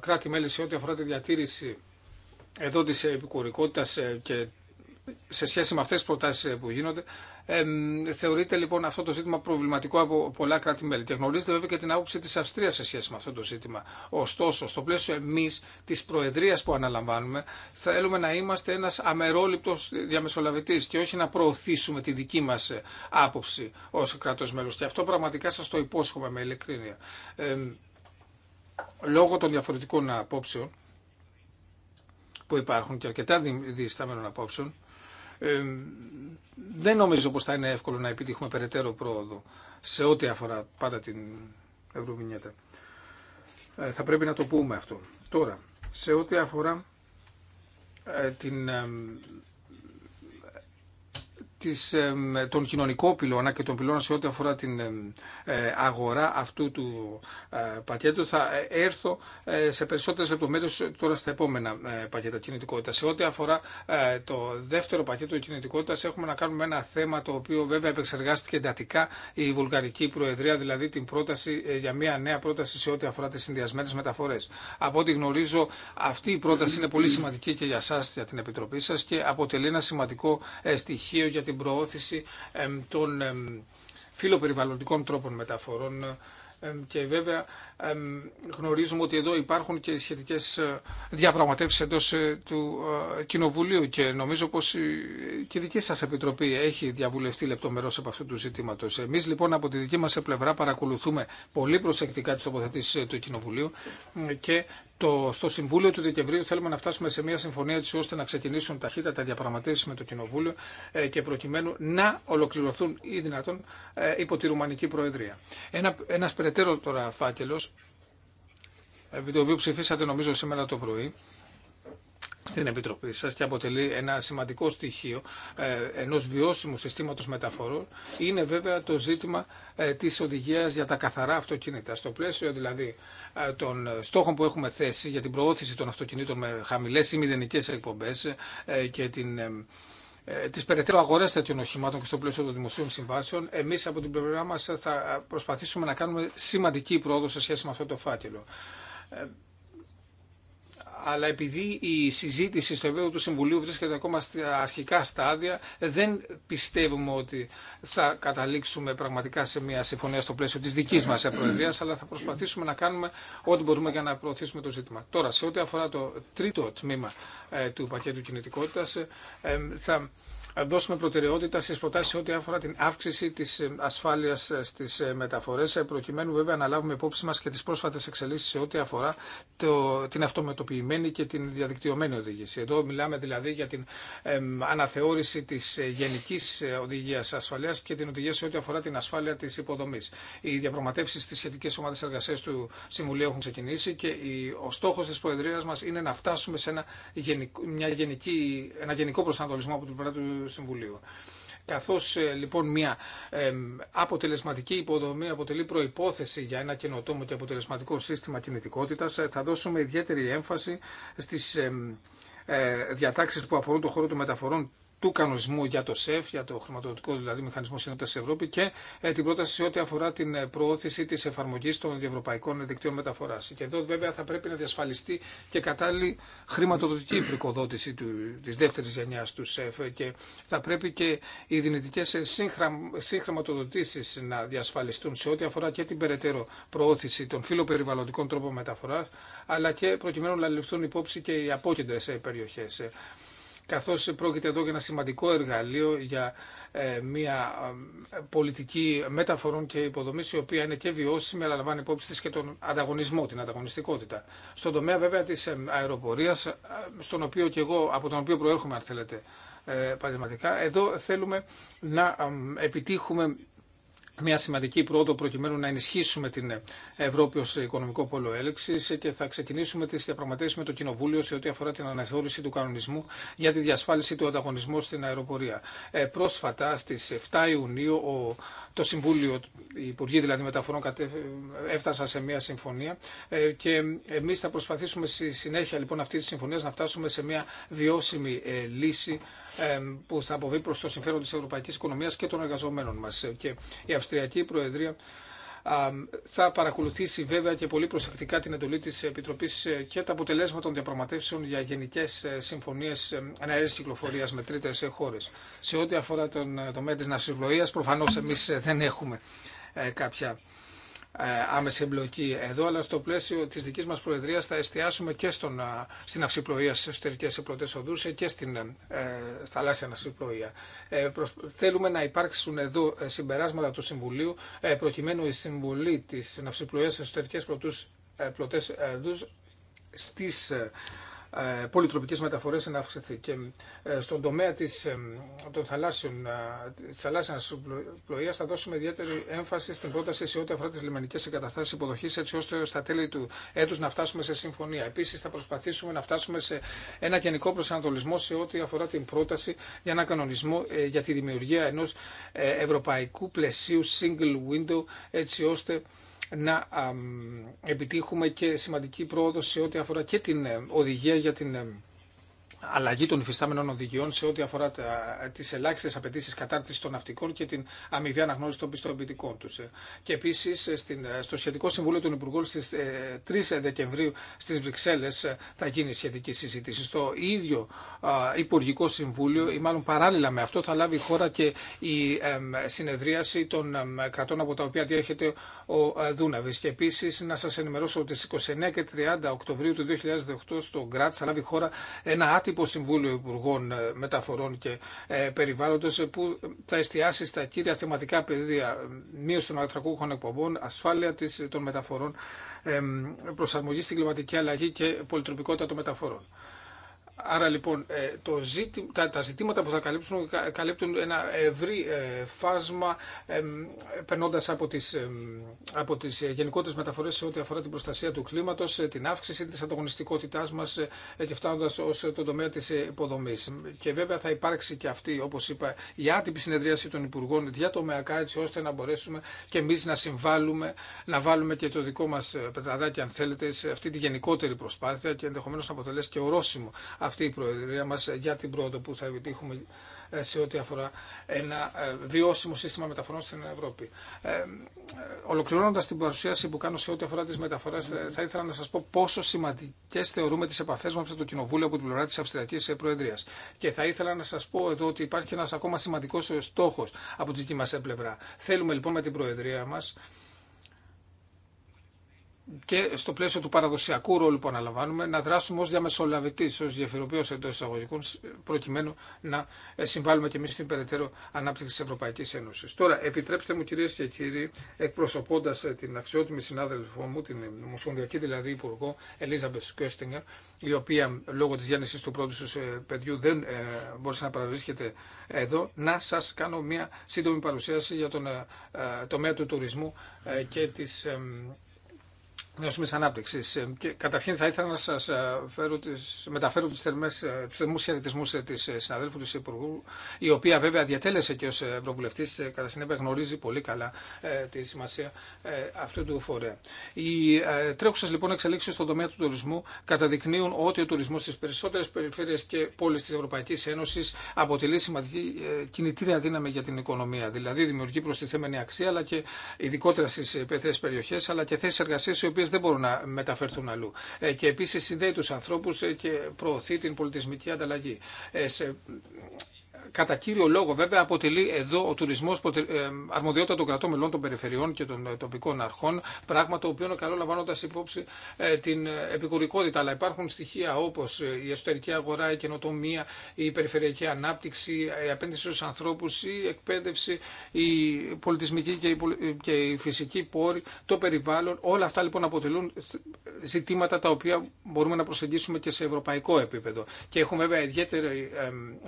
κράτη-μέλη σε ό,τι αφορά τη διατήρηση εδώ της επικουρικότητας και σε σχέση με αυτές τις προτάσεις ε, που γίνονται, ε, θεωρείται λοιπόν αυτό το ζήτημα προβληματικό από πολλά κράτη-μέλη. Και γνωρίζετε βέβαια και την άποψη της Αυστρίας σε σχέση με αυτό το ζήτημα. Ωστόσο, στο πλαίσιο εμείς της Προεδρίας που αναλαμβάνουμε, θέλουμε να είμαστε ένας αμερόληπτος διαμεσολαβητής και όχι να προωθήσουμε τη δική μας ε, άποψη ως κράτος μέλος. Και αυτό πραγματικά σας το υπόσχομαι με ειλικρίνεια. Ε, λόγω των διαφορετικών απόψεων, που υπάρχουν και αρκετά διστάμενων απόψεων, ε, δεν νομίζω πως θα είναι εύκολο να επιτύχουμε περαιτέρω πρόοδο σε ό,τι αφορά πάντα την Ευρωβινιέτα. Ε, θα πρέπει να το πούμε αυτό. Τώρα, σε ό,τι αφορά ε, την της, τον κοινωνικό πυλώνα και τον πυλώνα σε ό,τι αφορά την ε, αγορά αυτού του ε, πακέτου θα ε, έρθω σε περισσότερες λεπτομέρειες τώρα στα επόμενα πακέτα κινητικότητα. Σε ό,τι αφορά το δεύτερο πακέτο κινητικότητα, έχουμε να κάνουμε ένα θέμα το οποίο βέβαια επεξεργάστηκε εντατικά η Βουλγαρική Προεδρία, δηλαδή την πρόταση για μια νέα πρόταση σε ό,τι αφορά τις συνδυασμένες μεταφορές. Από ό,τι γνωρίζω αυτή η πρόταση είναι πολύ σημαντική και για σας, για την Επιτροπή σας και αποτελεί ένα σημαντικό στοιχείο για την προώθηση των φιλοπεριβαλλοντικών τρόπων μεταφορών και βέβαια γνωρίζουμε ότι εδώ υπάρχουν και σχετικές ε, διαπραγματεύσεις εντός ε, του ε, Κοινοβουλίου και νομίζω πως και η δική σας Επιτροπή έχει διαβουλευτεί λεπτομερώς από αυτού του ζητήματος. Εμείς λοιπόν από τη δική μας πλευρά παρακολουθούμε πολύ προσεκτικά τις τοποθετήσεις του Κοινοβουλίου και το, στο Συμβούλιο του Δεκεμβρίου θέλουμε να φτάσουμε σε μια συμφωνία έτσι ώστε να ξεκινήσουν ταχύτατα διαπραγματεύσει με το Κοινοβούλιο ε, και προκειμένου να ολοκληρωθούν ή δυνατόν ε, υπό τη Ρουμανική Προεδρία. Ένα, ένας περαιτέρω τώρα φάκελος, επί το οποίο ψηφίσατε νομίζω σήμερα το πρωί, στην Επιτροπή σας και αποτελεί ένα σημαντικό στοιχείο ε, ενός βιώσιμου συστήματος μεταφορών είναι βέβαια το ζήτημα ε, της οδηγίας για τα καθαρά αυτοκίνητα. Στο πλαίσιο δηλαδή ε, των στόχων που έχουμε θέσει για την προώθηση των αυτοκινήτων με χαμηλές ή μηδενικές εκπομπές και την τι περαιτέρω αγορέ τέτοιων οχημάτων και στο πλαίσιο των δημοσίων συμβάσεων, εμεί από την πλευρά μα θα προσπαθήσουμε να κάνουμε σημαντική πρόοδο σε σχέση με αυτό το φάκελο αλλά επειδή η συζήτηση στο επίπεδο του Συμβουλίου βρίσκεται ακόμα στα αρχικά στάδια, δεν πιστεύουμε ότι θα καταλήξουμε πραγματικά σε μια συμφωνία στο πλαίσιο τη δική μα Προεδρία, αλλά θα προσπαθήσουμε να κάνουμε ό,τι μπορούμε για να προωθήσουμε το ζήτημα. Τώρα, σε ό,τι αφορά το τρίτο τμήμα ε, του πακέτου κινητικότητα, ε, ε, θα δώσουμε προτεραιότητα στις προτάσει ό,τι αφορά την αύξηση τη ε, ασφάλεια ε, στι ε, μεταφορέ, προκειμένου βέβαια να λάβουμε υπόψη μα και τι πρόσφατε εξελίξει σε ό,τι αφορά το, την αυτομετωπιμένη και την διαδικτυωμένη οδήγηση. Εδώ μιλάμε δηλαδή για την αναθεώρηση τη γενική οδηγία ασφαλείας και την οδηγία σε ό,τι αφορά την ασφάλεια τη υποδομή. Οι διαπραγματεύσει στις σχετικέ ομάδες εργασία του Συμβουλίου έχουν ξεκινήσει και η, ο στόχο τη προεδρία μα είναι να φτάσουμε σε ένα, γενικό, μια γενική, ένα γενικό προσανατολισμό από την πλευρά του Συμβουλίου. Καθώ ε, λοιπόν μια αποτελεσματική υποδομή αποτελεί προπόθεση για ένα καινοτόμο και αποτελεσματικό σύστημα κινητικότητα, ε, θα δώσουμε ιδιαίτερη έμφαση στι ε, διατάξει που αφορούν το χώρο των μεταφορών του κανονισμού για το ΣΕΦ, για το χρηματοδοτικό δηλαδή μηχανισμό συνότητα Ευρώπη και ε, την πρόταση σε ό,τι αφορά την ε, προώθηση τη εφαρμογή των διευρωπαϊκών δικτύων μεταφορά. Και εδώ βέβαια θα πρέπει να διασφαλιστεί και κατάλληλη χρηματοδοτική πρικοδότηση τη δεύτερη γενιά του ΣΕΦ και θα πρέπει και οι δυνητικέ ε, συγχρηματοδοτήσει να διασφαλιστούν σε ό,τι αφορά και την περαιτέρω προώθηση των φιλοπεριβαλλοντικών τρόπων μεταφορά αλλά και προκειμένου να ληφθούν υπόψη και οι απόκεντρε περιοχέ καθώς πρόκειται εδώ για ένα σημαντικό εργαλείο για ε, μια ε, πολιτική μεταφορών και υποδομής η οποία είναι και βιώσιμη αλλά λαμβάνει υπόψη της και τον ανταγωνισμό, την ανταγωνιστικότητα. Στον τομέα βέβαια της ε, αεροπορίας, στον οποίο και εγώ, από τον οποίο προέρχομαι αν θέλετε πανδηματικά, εδώ θέλουμε να επιτύχουμε μια σημαντική πρόοδο προκειμένου να ενισχύσουμε την Ευρώπη ω οικονομικό πόλο έλεξη και θα ξεκινήσουμε τι διαπραγματεύσει με το Κοινοβούλιο σε ό,τι αφορά την αναθεώρηση του κανονισμού για τη διασφάλιση του ανταγωνισμού στην αεροπορία. Ε, πρόσφατα στι 7 Ιουνίου το Συμβούλιο, οι Υπουργοί δηλαδή Μεταφορών έφτασαν σε μια συμφωνία ε, και εμεί θα προσπαθήσουμε στη συνέχεια λοιπόν αυτή τη συμφωνία να φτάσουμε σε μια βιώσιμη ε, λύση που θα αποβεί προς το συμφέρον της ευρωπαϊκής οικονομίας και των εργαζομένων μας. Και η Αυστριακή Προεδρία θα παρακολουθήσει βέβαια και πολύ προσεκτικά την εντολή της Επιτροπής ε, και τα αποτελέσματα των διαπραγματεύσεων για γενικές ε, συμφωνίες ε, αναίρεσης κυκλοφορίας με τρίτες χώρες. Σε ό,τι αφορά τον τομέα της ναυσιβλοίας, προφανώς εμείς δεν έχουμε κάποια ε, άμεση εμπλοκή εδώ, αλλά στο πλαίσιο τη δική μα προεδρία θα εστιάσουμε και στον, ε, στην αυσιπλοεία στις εσωτερικέ οδούς ε, και στην ε, θαλάσσια αυσιπλοεία. Θέλουμε να υπάρξουν εδώ συμπεράσματα του Συμβουλίου, ε, προκειμένου η συμβολή της αυσιπλοείας στις εσωτερικέ πλωτές οδούς στις ε, πολυτροπικές μεταφορές να αυξηθεί. Και ε, στον τομέα της, ε, των θαλάσσιων, θαλάσσιας πλοίας θα δώσουμε ιδιαίτερη έμφαση στην πρόταση σε ό,τι αφορά τις λιμενικές εγκαταστάσεις υποδοχής έτσι ώστε στα τέλη του έτους να φτάσουμε σε συμφωνία. Επίσης θα προσπαθήσουμε να φτάσουμε σε ένα γενικό προσανατολισμό σε ό,τι αφορά την πρόταση για ένα κανονισμό για τη δημιουργία ενός ευρωπαϊκού πλαισίου single window έτσι ώστε να επιτύχουμε και σημαντική πρόοδο σε ό,τι αφορά και την ε, οδηγία για την ε, αλλαγή των υφιστάμενων οδηγιών σε ό,τι αφορά τι ελάχιστε απαιτήσει κατάρτιση των ναυτικών και την αμοιβή αναγνώριση των πιστοποιητικών του. Και επίση στο σχετικό συμβούλιο των Υπουργών στι 3 ε, Δεκεμβρίου στι Βρυξέλλε ε, θα γίνει σχετική συζήτηση. Στο ίδιο Υπουργικό Συμβούλιο, ή μάλλον παράλληλα με αυτό, θα λάβει η χώρα και η συνεδρίαση των κρατών από τα οποία διέρχεται ο ε, Δούναβη. Και επίση να σα ενημερώσω ότι στι 29 και 30 Οκτωβρίου του 2018 στο Γκράτ θα λάβει η χώρα ένα άτυπο Υποσυμβούλιο Υπουργών ε, Μεταφορών και ε, Περιβάλλοντος ε, που θα εστιάσει στα κύρια θεματικά πεδία μείωση των ατρακούχων εκπομπών, ασφάλεια των μεταφορών, προσαρμογή στην κλιματική αλλαγή και πολυτροπικότητα των μεταφορών. Άρα λοιπόν ε, το τα, ζητήματα που θα καλύψουν καλύπτουν ένα ευρύ ε, φάσμα περνώντα από τις, από τις γενικότερες μεταφορές σε ό,τι αφορά την προστασία του κλίματος, ε, την αύξηση της ανταγωνιστικότητάς μας και φτάνοντας ως τον τομέα της υποδομής. Και βέβαια θα υπάρξει και αυτή, όπως είπα, η άτυπη συνεδρίαση των Υπουργών διατομεακά έτσι ώστε να μπορέσουμε και εμείς να συμβάλλουμε, να βάλουμε και το δικό μας πετραδάκι αν θέλετε σε αυτή τη γενικότερη προσπάθεια και ενδεχομένως να αποτελέσει και ορόσημο αυτή η Προεδρία μας για την πρόοδο που θα επιτύχουμε ε, σε ό,τι αφορά ένα ε, βιώσιμο σύστημα μεταφορών στην Ευρώπη. Ε, Ολοκληρώνοντα την παρουσίαση που κάνω σε ό,τι αφορά τι μεταφορέ, θα ήθελα να σα πω πόσο σημαντικέ θεωρούμε τι επαφέ μα με το Κοινοβούλιο από την πλευρά τη Αυστριακή Προεδρία. Και θα ήθελα να σα πω εδώ ότι υπάρχει ένα ακόμα σημαντικό στόχο από την δική μα πλευρά. Θέλουμε λοιπόν με την Προεδρία μα και στο πλαίσιο του παραδοσιακού ρόλου που αναλαμβάνουμε να δράσουμε ω διαμεσολαβητή ω γεφυροποιός εντό εισαγωγικών προκειμένου να ε, συμβάλλουμε και εμεί στην περαιτέρω ανάπτυξη τη Ευρωπαϊκή Ένωση. Τώρα επιτρέψτε μου κυρίε και κύριοι εκπροσωπώντα ε, την αξιότιμη συνάδελφό μου, την ε, Ομοσπονδιακή δηλαδή Υπουργό Ελίζαμπεθ Κιώστιγκερ, η οποία λόγω τη γέννηση του πρώτου σου παιδιού δεν ε, μπορούσε να παραβρίσκεται εδώ, να σα κάνω μια σύντομη παρουσίαση για τον ε, τομέα του τουρισμού και ε, βιώσιμη ανάπτυξη. Ε, και καταρχήν θα ήθελα να σα ε, μεταφέρω ε, του θερμούς χαιρετισμούς τη συναδέλφου του Υπουργού, η οποία βέβαια διατέλεσε και ω Ευρωβουλευτή, κατά συνέπεια γνωρίζει πολύ καλά τη σημασία αυτού του φορέα. Οι τρέχουσες λοιπόν εξελίξεις στον τομέα του τουρισμού καταδεικνύουν ότι ο τουρισμός στις περισσότερες περιφέρειες και πόλεις της Ευρωπαϊκής Ένωσης αποτελεί σημαντική κινητήρια δύναμη για την οικονομία. Δηλαδή δημιουργεί προστιθέμενη αξία, αλλά και ειδικότερα στι περιοχές, αλλά και θέσει δεν μπορούν να μεταφερθούν αλλού. Ε, και επίση συνδέει του ανθρώπου ε, και προωθεί την πολιτισμική ανταλλαγή. Ε, σε κατά κύριο λόγο βέβαια αποτελεί εδώ ο τουρισμός ε, αρμοδιότητα των κρατών μελών, των περιφερειών και των ε, τοπικών αρχών, πράγμα το οποίο είναι καλό λαμβάνοντα υπόψη ε, την επικουρικότητα. Αλλά υπάρχουν στοιχεία όπως η εσωτερική αγορά, η καινοτομία, η περιφερειακή ανάπτυξη, η απέντηση στους ανθρώπους, η εκπαίδευση, η πολιτισμική και η φυσική πόρη, το περιβάλλον. Όλα αυτά λοιπόν αποτελούν ζητήματα τα οποία μπορούμε να προσεγγίσουμε και σε ευρωπαϊκό επίπεδο. Και έχουν βέβαια ιδιαίτερη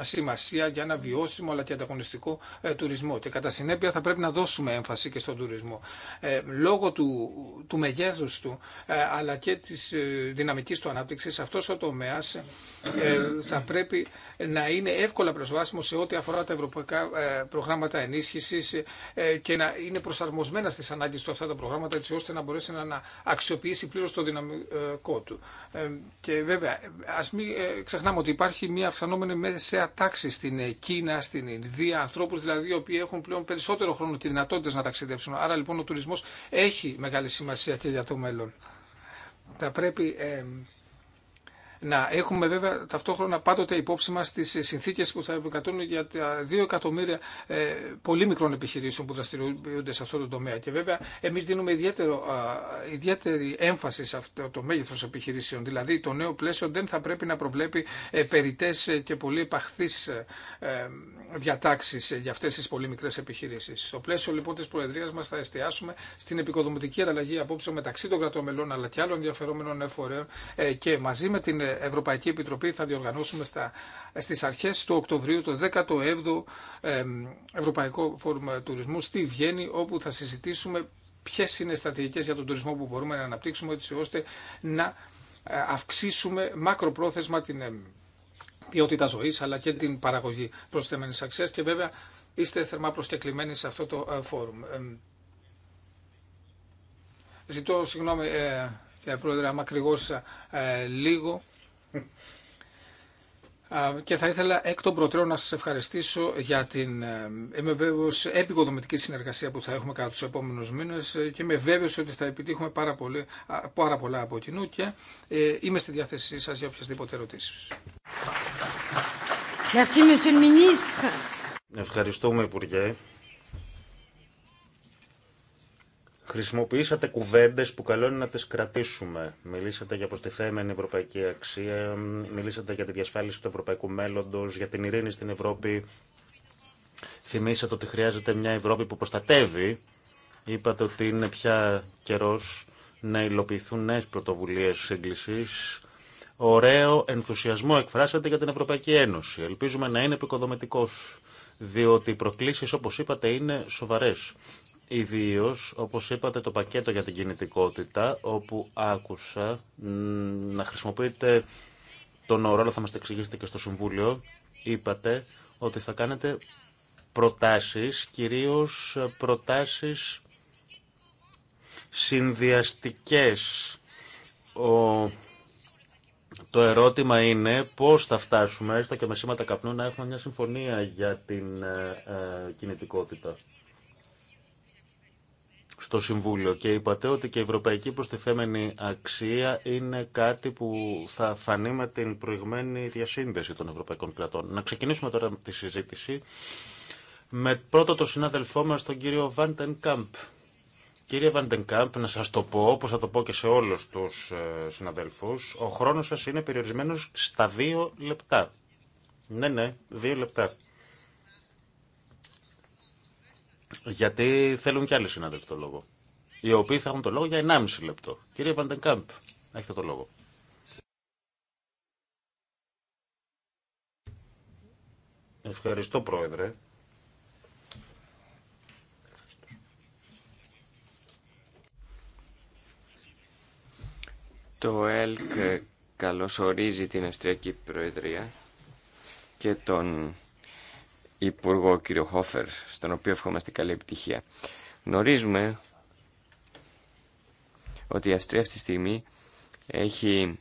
σημασία για να βιώσιμο αλλά και ανταγωνιστικό ε, τουρισμό. Και κατά συνέπεια θα πρέπει να δώσουμε έμφαση και στον τουρισμό. Ε, λόγω του, του μεγέθους του ε, αλλά και της δυναμική του ανάπτυξη, αυτό ο τομέας θα πρέπει να είναι εύκολα προσβάσιμο σε ό,τι αφορά τα ευρωπαϊκά προγράμματα ενίσχυσης και να είναι προσαρμοσμένα στι ανάγκες του αυτά τα προγράμματα έτσι ώστε να μπορέσει να αξιοποιήσει πλήρω το δυναμικό του. Και βέβαια, α μην ξεχνάμε ότι υπάρχει μια αυξανόμενη μέσα τάξη στην Κίνα, στην Ινδία, ανθρώπου δηλαδή οι οποίοι έχουν πλέον περισσότερο χρόνο και δυνατότητε να ταξιδέψουν. Άρα λοιπόν ο τουρισμό έχει μεγάλη σημασία και για το μέλλον. Θα πρέπει ε, να έχουμε βέβαια ταυτόχρονα πάντοτε υπόψη μα τι συνθήκε που θα επικρατούν για τα 2 εκατομμύρια ε, πολύ μικρών επιχειρήσεων που δραστηριοποιούνται σε αυτό το τομέα. Και βέβαια εμεί δίνουμε ιδιαίτερο, ιδιαίτερη έμφαση σε αυτό το μέγεθο επιχειρήσεων. Δηλαδή το νέο πλαίσιο δεν θα πρέπει να προβλέπει ε, περιτέ και πολύ επαχθείς ε, διατάξεις για αυτέ τι πολύ μικρέ επιχειρήσει. Στο πλαίσιο λοιπόν τη Προεδρία μα θα εστιάσουμε στην επικοδομητική ανταλλαγή απόψεων μεταξύ των κρατών αλλά και άλλων ενδιαφερόμενων εφορέων και μαζί με την Ευρωπαϊκή Επιτροπή θα διοργανώσουμε στα, στις αρχές του Οκτωβρίου το 17ο Ευρωπαϊκό Φόρουμ Τουρισμού στη Βιέννη όπου θα συζητήσουμε ποιες είναι οι στρατηγικές για τον τουρισμό που μπορούμε να αναπτύξουμε έτσι ώστε να ε, αυξήσουμε μακροπρόθεσμα την ποιότητα ζωής αλλά και την παραγωγή προσθέμενης αξίας και βέβαια είστε θερμά προσκεκλημένοι σε αυτό το ε, φόρουμ. Ζητώ συγγνώμη, ε, κύριε Πρόεδρε, άμα λίγο. Και θα ήθελα εκ των προτέρων να σας ευχαριστήσω για την, ε, είμαι βέβαιος, επικοδομητική συνεργασία που θα έχουμε κατά τους επόμενους μήνες ε, και είμαι βέβαιος ότι θα επιτύχουμε πάρα, πολλά από κοινού και ε, είμαι στη διάθεσή σας για οποιασδήποτε ερωτήσεις. Ευχαριστούμε Υπουργέ. Χρησιμοποιήσατε κουβέντε που καλό είναι να τι κρατήσουμε. Μιλήσατε για προστιθέμενη ευρωπαϊκή αξία, μιλήσατε για τη διασφάλιση του ευρωπαϊκού μέλλοντος, για την ειρήνη στην Ευρώπη. Θυμήσατε ότι χρειάζεται μια Ευρώπη που προστατεύει. Είπατε ότι είναι πια καιρό να υλοποιηθούν νέε πρωτοβουλίε σύγκληση. Ωραίο ενθουσιασμό εκφράσατε για την Ευρωπαϊκή Ένωση. Ελπίζουμε να είναι επικοδομητικό. διότι οι προκλήσει, όπω είπατε, είναι σοβαρέ. Ιδίω, όπως είπατε, το πακέτο για την κινητικότητα, όπου άκουσα να χρησιμοποιείτε τον όρο, θα μας το εξηγήσετε και στο Συμβούλιο, είπατε ότι θα κάνετε προτάσεις, κυρίως προτάσεις συνδυαστικές. Το ερώτημα είναι πώς θα φτάσουμε, έστω και με σήματα καπνού, να έχουμε μια συμφωνία για την ε, ε, κινητικότητα στο Συμβούλιο και είπατε ότι και η ευρωπαϊκή προστιθέμενη αξία είναι κάτι που θα φανεί με την προηγμένη διασύνδεση των ευρωπαϊκών κρατών. Να ξεκινήσουμε τώρα τη συζήτηση με πρώτο τον συνάδελφό μας τον κύριο Βάντεν Κάμπ. Κύριε Κάμπ, να σας το πω, όπως θα το πω και σε όλους τους ε, συναδέλφους, ο χρόνος σας είναι περιορισμένος στα δύο λεπτά. Ναι, ναι, δύο λεπτά. Γιατί θέλουν κι άλλοι συνάδελφοι το λόγο. Οι οποίοι θα έχουν το λόγο για 1,5 λεπτό. Κύριε Βαντενκάμπ, έχετε το λόγο. Ευχαριστώ, Πρόεδρε. Το ΕΛΚ καλωσορίζει την Αυστριακή Προεδρία και τον Υπουργό κ. Χόφερ, στον οποίο ευχόμαστε καλή επιτυχία. Γνωρίζουμε ότι η Αυστρία αυτή τη στιγμή έχει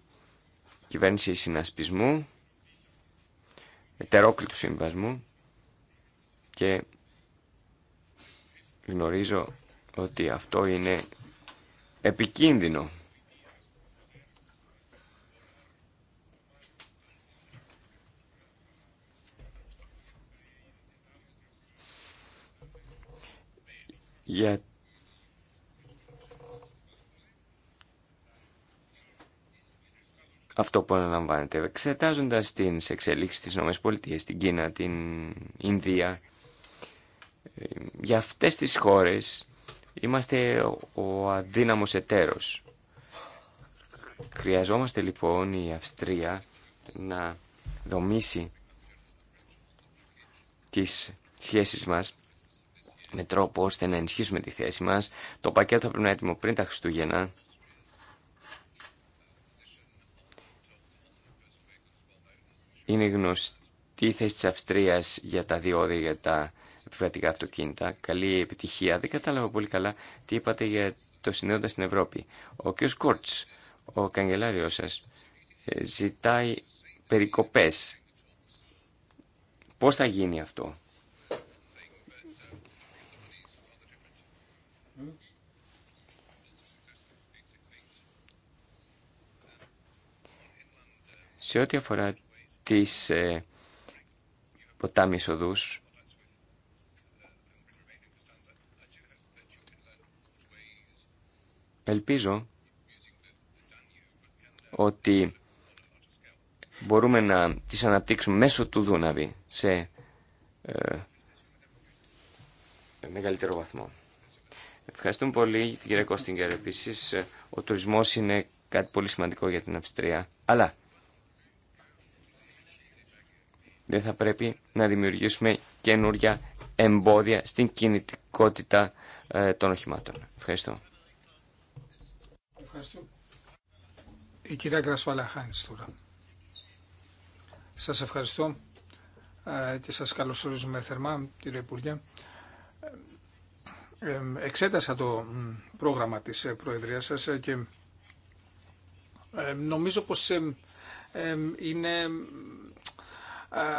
κυβέρνηση συνασπισμού, ετερόκλητου συμβασμού και γνωρίζω ότι αυτό είναι επικίνδυνο για αυτό που αναλαμβάνεται. Εξετάζοντα τι εξελίξει τη ΗΠΑ, στην Κίνα, την Ινδία, ε, για αυτές τις χώρες είμαστε ο αδύναμος εταίρος. Χρειαζόμαστε λοιπόν η Αυστρία να δομήσει τις σχέσεις μας με τρόπο ώστε να ενισχύσουμε τη θέση μα, Το πακέτο θα πρέπει να είναι έτοιμο πριν τα Χριστούγεννα. Είναι γνωστή η θέση τη Αυστρίας για τα διόδια, για τα επιβατικά αυτοκίνητα. Καλή επιτυχία. Δεν κατάλαβα πολύ καλά τι είπατε για το συνέοντα στην Ευρώπη. Ο κ. Κόρτ, ο καγκελάριο σα, ε, ζητάει περικοπέ. Πώς θα γίνει αυτό. Σε ό,τι αφορά τις ε, ποτάμιες οδούς, ελπίζω ότι μπορούμε να τις αναπτύξουμε μέσω του Δούναβη σε ε, μεγαλύτερο βαθμό. Ευχαριστούμε πολύ την κυρία Κώστιγκερ. Επίσης, ο τουρισμός είναι κάτι πολύ σημαντικό για την Αυστρία. Αλλά δεν θα πρέπει να δημιουργήσουμε καινούρια εμπόδια στην κινητικότητα ε, των οχημάτων. Ευχαριστώ. Ευχαριστώ. Η κυρία Γκρασφάλα Χάνης τώρα. Σας ευχαριστώ ε, και σας καλωσορίζουμε θερμά, κύριε Υπουργέ. Ε, εξέτασα το πρόγραμμα της Προεδρίας σας και νομίζω πως είναι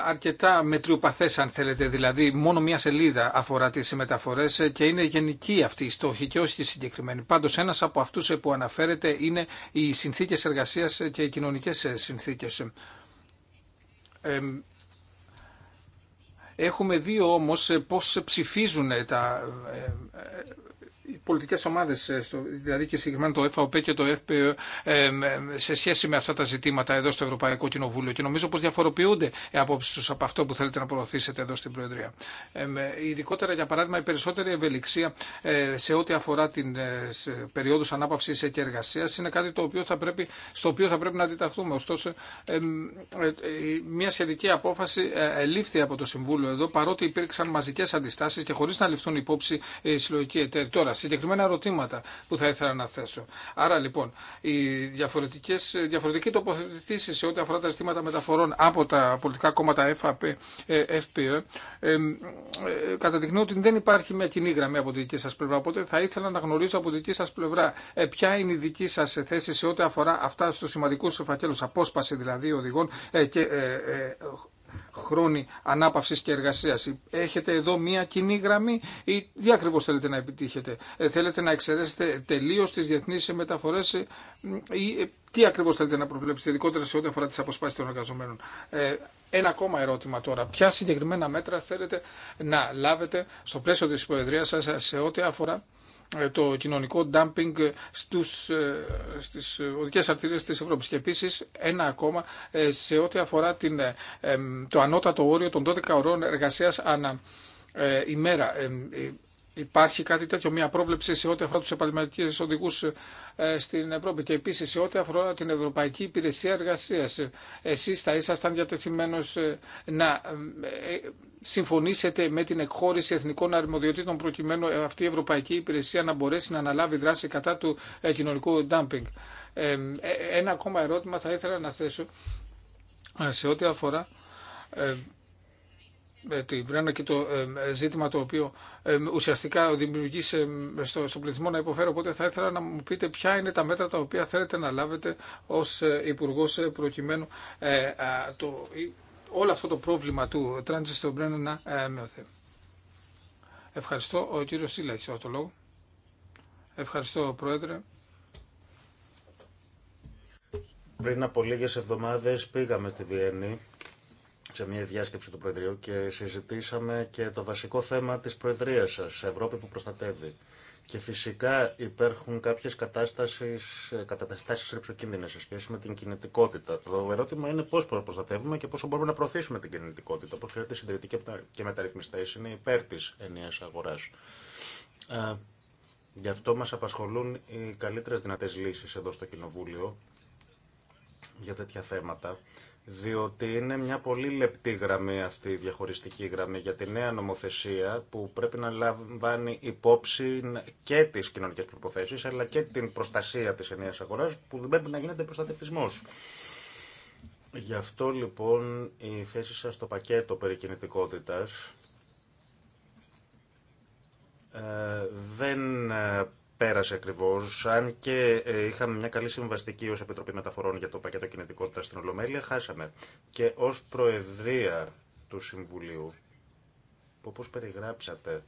αρκετά μετριοπαθές αν θέλετε, δηλαδή μόνο μία σελίδα αφορά τις μεταφορές και είναι γενική αυτή η στόχη και όχι συγκεκριμένη. Πάντως ένας από αυτούς που αναφέρεται είναι οι συνθήκες εργασίας και οι κοινωνικές συνθήκες. Έχουμε δει όμως πώς ψηφίζουν τα ε, ε, Πολιτικέ ομάδε, ε, δηλαδή και συγκεκριμένα το FAOP και το FP, ε, ε, σε σχέση με αυτά τα ζητήματα εδώ στο Ευρωπαϊκό Κοινοβούλιο και νομίζω πω διαφοροποιούνται οι απόψεις του από αυτό που θέλετε να προωθήσετε εδώ στην Προεδρία. Ειδικότερα, για παράδειγμα, η περισσότερη ευελιξία σε ό,τι αφορά την περιόδου ανάπαυσης και εργασία είναι κάτι το οποίο θα πρέπει, στο οποίο θα πρέπει να αντιταχθούμε. Ωστόσο, μια σχετική απόφαση λήφθη από το Συμβούλιο εδώ, παρότι υπήρξαν μαζικέ αντιστάσει και χωρί να ληφθούν υπόψη οι συλλογικοί εταίροι συγκεκριμένα ερωτήματα που θα ήθελα να θέσω. Άρα λοιπόν, οι διαφορετικές, διαφορετικοί τοποθετήσει σε ό,τι αφορά τα ζητήματα μεταφορών από τα πολιτικά κόμματα FAP, ε, FPE, ε, ε, ε, καταδεικνύουν ότι δεν υπάρχει μια κοινή γραμμή από τη δική σα πλευρά. Οπότε θα ήθελα να γνωρίζω από τη δική σα πλευρά ε, ποια είναι η δική σα θέση σε ό,τι αφορά αυτά στου σημαντικού φακέλου, απόσπαση δηλαδή οδηγών και χρόνοι ανάπαυσης και εργασίας. Έχετε εδώ μία κοινή γραμμή ή τι ακριβώ θέλετε να επιτύχετε. Ε, θέλετε να εξαιρέσετε τελείω ε, ε, τι διεθνεί μεταφορές ή τι ακριβώ θέλετε να προβλέψετε, ειδικότερα σε ό,τι αφορά τις αποσπάσει των εργαζομένων. Ένα ακόμα ερώτημα τώρα. Ποια συγκεκριμένα μέτρα θέλετε να λάβετε στο πλαίσιο τη Προεδρία σας σε ό,τι αφορά ε, το κοινωνικό dumping στους, ε, στις οδικές αρτηρίες της Ευρώπης. Και επίσης ένα ακόμα ε, σε ό,τι αφορά την, το ανώτατο όριο των 12 ωρών εργασίας ανά ημέρα. Υπάρχει κάτι τέτοιο, μια πρόβλεψη σε ό,τι αφορά του επαγγελματικού οδηγού ε, στην Ευρώπη και επίση σε ό,τι αφορά την Ευρωπαϊκή Υπηρεσία Εργασία. Εσεί θα ήσασταν διατεθειμένο ε, να ε, συμφωνήσετε με την εκχώρηση εθνικών αρμοδιοτήτων προκειμένου αυτή η Ευρωπαϊκή Υπηρεσία να μπορέσει να αναλάβει δράση κατά του κοινωνικού ντάμπινγκ. Ένα ακόμα ερώτημα θα ήθελα να θέσω σε ό,τι αφορά ε, την Βρένα και το ε, ζήτημα το οποίο ουσιαστικά δημιουργεί στο, στο πληθυσμό να υποφέρει. Οπότε θα ήθελα να μου πείτε ποια είναι τα μέτρα τα οποία θέλετε να λάβετε ως ε, Υπουργό προκειμένου το, όλο αυτό το πρόβλημα του τράντζι στο Βρένα να μειωθεί. Ευχαριστώ. Ο κύριος Σίλα έχει το λόγο. Ευχαριστώ, Πρόεδρε. Πριν από λίγες εβδομάδες πήγαμε στη Βιέννη σε μια διάσκεψη του Προεδρείου και συζητήσαμε και το βασικό θέμα της Προεδρίας σας, Ευρώπη που προστατεύει. Και φυσικά υπάρχουν κάποιες κατάστασεις, ε, καταστάσεις ρεψοκίνδυνες σε σχέση με την κινητικότητα. Το ερώτημα είναι πώς προστατεύουμε και πόσο μπορούμε να προωθήσουμε την κινητικότητα. Όπως ξέρετε, οι συντηρητικοί και μεταρρυθμιστές είναι υπέρ της ενιαίας αγοράς. Ε, γι' αυτό μας απασχολούν οι καλύτερες δυνατές λύσεις εδώ στο Κοινοβούλιο για τέτοια θέματα διότι είναι μια πολύ λεπτή γραμμή αυτή η διαχωριστική γραμμή για τη νέα νομοθεσία που πρέπει να λαμβάνει υπόψη και τις κοινωνικές προποθέσει, αλλά και την προστασία της ενιαίας αγοράς που δεν πρέπει να γίνεται προστατευτισμός. Γι' αυτό λοιπόν η θέση σας στο πακέτο περί κινητικότητας ε, δεν ε, πέρασε ακριβώ. Αν και ε, είχαμε μια καλή συμβαστική ω Επιτροπή Μεταφορών για το πακέτο κινητικότητα στην Ολομέλεια, χάσαμε. Και ω Προεδρία του Συμβουλίου, όπω περιγράψατε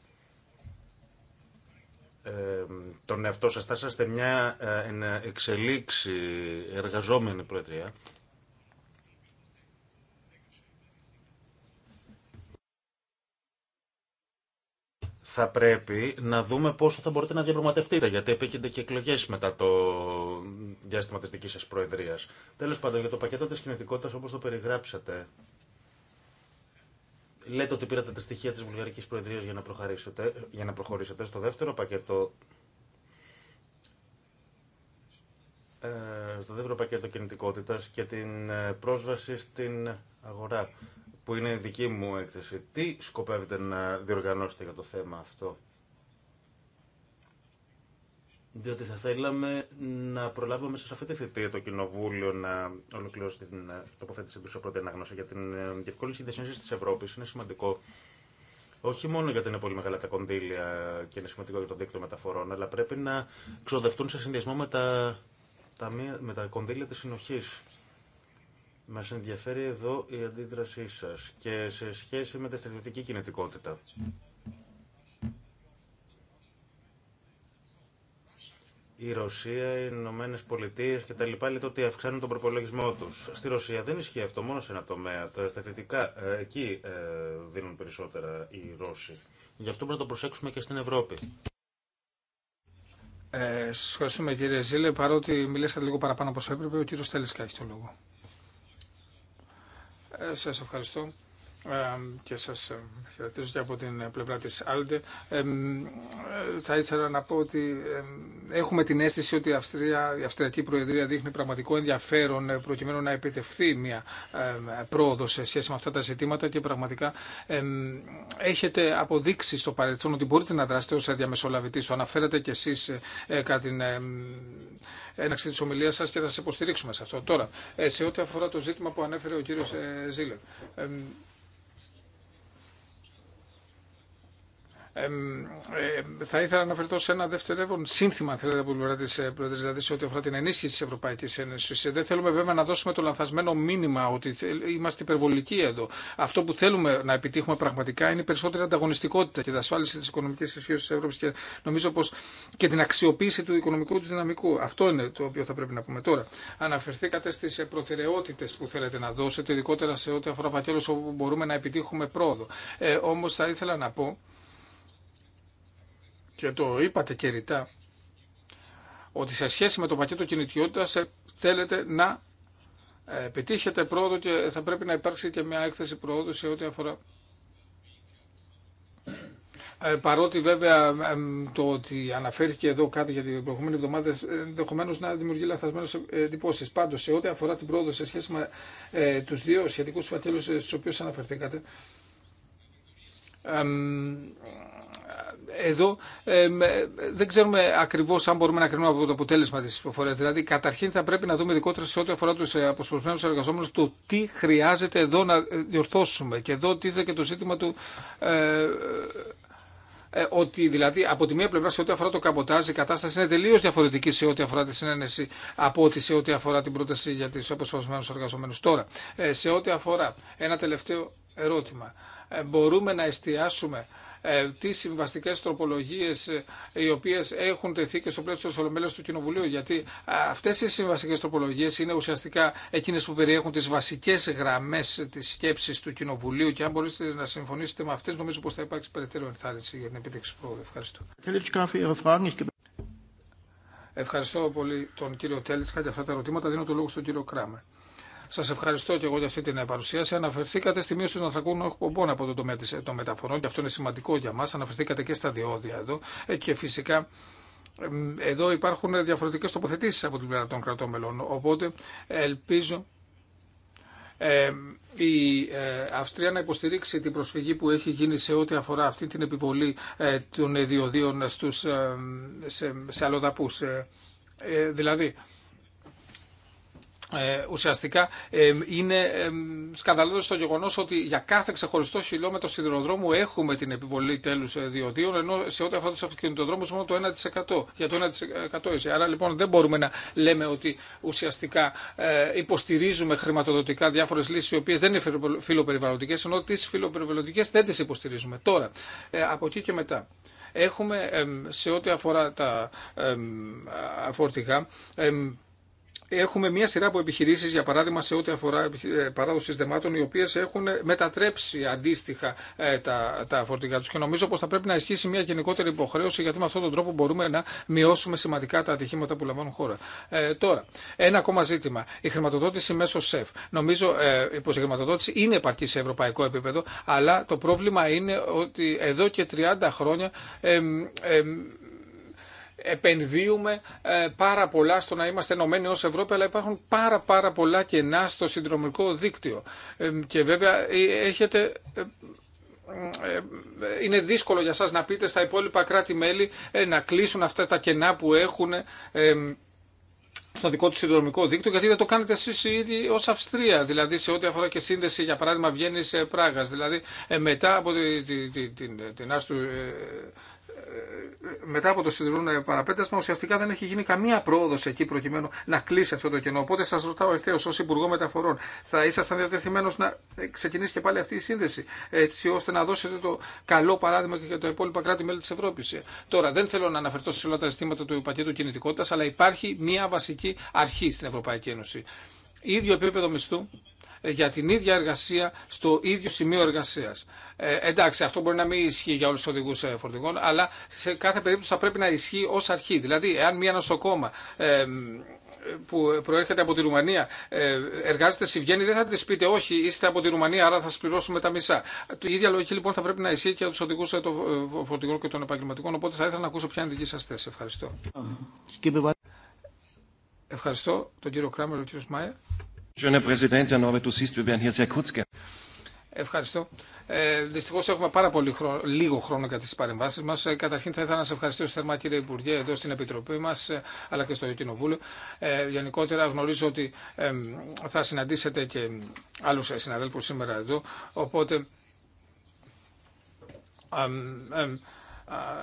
ε, τον εαυτό σα θα είσαστε μια ε, εξελίξη εργαζόμενη Προεδρία, θα πρέπει να δούμε πόσο θα μπορείτε να διαπραγματευτείτε, γιατί επίκενται και εκλογέ μετά το διάστημα τη δική σα Προεδρία. Τέλο πάντων, για το πακέτο τη κινητικότητα όπω το περιγράψατε, λέτε ότι πήρατε τα στοιχεία τη Βουλγαρική Προεδρία για, να προχωρήσετε, για να προχωρήσετε στο δεύτερο πακέτο. Ε, στο δεύτερο πακέτο κινητικότητας και την ε, πρόσβαση στην αγορά που είναι η δική μου έκθεση, τι σκοπεύετε να διοργανώσετε για το θέμα αυτό. Διότι θα θέλαμε να προλάβουμε μέσα σε αυτή τη θητεία το Κοινοβούλιο να ολοκληρώσει την ε, τοποθέτηση του σε πρώτη αναγνώση για την ε, διευκόλυνση τη σύνδεση τη Ευρώπη. Είναι σημαντικό όχι μόνο γιατί είναι πολύ μεγάλα τα κονδύλια και είναι σημαντικό για το δίκτυο μεταφορών, αλλά πρέπει να ξοδευτούν σε συνδυασμό με τα, με τα κονδύλια τη συνοχή. Μας ενδιαφέρει εδώ η αντίδρασή σας και σε σχέση με τη στρατιωτική κινητικότητα. η Ρωσία, οι Ηνωμένε Πολιτείε και τα λοιπά λέτε ότι αυξάνουν τον προπολογισμό του. Στη Ρωσία δεν ισχύει αυτό μόνο σε ένα τομέα. Τα στρατητικά ε, εκεί ε, δίνουν περισσότερα οι Ρώσοι. Γι' αυτό πρέπει να το προσέξουμε και στην Ευρώπη. Ε, Σα ευχαριστούμε κύριε Ζήλε. Παρότι μιλήσατε λίγο παραπάνω από όσο έπρεπε, ο κύριο Τέλη έχει το λόγο. Ε, σας ευχαριστώ και σας χαιρετίζω και από την πλευρά της Άλντε. Ε, θα ήθελα να πω ότι έχουμε την αίσθηση ότι η, Αυστρία, η Αυστριακή Προεδρία δείχνει πραγματικό ενδιαφέρον ε, προκειμένου να επιτευχθεί μια πρόοδο σε σχέση με αυτά τα ζητήματα και πραγματικά έχετε αποδείξει στο παρελθόν ότι μπορείτε να δράσετε ως διαμεσολαβητής. Το αναφέρατε κι εσείς ε, κατά την έναξη της ομιλίας σας και θα σας υποστηρίξουμε σε αυτό. Τώρα, σε ό,τι αφορά το ζήτημα που ανέφερε ο κύριος Ζήλερ. Ε, θα ήθελα να αναφερθώ σε ένα δευτερεύον σύνθημα, θέλετε, από την πλευρά τη ε, Πρόεδρε, δηλαδή σε ό,τι αφορά την ενίσχυση τη Ευρωπαϊκή Ένωση. Ε, δεν θέλουμε βέβαια να δώσουμε το λανθασμένο μήνυμα ότι είμαστε υπερβολικοί εδώ. Αυτό που θέλουμε να επιτύχουμε πραγματικά είναι περισσότερη ανταγωνιστικότητα και η τη οικονομική ισχύω τη Ευρώπη και νομίζω πω και την αξιοποίηση του οικονομικού του δυναμικού. Αυτό είναι το οποίο θα πρέπει να πούμε τώρα. Αναφερθήκατε στι προτεραιότητε που θέλετε να δώσετε, ειδικότερα σε ό,τι αφορά φακέλου όπου μπορούμε να επιτύχουμε πρόοδο. Ε, Όμω θα ήθελα να πω και το είπατε και ρητά, ότι σε σχέση με το πακέτο κινητικότητας ε, θέλετε να ε, πετύχετε πρόοδο και θα πρέπει να υπάρξει και μια έκθεση πρόοδου σε ό,τι αφορά ε, παρότι βέβαια το ότι αναφέρθηκε εδώ κάτι για την προηγούμενη εβδομάδα ενδεχομένω να δημιουργεί λαθασμένε εντυπώσει. Πάντω, σε ό,τι αφορά την πρόοδο σε σχέση με ε, του δύο σχετικού φακέλου στου οποίου αναφερθήκατε, εδώ ε, δεν ξέρουμε ακριβώ αν μπορούμε να κρίνουμε από το αποτέλεσμα τη ψηφοφορία. Δηλαδή, καταρχήν θα πρέπει να δούμε ειδικότερα σε ό,τι αφορά του ε, αποσπασμένου εργαζόμενου το τι χρειάζεται εδώ να ε, διορθώσουμε. Και εδώ τίθεται και το ζήτημα του. Ε, ότι δηλαδή από τη μία πλευρά σε ό,τι αφορά το καμποτάζ η κατάσταση είναι τελείω διαφορετική σε ό,τι αφορά τη συνένεση από ό,τι σε ό,τι αφορά την πρόταση για του αποσπασμένου εργαζομένου. Τώρα, σε ό,τι αφορά ένα τελευταίο ερώτημα, μπορούμε να εστιάσουμε ε, τι συμβαστικές τροπολογίες ε, οι οποίε έχουν τεθεί και στο πλαίσιο τη Ολομέλεια του Κοινοβουλίου γιατί ε, αυτέ οι συμβαστικέ τροπολογίες είναι ουσιαστικά εκείνες που περιέχουν τι βασικέ γραμμέ τη σκέψη του Κοινοβουλίου και αν μπορείτε να συμφωνήσετε με αυτέ, νομίζω πω θα υπάρξει περαιτέρω ενθάρρυνση για την επίτευξη πρόοδου. Ευχαριστώ. Ευχαριστώ πολύ τον κύριο Τέλητσκα για αυτά τα ερωτήματα. Δίνω το λόγο στον κύριο Κράμερ. Σα ευχαριστώ και εγώ για αυτή την ε, παρουσίαση. Αναφερθήκατε στη μείωση των ανθρακών εκπομπών από το τομέα ε, των μεταφορών και αυτό είναι σημαντικό για μα. Αναφερθήκατε και στα διόδια εδώ ε, και φυσικά εδώ υπάρχουν διαφορετικές τοποθετήσει από την πλευρά των κρατών μελών. Οπότε ελπίζω ε, η Αυστρία να υποστηρίξει την προσφυγή που έχει γίνει σε ό,τι αφορά αυτή την επιβολή των διοδίων σε, σε αλλοδαπούς. δηλαδή, ε, ουσιαστικά ε, είναι ε, σκανδαλώδες το γεγονός ότι για κάθε ξεχωριστό χιλιόμετρο σιδηροδρόμου έχουμε την επιβολή τέλους ε, διοδίων ενώ σε ό,τι αφορά τους αυτοκινητοδρόμους μόνο το 1% για το 1% είσαι. Άρα λοιπόν δεν μπορούμε να λέμε ότι ουσιαστικά ε, υποστηρίζουμε χρηματοδοτικά διάφορες λύσεις οι οποίες δεν είναι φιλοπεριβαλλοντικές ενώ τις φιλοπεριβαλλοντικές δεν τις υποστηρίζουμε. Τώρα, ε, από εκεί και μετά έχουμε σε ό,τι αφορά τα φορτηγά έχουμε μία σειρά από επιχειρήσει, για παράδειγμα, σε ό,τι αφορά ε, παράδοση δεμάτων, οι οποίε έχουν ε, μετατρέψει αντίστοιχα ε, τα, τα φορτηγά του. Και νομίζω πω θα πρέπει να ισχύσει μία γενικότερη υποχρέωση, γιατί με αυτόν τον τρόπο μπορούμε να μειώσουμε σημαντικά τα ατυχήματα που λαμβάνουν χώρα. Ε, τώρα, ένα ακόμα ζήτημα. Η χρηματοδότηση μέσω ΣΕΦ. Νομίζω ε, πω η χρηματοδότηση είναι επαρκή σε ευρωπαϊκό επίπεδο, αλλά το πρόβλημα είναι ότι εδώ και 30 χρόνια. Ε, ε, επενδύουμε ε, πάρα πολλά στο να είμαστε ενωμένοι ως Ευρώπη, αλλά υπάρχουν πάρα πάρα πολλά κενά στο συνδρομικό δίκτυο. Ε, και βέβαια ε, έχετε είναι δύσκολο για σας να πείτε στα υπόλοιπα κράτη-μέλη να κλείσουν αυτά τα κενά που έχουν στο δικό του συνδρομικό δίκτυο, γιατί δεν το κάνετε εσεί ήδη ως ω Αυστρία. Δηλαδή, σε ό,τι αφορά και σύνδεση, για παράδειγμα, βγαίνει Πράγα. Δηλαδή, μετά από την, την, την μετά από το σιδηρούν παραπέτασμα ουσιαστικά δεν έχει γίνει καμία πρόοδο εκεί προκειμένου να κλείσει αυτό το κενό. Οπότε σα ρωτάω ευθέω ω Υπουργό Μεταφορών, θα ήσασταν διατεθειμένο να ε, ξεκινήσει και πάλι αυτή η σύνδεση, έτσι ώστε να δώσετε το καλό παράδειγμα και για τα υπόλοιπα κράτη-μέλη τη Ευρώπη. Ε, τώρα, δεν θέλω να αναφερθώ σε όλα τα ζητήματα του πακέτου κινητικότητα, αλλά υπάρχει μία βασική αρχή στην Ευρωπαϊκή Ένωση. Ίδιο επίπεδο μισθού για την ίδια εργασία στο ίδιο σημείο εργασία. Ε, εντάξει, αυτό μπορεί να μην ισχύει για όλου του οδηγού ε, φορτηγών, αλλά σε κάθε περίπτωση θα πρέπει να ισχύει ω αρχή. Δηλαδή, εάν μια νοσοκόμα ε, που προέρχεται από τη Ρουμανία ε, εργάζεται στη Βιέννη, δεν θα τη πείτε όχι, είστε από τη Ρουμανία, άρα θα σα πληρώσουμε τα μισά. Η ίδια λογική λοιπόν θα πρέπει να ισχύει και για του οδηγού ε, των φορτηγών και των επαγγελματικών. Οπότε θα ήθελα να ακούσω ποια είναι δική σα θέση. Ευχαριστώ. Ευχαριστώ τον κύριο Κράμερ, τον κύριο Σμάια. Ευχαριστώ. Ε, Δυστυχώ έχουμε πάρα πολύ λίγο χρόνο για τι παρεμβάσει μα. Ε, καταρχήν, θα ήθελα να σα ευχαριστήσω θερμά, κύριε Υπουργέ, εδώ στην Επιτροπή μα, ε, αλλά και στο Κοινοβούλιο. Ε, γενικότερα, γνωρίζω ότι ε, θα συναντήσετε και άλλου συναδέλφου σήμερα εδώ. Οπότε. Ε,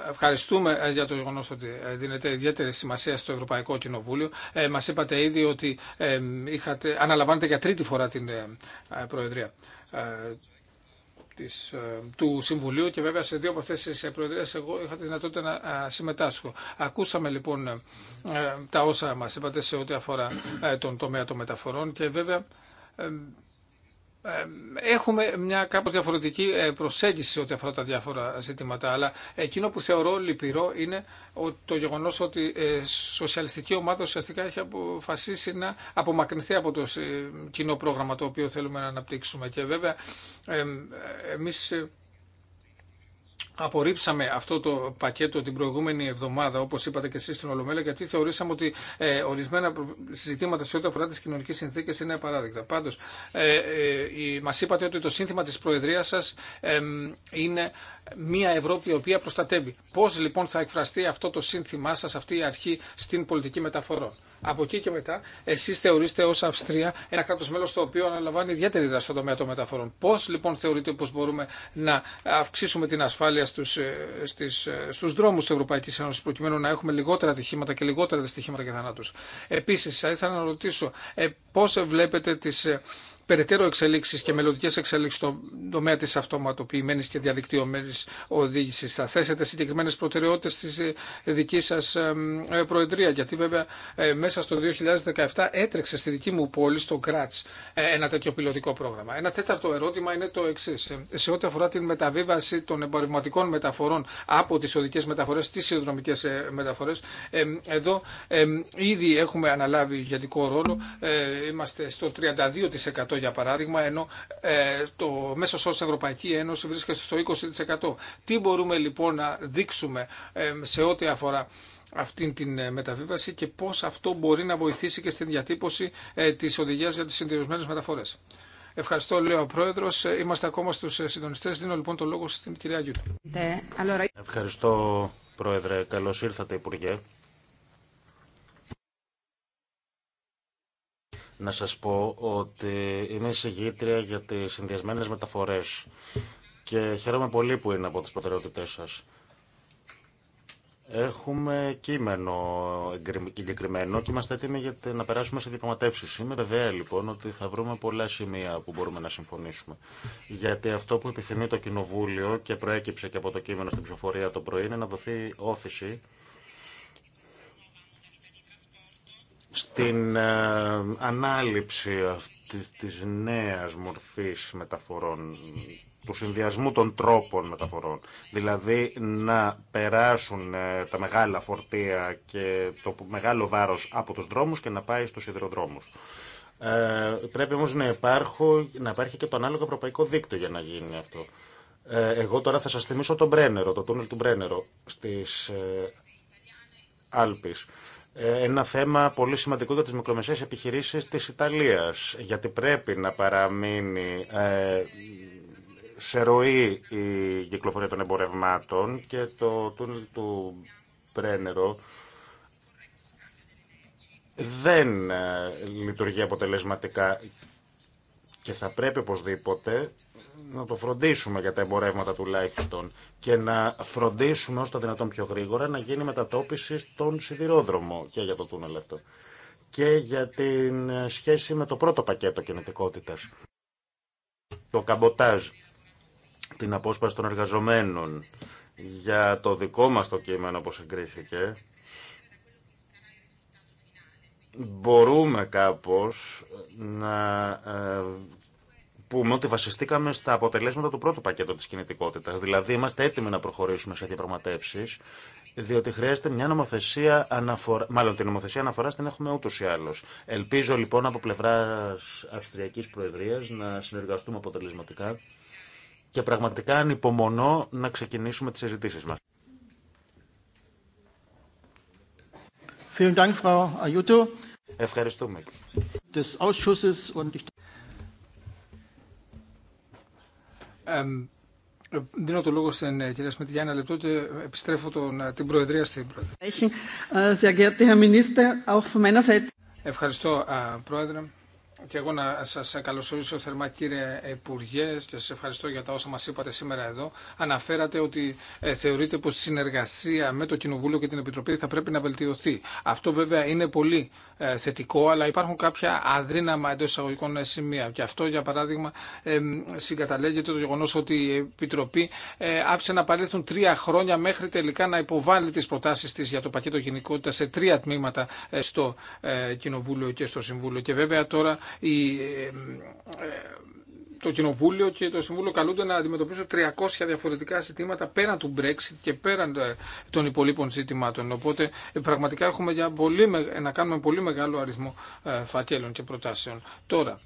Ευχαριστούμε ε, για το γεγονό ότι ε, δίνετε ιδιαίτερη σημασία στο Ευρωπαϊκό Κοινοβούλιο. Ε, Μα είπατε ήδη ότι ε, είχατε, αναλαμβάνετε για τρίτη φορά την Προεδρία της, του Συμβουλίου και βέβαια σε δύο από αυτέ τι προεδρίε εγώ είχα τη δυνατότητα να συμμετάσχω. Ακούσαμε λοιπόν τα όσα μας είπατε σε ό,τι αφορά τον τομέα των μεταφορών και βέβαια ε, έχουμε μια κάπως διαφορετική ε, προσέγγιση ό,τι αφορά τα διάφορα ζητήματα, αλλά εκείνο που θεωρώ λυπηρό είναι το γεγονός ότι η ε, σοσιαλιστική ομάδα ουσιαστικά έχει αποφασίσει να απομακρυνθεί από το κοινό πρόγραμμα το οποίο θέλουμε να αναπτύξουμε. Και βέβαια εμείς απορρίψαμε αυτό το πακέτο την προηγούμενη εβδομάδα, όπως είπατε και εσείς στην Ολομέλεια, γιατί θεωρήσαμε ότι ε, ορισμένα συζητήματα σε ό,τι αφορά τις κοινωνικέ συνθήκε είναι απαράδεκτα. Πάντως, ε, ε, μας είπατε ότι το σύνθημα της Προεδρίας σας είναι μια Ευρώπη η οποία προστατεύει. Πώς λοιπόν θα εκφραστεί αυτό το σύνθημά σα αυτή η αρχή στην πολιτική μεταφορών από εκεί και μετά, εσεί θεωρείστε ω Αυστρία ένα κράτο μέλο το οποίο αναλαμβάνει ιδιαίτερη δράση στον τομέα των μεταφορών. Πώ λοιπόν θεωρείτε πω μπορούμε να αυξήσουμε την ασφάλεια στου στους, ε, ε, δρόμου τη Ευρωπαϊκή Ένωση προκειμένου να έχουμε λιγότερα ατυχήματα και λιγότερα δυστυχήματα και θανάτου. Επίση, θα ήθελα να ρωτήσω ε, πώ βλέπετε τι περαιτέρω εξελίξει και μελλοντικέ εξελίξει στον τομέα τη αυτοματοποιημένη και διαδικτυωμένη οδήγηση. Θα θέσετε συγκεκριμένε προτεραιότητε στη ε, δική σα ε, Προεδρία, γιατί βέβαια ε, μέσα στο 2017 έτρεξε στη δική μου πόλη, στο Κράτ, ένα τέτοιο πιλωτικό πρόγραμμα. Ένα τέταρτο ερώτημα είναι το εξή. Σε ό,τι αφορά την μεταβίβαση των εμπορευματικών μεταφορών από τι οδικέ μεταφορέ στι ιδρωμικέ μεταφορέ, εδώ ήδη έχουμε αναλάβει ηγετικό ρόλο. Είμαστε στο 32% για παράδειγμα, ενώ ε, το μέσο όρο Ευρωπαϊκή Ένωση βρίσκεται στο 20%. Τι μπορούμε λοιπόν να δείξουμε ε, σε ό,τι αφορά αυτήν την ε, μεταβίβαση και πώς αυτό μπορεί να βοηθήσει και στην διατύπωση της οδηγίας για τις συντηρησμένες μεταφορές. Ευχαριστώ, λέω ο Πρόεδρο. Είμαστε ακόμα στου συντονιστέ. Δίνω λοιπόν το λόγο στην κυρία Γιούτα. Ευχαριστώ, Πρόεδρε. Καλώ ήρθατε, Υπουργέ. να σας πω ότι είμαι εισηγήτρια για τις συνδυασμένε μεταφορές και χαίρομαι πολύ που είναι από τις προτεραιότητές σας. Έχουμε κείμενο εγκεκριμένο και είμαστε έτοιμοι για να περάσουμε σε διαπραγματεύσει. Είμαι βεβαία λοιπόν ότι θα βρούμε πολλά σημεία που μπορούμε να συμφωνήσουμε. Γιατί αυτό που επιθυμεί το Κοινοβούλιο και προέκυψε και από το κείμενο στην ψηφοφορία το πρωί είναι να δοθεί όθηση στην ε, ανάληψη αυτής της νέας μορφής μεταφορών, του συνδυασμού των τρόπων μεταφορών. Δηλαδή να περάσουν ε, τα μεγάλα φορτία και το μεγάλο βάρος από τους δρόμους και να πάει στους σιδηροδρόμους. Ε, πρέπει όμως να, υπάρχω, να υπάρχει και το ανάλογο ευρωπαϊκό δίκτυο για να γίνει αυτό. Ε, εγώ τώρα θα σας θυμίσω τον το τούνελ του Μπρένερο στις ε, ε, ένα θέμα πολύ σημαντικό για τις μικρομεσαίες επιχειρήσεις της Ιταλίας, γιατί πρέπει να παραμείνει ε, σε ροή η κυκλοφορία των εμπορευμάτων και το τούνελ του Πρένερο δεν ε, λειτουργεί αποτελεσματικά και θα πρέπει οπωσδήποτε να το φροντίσουμε για τα εμπορεύματα τουλάχιστον και να φροντίσουμε όσο το δυνατόν πιο γρήγορα να γίνει μετατόπιση στον σιδηρόδρομο και για το τούνελ αυτό και για την ε, σχέση με το πρώτο πακέτο κινητικότητας. Το καμποτάζ, την απόσπαση των εργαζομένων για το δικό μας το κείμενο όπως εγκρίθηκε, μπορούμε κάπως να ε, πούμε ότι βασιστήκαμε στα αποτελέσματα του πρώτου πακέτου τη κινητικότητας. Δηλαδή είμαστε έτοιμοι να προχωρήσουμε σε διαπραγματεύσει, διότι χρειάζεται μια νομοθεσία αναφορά, μάλλον την νομοθεσία αναφορά την έχουμε ούτω ή άλλω. Ελπίζω λοιπόν από πλευρά Αυστριακής προεδρία να συνεργαστούμε αποτελεσματικά και πραγματικά ανυπομονώ να ξεκινήσουμε τις συζητήσεις μας. Ευχαριστούμε. Δίνω το λόγο στην ε, κυρία Σμίτη για ένα λεπτό και επιστρέφω τον, ε, την Προεδρία στην ε, Πρόεδρε. Ευχαριστώ, Πρόεδρε και εγώ να σα καλωσορίσω θερμά κύριε Υπουργέ και σας ευχαριστώ για τα όσα μα είπατε σήμερα εδώ. Αναφέρατε ότι ε, θεωρείτε πω η συνεργασία με το Κοινοβούλιο και την Επιτροπή θα πρέπει να βελτιωθεί. Αυτό βέβαια είναι πολύ ε, θετικό, αλλά υπάρχουν κάποια αδύναμα εντό εισαγωγικών ε, σημεία. Και αυτό για παράδειγμα συγκαταλέγεται το γεγονό ότι η Επιτροπή άφησε να παρέλθουν τρία χρόνια μέχρι τελικά να υποβάλει τι προτάσει τη για το πακέτο γενικότητα σε τρία τμήματα στο Κοινοβούλιο και στο Συμβούλιο. Και βέβαια τώρα ε, το Κοινοβούλιο και το Συμβούλιο καλούνται να αντιμετωπίσουν 300 διαφορετικά ζητήματα πέραν του Brexit και πέραν ε, των υπολείπων ζητημάτων. Οπότε ε, πραγματικά έχουμε για πολύ, να κάνουμε πολύ μεγάλο αριθμό φακέλων και προτάσεων. Τώρα,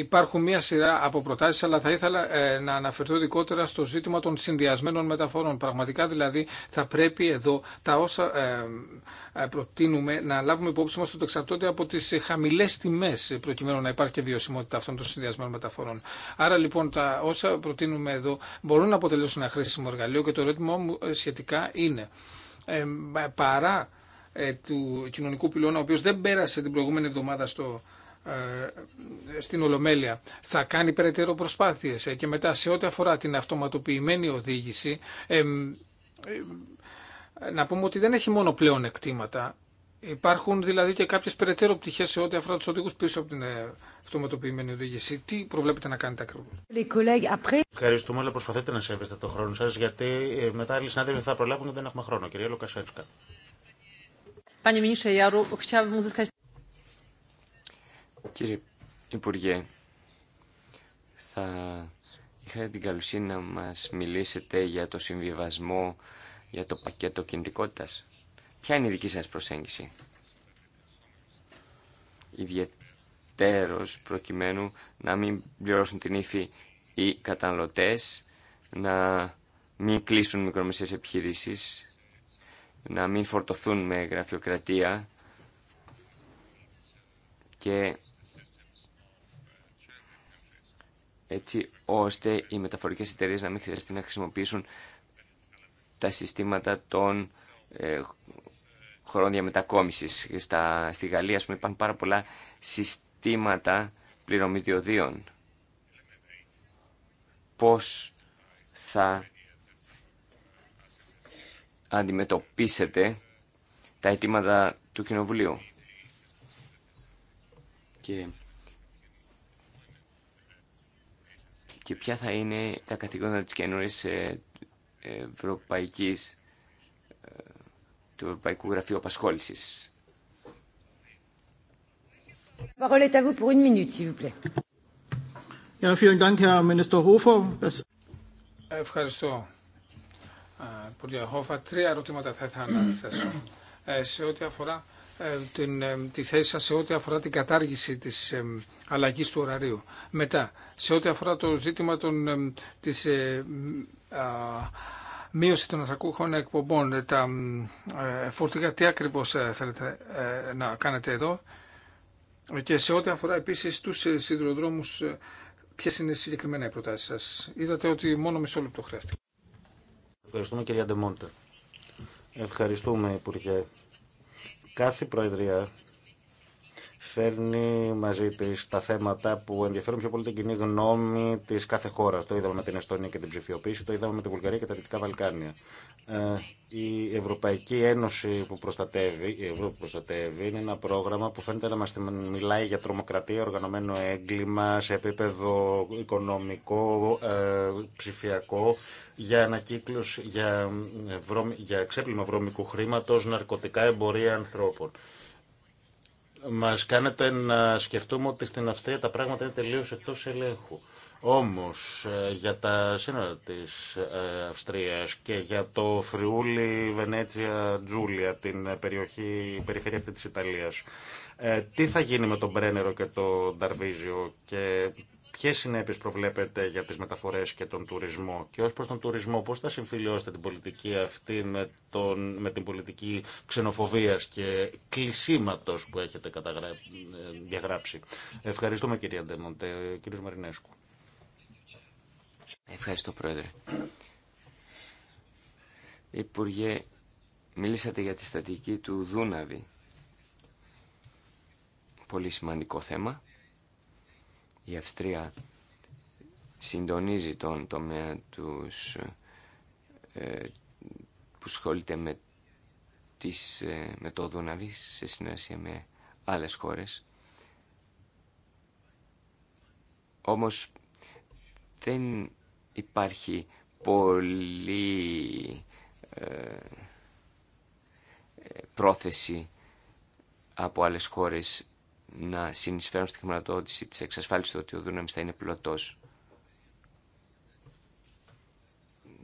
Υπάρχουν μία σειρά από προτάσει, αλλά θα ήθελα ε, να αναφερθώ ειδικότερα στο ζήτημα των συνδυασμένων μεταφορών. Πραγματικά δηλαδή θα πρέπει εδώ τα όσα ε, ε, προτείνουμε να λάβουμε υπόψη μα ότι εξαρτώνται από τι χαμηλέ τιμέ, προκειμένου να υπάρχει και βιωσιμότητα αυτών των συνδυασμένων μεταφορών. Άρα λοιπόν τα όσα προτείνουμε εδώ μπορούν να αποτελέσουν ένα χρήσιμο εργαλείο και το ερώτημά μου σχετικά είναι παρά του κοινωνικού πυλώνα, ο οποίο δεν πέρασε την προηγούμενη εβδομάδα στο ε, στην Ολομέλεια θα κάνει περαιτέρω προσπάθειες ε, και μετά σε ό,τι αφορά την αυτοματοποιημένη οδήγηση ε, να πούμε ότι δεν έχει μόνο πλέον εκτήματα. Υπάρχουν δηλαδή και κάποιες περαιτέρω πτυχές σε ό,τι αφορά τους οδηγούς πίσω από την αυτοματοποιημένη οδήγηση. Τι προβλέπετε να κάνετε ακριβώς. Ευχαριστούμε όλα. Προσπαθείτε να σέβεστε το χρόνο σας γιατί μετά άλλοι συνάδελφοι θα προλάβουν και δεν έχουμε χρόνο. Κυρία Λουκασέφσκα. Κύριε Υπουργέ, θα είχατε την καλουσία να μας μιλήσετε για το συμβιβασμό, για το πακέτο κινητικότητας. Ποια είναι η δική σας προσέγγιση. Ιδιαιτέρως προκειμένου να μην πληρώσουν την ύφη οι καταναλωτές, να μην κλείσουν μικρομεσαίες επιχειρήσεις, να μην φορτωθούν με γραφειοκρατία και έτσι ώστε οι μεταφορικές εταιρείε να μην χρειαστεί να χρησιμοποιήσουν τα συστήματα των ε, χωρών διαμετακόμισης. Στα, στη Γαλλία, ας πούμε, υπάρχουν πάρα πολλά συστήματα πληρωμής διοδίων. Πώς θα αντιμετωπίσετε τα αιτήματα του Κοινοβουλίου. και ποια θα είναι τα καθηγόντα της καινούριας ε, ευρωπαϊκής, ε, του Ευρωπαϊκού Γραφείου Απασχόλησης. Ευχαριστώ, Υπουργέ Χόφα. Τρία ερωτήματα θα ήθελα να θέσω. Ε, σε ό,τι αφορά τη θέση σας, σε ό,τι αφορά την κατάργηση της αλλαγής του ωραρίου. Μετά, σε ό,τι αφορά το ζήτημα των, της ε, μείωση των ανθρακούχων εκπομπών, ε, τα ε, φορτηγά, τι ακριβώς θέλετε να κάνετε εδώ και σε ό,τι αφορά επίσης τους σιδηροδρόμους, ποιες είναι συγκεκριμένα οι προτάσεις σας. Είδατε ότι μόνο μισό λεπτό χρειάστηκε. Ευχαριστούμε κυρία Ντεμόντε. Ευχαριστούμε Υπουργέ. Κάθε Προεδρία φέρνει μαζί τη τα θέματα που ενδιαφέρουν πιο πολύ την κοινή γνώμη τη κάθε χώρα. Το είδαμε με την Εστονία και την ψηφιοποίηση, το είδαμε με τη Βουλγαρία και τα Δυτικά Βαλκάνια. Ε, η Ευρωπαϊκή Ένωση που προστατεύει, η Ευρώπη που προστατεύει, είναι ένα πρόγραμμα που φαίνεται να μα μιλάει για τρομοκρατία, οργανωμένο έγκλημα σε επίπεδο οικονομικό, ε, ψηφιακό, για ανακύκλωση, για, ε, για ξέπλυμα βρώμικου χρήματο, ναρκωτικά εμπορία ανθρώπων μας κάνετε να σκεφτούμε ότι στην Αυστρία τα πράγματα είναι τελείως εκτός ελέγχου. Όμως ε, για τα σύνορα της ε, Αυστρίας και για το Φριούλι, Βενέτσια, Τζούλια, την περιοχή, η περιφέρεια αυτή της Ιταλίας, ε, τι θα γίνει με τον Μπρένερο και τον Νταρβίζιο και Ποιε συνέπειε προβλέπετε για τι μεταφορέ και τον τουρισμό, και ω προ τον τουρισμό, πώ θα συμφιλειώσετε την πολιτική αυτή με, τον, με την πολιτική ξενοφοβία και κλεισίματο που έχετε καταγρα... διαγράψει. Ευχαριστούμε, κυρία Ντέμοντε. Κύριο Μαρινέσκου. Ευχαριστώ, Πρόεδρε. Υπουργέ, μίλησατε για τη στατική του Δούναβη. Πολύ σημαντικό θέμα. Η Αυστρία συντονίζει τον τομέα τους, ε, που σχολείται με, τις, ε, με το Δούναβι σε συνεργασία με άλλες χώρες. Όμως δεν υπάρχει πολύ ε, ε, πρόθεση από άλλες χώρες να συνεισφέρουν στη χρηματοδότηση τη εξασφάλισης του ότι ο Δούναμις θα είναι πλωτός.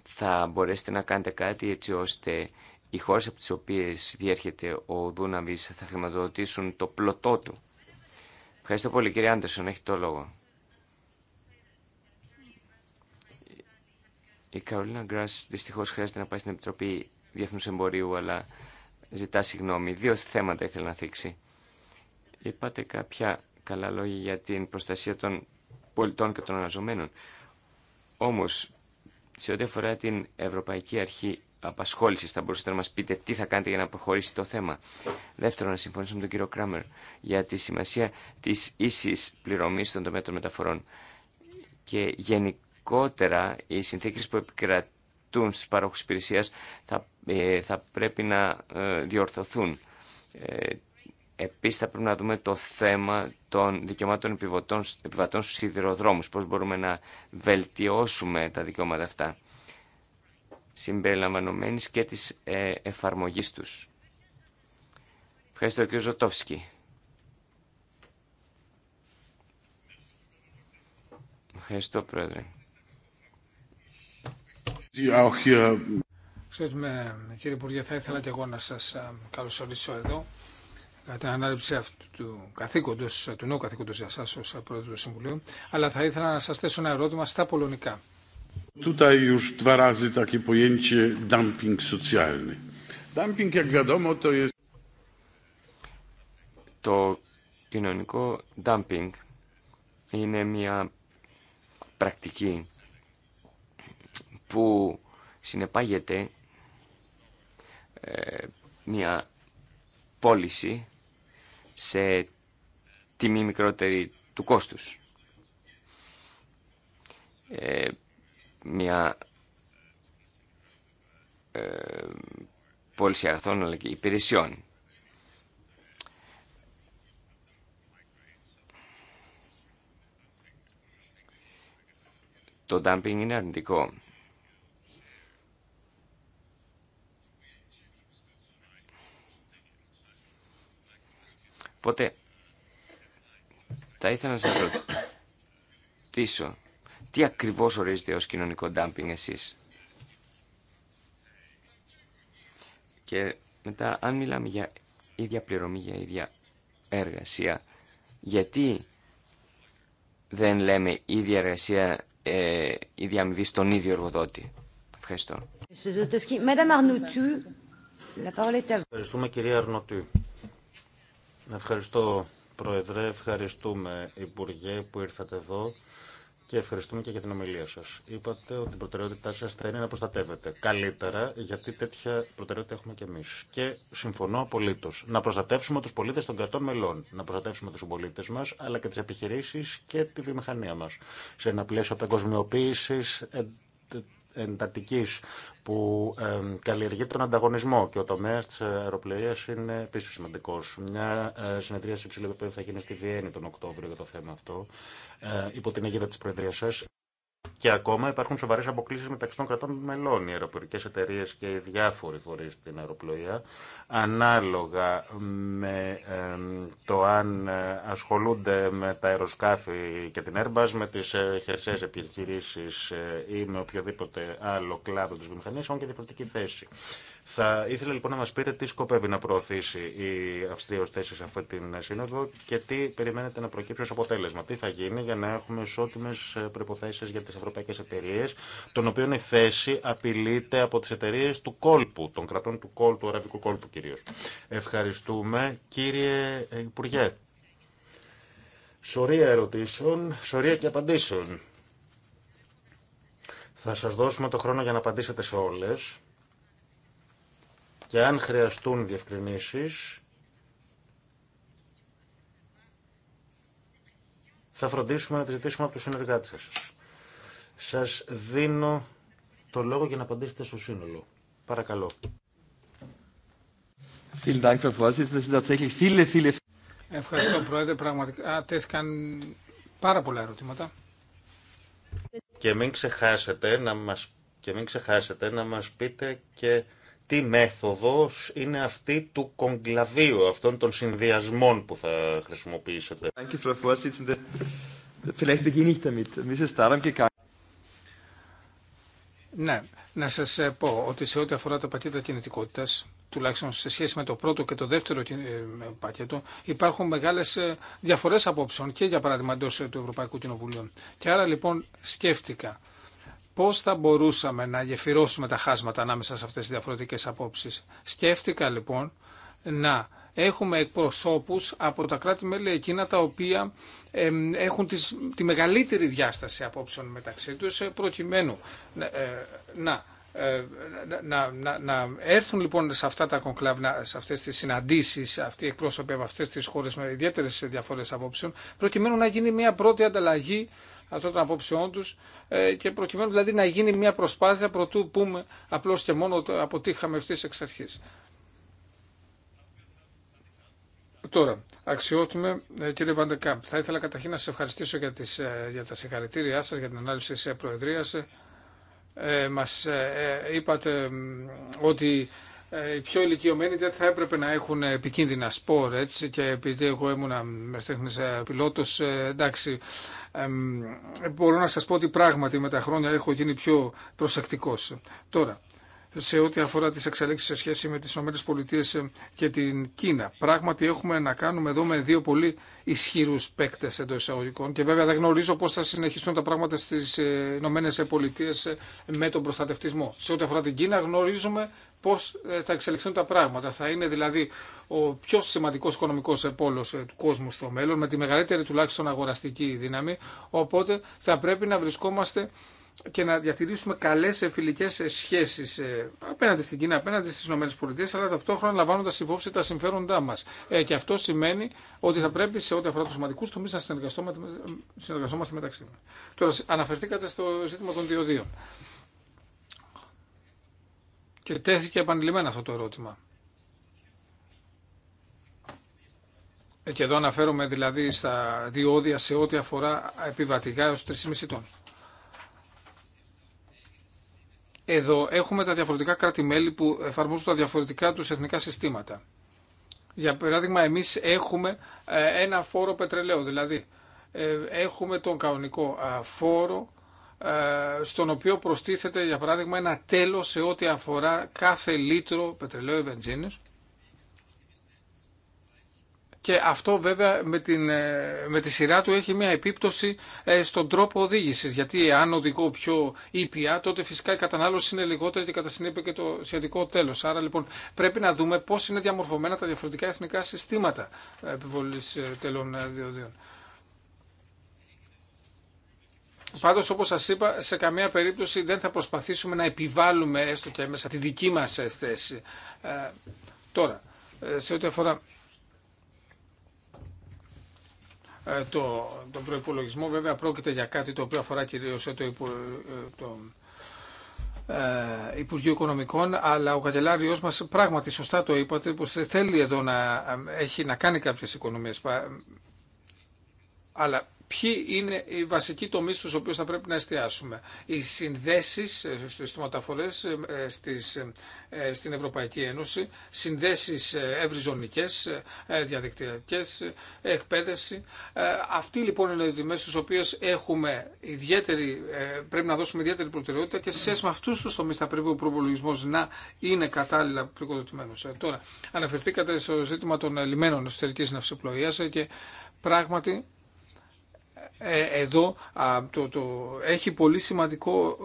Θα μπορέσετε να κάνετε κάτι έτσι ώστε οι χώρες από τις οποίες διέρχεται ο Δούναμις θα χρηματοδοτήσουν το πλωτό του. Ευχαριστώ πολύ κύριε Άντερσον, έχει το λόγο. Η Καρολίνα Γκράς δυστυχώς χρειάζεται να πάει στην Επιτροπή Διεθνούς Εμπορίου, αλλά ζητά συγγνώμη. Δύο θέματα ήθελα να θίξει. Είπατε κάποια καλά λόγια για την προστασία των πολιτών και των αναζωμένων. Όμως, σε ό,τι αφορά την Ευρωπαϊκή Αρχή Απασχόλησης, θα μπορούσατε να μας πείτε τι θα κάνετε για να προχωρήσει το θέμα. Δεύτερον, να συμφωνήσω με τον κύριο Κράμερ για τη σημασία της ίσης πληρωμής των τομέα των μεταφορών και γενικότερα οι συνθήκες που επικρατούν στους παρόχους υπηρεσία θα, ε, θα πρέπει να ε, διορθωθούν. Ε, Επίση, θα πρέπει να δούμε το θέμα των δικαιωμάτων επιβατών, επιβατών στους σιδηροδρόμους, πώς μπορούμε να βελτιώσουμε τα δικαιώματα αυτά, συμπεριλαμβανομένης και τη εφαρμογή εφαρμογής τους. Ευχαριστώ κ. Ζωτόφσκι. Ευχαριστώ, Πρόεδρε. Ξέρετε, κύριε Υπουργέ, θα ήθελα και εγώ να σας ε, καλωσορίσω εδώ για την ανάληψη αυτού του καθήκοντος, του νέου καθήκοντος για σας ως πρόεδρο του Συμβουλίου, αλλά θα ήθελα να σας θέσω ένα ερώτημα στα πολωνικά. dumping Dumping, Το κοινωνικό dumping είναι μια πρακτική που συνεπάγεται μια πώληση σε τιμή μικρότερη του κόστους. Ε, μια ε, πώληση αγαθών αλλά και υπηρεσιών. Το dumping είναι αρνητικό Οπότε θα ήθελα να σας ρωτήσω τι ακριβώς ορίζετε ως κοινωνικό ντάμπινγκ εσείς. Και μετά αν μιλάμε για ίδια πληρωμή, για ίδια εργασία, γιατί δεν λέμε ίδια εργασία, ε, ίδια αμοιβή στον ίδιο εργοδότη. Ευχαριστώ. Ευχαριστούμε κυρία Αρνοτού. Ευχαριστώ Πρόεδρε, ευχαριστούμε Υπουργέ που ήρθατε εδώ και ευχαριστούμε και για την ομιλία σας. Είπατε ότι η προτεραιότητά σας θα είναι να προστατεύετε καλύτερα, γιατί τέτοια προτεραιότητα έχουμε και εμείς. Και συμφωνώ απολύτως. Να προστατεύσουμε τους πολίτες των κρατών μελών, να προστατεύσουμε τους συμπολίτε μας, αλλά και τις επιχειρήσεις και τη βιομηχανία μας. Σε ένα πλαίσιο παγκοσμιοποίησης, εντατική που καλλιεργεί τον ανταγωνισμό και ο τομέα τη αεροπλοεία είναι επίση σημαντικό. Μια ε, συνεδρία σε υψηλό επίπεδο θα γίνει στη Βιέννη τον Οκτώβριο για το θέμα αυτό, ε, υπό την αιγίδα τη Προεδρία σα. Και ακόμα υπάρχουν σοβαρέ αποκλήσει μεταξύ των κρατών μελών. Οι αεροπορικέ εταιρείε και οι διάφοροι φορεί στην αεροπλοεία, ανάλογα με το αν ε, ασχολούνται με τα αεροσκάφη και την Airbus, με τι ε, χερσαίε επιχειρήσει ε, ή με οποιοδήποτε άλλο κλάδο τη βιομηχανία, έχουν και διαφορετική θέση. Θα ήθελα λοιπόν να μα πείτε τι σκοπεύει να προωθήσει η Αυστρία ω θέση σε αυτή την σύνοδο και τι περιμένετε να προκύψει ω αποτέλεσμα. Τι θα γίνει για να έχουμε ισότιμε ε, προποθέσει για τι ευρωπαϊκέ εταιρείε, των οποίων η θέση απειλείται από τι εταιρείε του κόλπου, των κρατών του κόλπου, του αραβικού κόλπου κυρίω. Ευχαριστούμε. Κύριε Υπουργέ, σωρία ερωτήσεων, σωρία και απαντήσεων. Θα σας δώσουμε το χρόνο για να απαντήσετε σε όλες και αν χρειαστούν διευκρινήσεις θα φροντίσουμε να τις ζητήσουμε από τους συνεργάτες σας. Σας δίνω το λόγο για να απαντήσετε στο σύνολο. Παρακαλώ. Ευχαριστώ, Πρόεδρε. Πραγματικά τέθηκαν πάρα πολλά ερωτήματα. Και μην ξεχάσετε να μας, και μην ξεχάσετε να μας πείτε και τι μέθοδος είναι αυτή του κογκλαβίου, αυτών των συνδυασμών που θα χρησιμοποιήσετε. Ναι, να σας ε, πω ότι σε ό,τι αφορά τα πακέτα κινητικότητας, τουλάχιστον σε σχέση με το πρώτο και το δεύτερο ε, πακέτο, υπάρχουν μεγάλε διαφορέ απόψεων και για παράδειγμα εντό ε, του Ευρωπαϊκού Κοινοβουλίου. Και άρα λοιπόν σκέφτηκα Πώ θα μπορούσαμε να γεφυρώσουμε τα χάσματα ανάμεσα σε αυτές τις διαφορετικές απόψεις. Σκέφτηκα λοιπόν να έχουμε εκπροσώπους από τα κράτη-μέλη εκείνα τα οποία έχουν τις, τη μεγαλύτερη διάσταση απόψεων μεταξύ τους ε, προκειμένου ε, ε, να, να, να, να, έρθουν λοιπόν σε αυτά τα κονκλάβ, σε αυτές τις συναντήσεις εκπρόσωποι από αυτές τις χώρες με ιδιαίτερες διαφορές απόψεων προκειμένου να γίνει μια πρώτη ανταλλαγή αυτών των απόψεών του ε, και προκειμένου δηλαδή να γίνει μια προσπάθεια προτού πούμε απλώ και μόνο ότι αποτύχαμε ευθύ εξ αρχή. Τώρα, αξιότιμε ε, κύριε Βαντεκάμπ, θα ήθελα καταρχήν να σα ευχαριστήσω για, τις, ε, για τα συγχαρητήριά σα για την ανάλυση τη Προεδρία. Ε, μας είπατε ότι ε, οι πιο ηλικιωμένοι δεν θα έπρεπε να έχουν επικίνδυνα σπορ, έτσι, και επειδή εγώ ήμουν ε, μεστέχνης ε, πιλότος, εντάξει, εμ, μπορώ να σας πω ότι πράγματι με τα χρόνια έχω γίνει πιο προσεκτικός. Τώρα, σε ό,τι αφορά τις εξελίξεις σε σχέση με τις ΗΠΑ και την Κίνα. Πράγματι έχουμε να κάνουμε εδώ με δύο πολύ ισχυρούς παίκτες εντό εισαγωγικών και βέβαια δεν γνωρίζω πώς θα συνεχιστούν τα πράγματα στις ΗΠΑ με τον προστατευτισμό. Σε ό,τι αφορά την Κίνα γνωρίζουμε πώ ε, θα εξελιχθούν τα πράγματα. Θα είναι δηλαδή ο πιο σημαντικό οικονομικό πόλο ε, του κόσμου στο μέλλον, με τη μεγαλύτερη τουλάχιστον αγοραστική δύναμη, οπότε θα πρέπει να βρισκόμαστε και να διατηρήσουμε καλέ φιλικέ ε, σχέσει απέναντι στην Κίνα, απέναντι στι ΗΠΑ, αλλά ταυτόχρονα λαμβάνοντα υπόψη τα συμφέροντά μα. Και αυτό σημαίνει ότι θα πρέπει σε ό,τι αφορά του σημαντικού τομεί να συνεργαζόμαστε μεταξύ μα. Τώρα, αναφερθήκατε στο ζήτημα των διοδίων. Και τέθηκε επανειλημμένα αυτό το ερώτημα. Ε, και εδώ αναφέρομαι δηλαδή στα διόδια σε ό,τι αφορά επιβατικά έως 3,5 τόν. Εδώ έχουμε τα διαφορετικά κράτη-μέλη που εφαρμόζουν τα διαφορετικά τους εθνικά συστήματα. Για παράδειγμα, εμείς έχουμε ε, ένα φόρο πετρελαίου, δηλαδή ε, έχουμε τον κανονικό φόρο ε, στον οποίο προστίθεται για παράδειγμα ένα τέλος σε ό,τι αφορά κάθε λίτρο πετρελαίου ή βενζίνης και αυτό βέβαια με, την, ε, με τη σειρά του έχει μια επίπτωση ε, στον τρόπο οδήγησης γιατί αν οδηγώ πιο ήπια τότε φυσικά η κατανάλωση είναι λιγότερη και κατά συνέπεια και το σχετικό τέλος. Άρα λοιπόν πρέπει να δούμε πώς είναι διαμορφωμένα τα διαφορετικά εθνικά συστήματα επιβολής τελών διοδίων. Πάντω, όπω σα είπα, σε καμία περίπτωση δεν θα προσπαθήσουμε να επιβάλλουμε έστω και μέσα τη δική μα ε, θέση. Ε, τώρα, ε, σε ό,τι αφορά το, τον προπολογισμό, βέβαια πρόκειται για κάτι το οποίο αφορά κυρίω το, το ε, Υπουργείο Οικονομικών, αλλά ο καγκελάριό μα πράγματι σωστά το είπατε, πω θέλει εδώ να έχει να κάνει κάποιε οικονομίε. Αλλά ποιοι είναι οι βασικοί τομεί στου οποίου θα πρέπει να εστιάσουμε. Οι συνδέσει ε, στι μεταφορέ ε, ε, στην Ευρωπαϊκή Ένωση, συνδέσει ευρυζωνικέ, διαδικτυακέ, εκπαίδευση. Αυτοί λοιπόν είναι οι τιμέ στου οποίου έχουμε ιδιαίτερη, πρέπει να δώσουμε ιδιαίτερη προτεραιότητα και σε σχέση με αυτού του τομεί θα πρέπει ο προπολογισμό να είναι κατάλληλα πληκοδοτημένο. Τώρα, αναφερθήκατε στο ζήτημα των λιμένων εσωτερική ναυσιπλοεία και πράγματι ε, εδώ το, το, έχει πολύ σημαντικό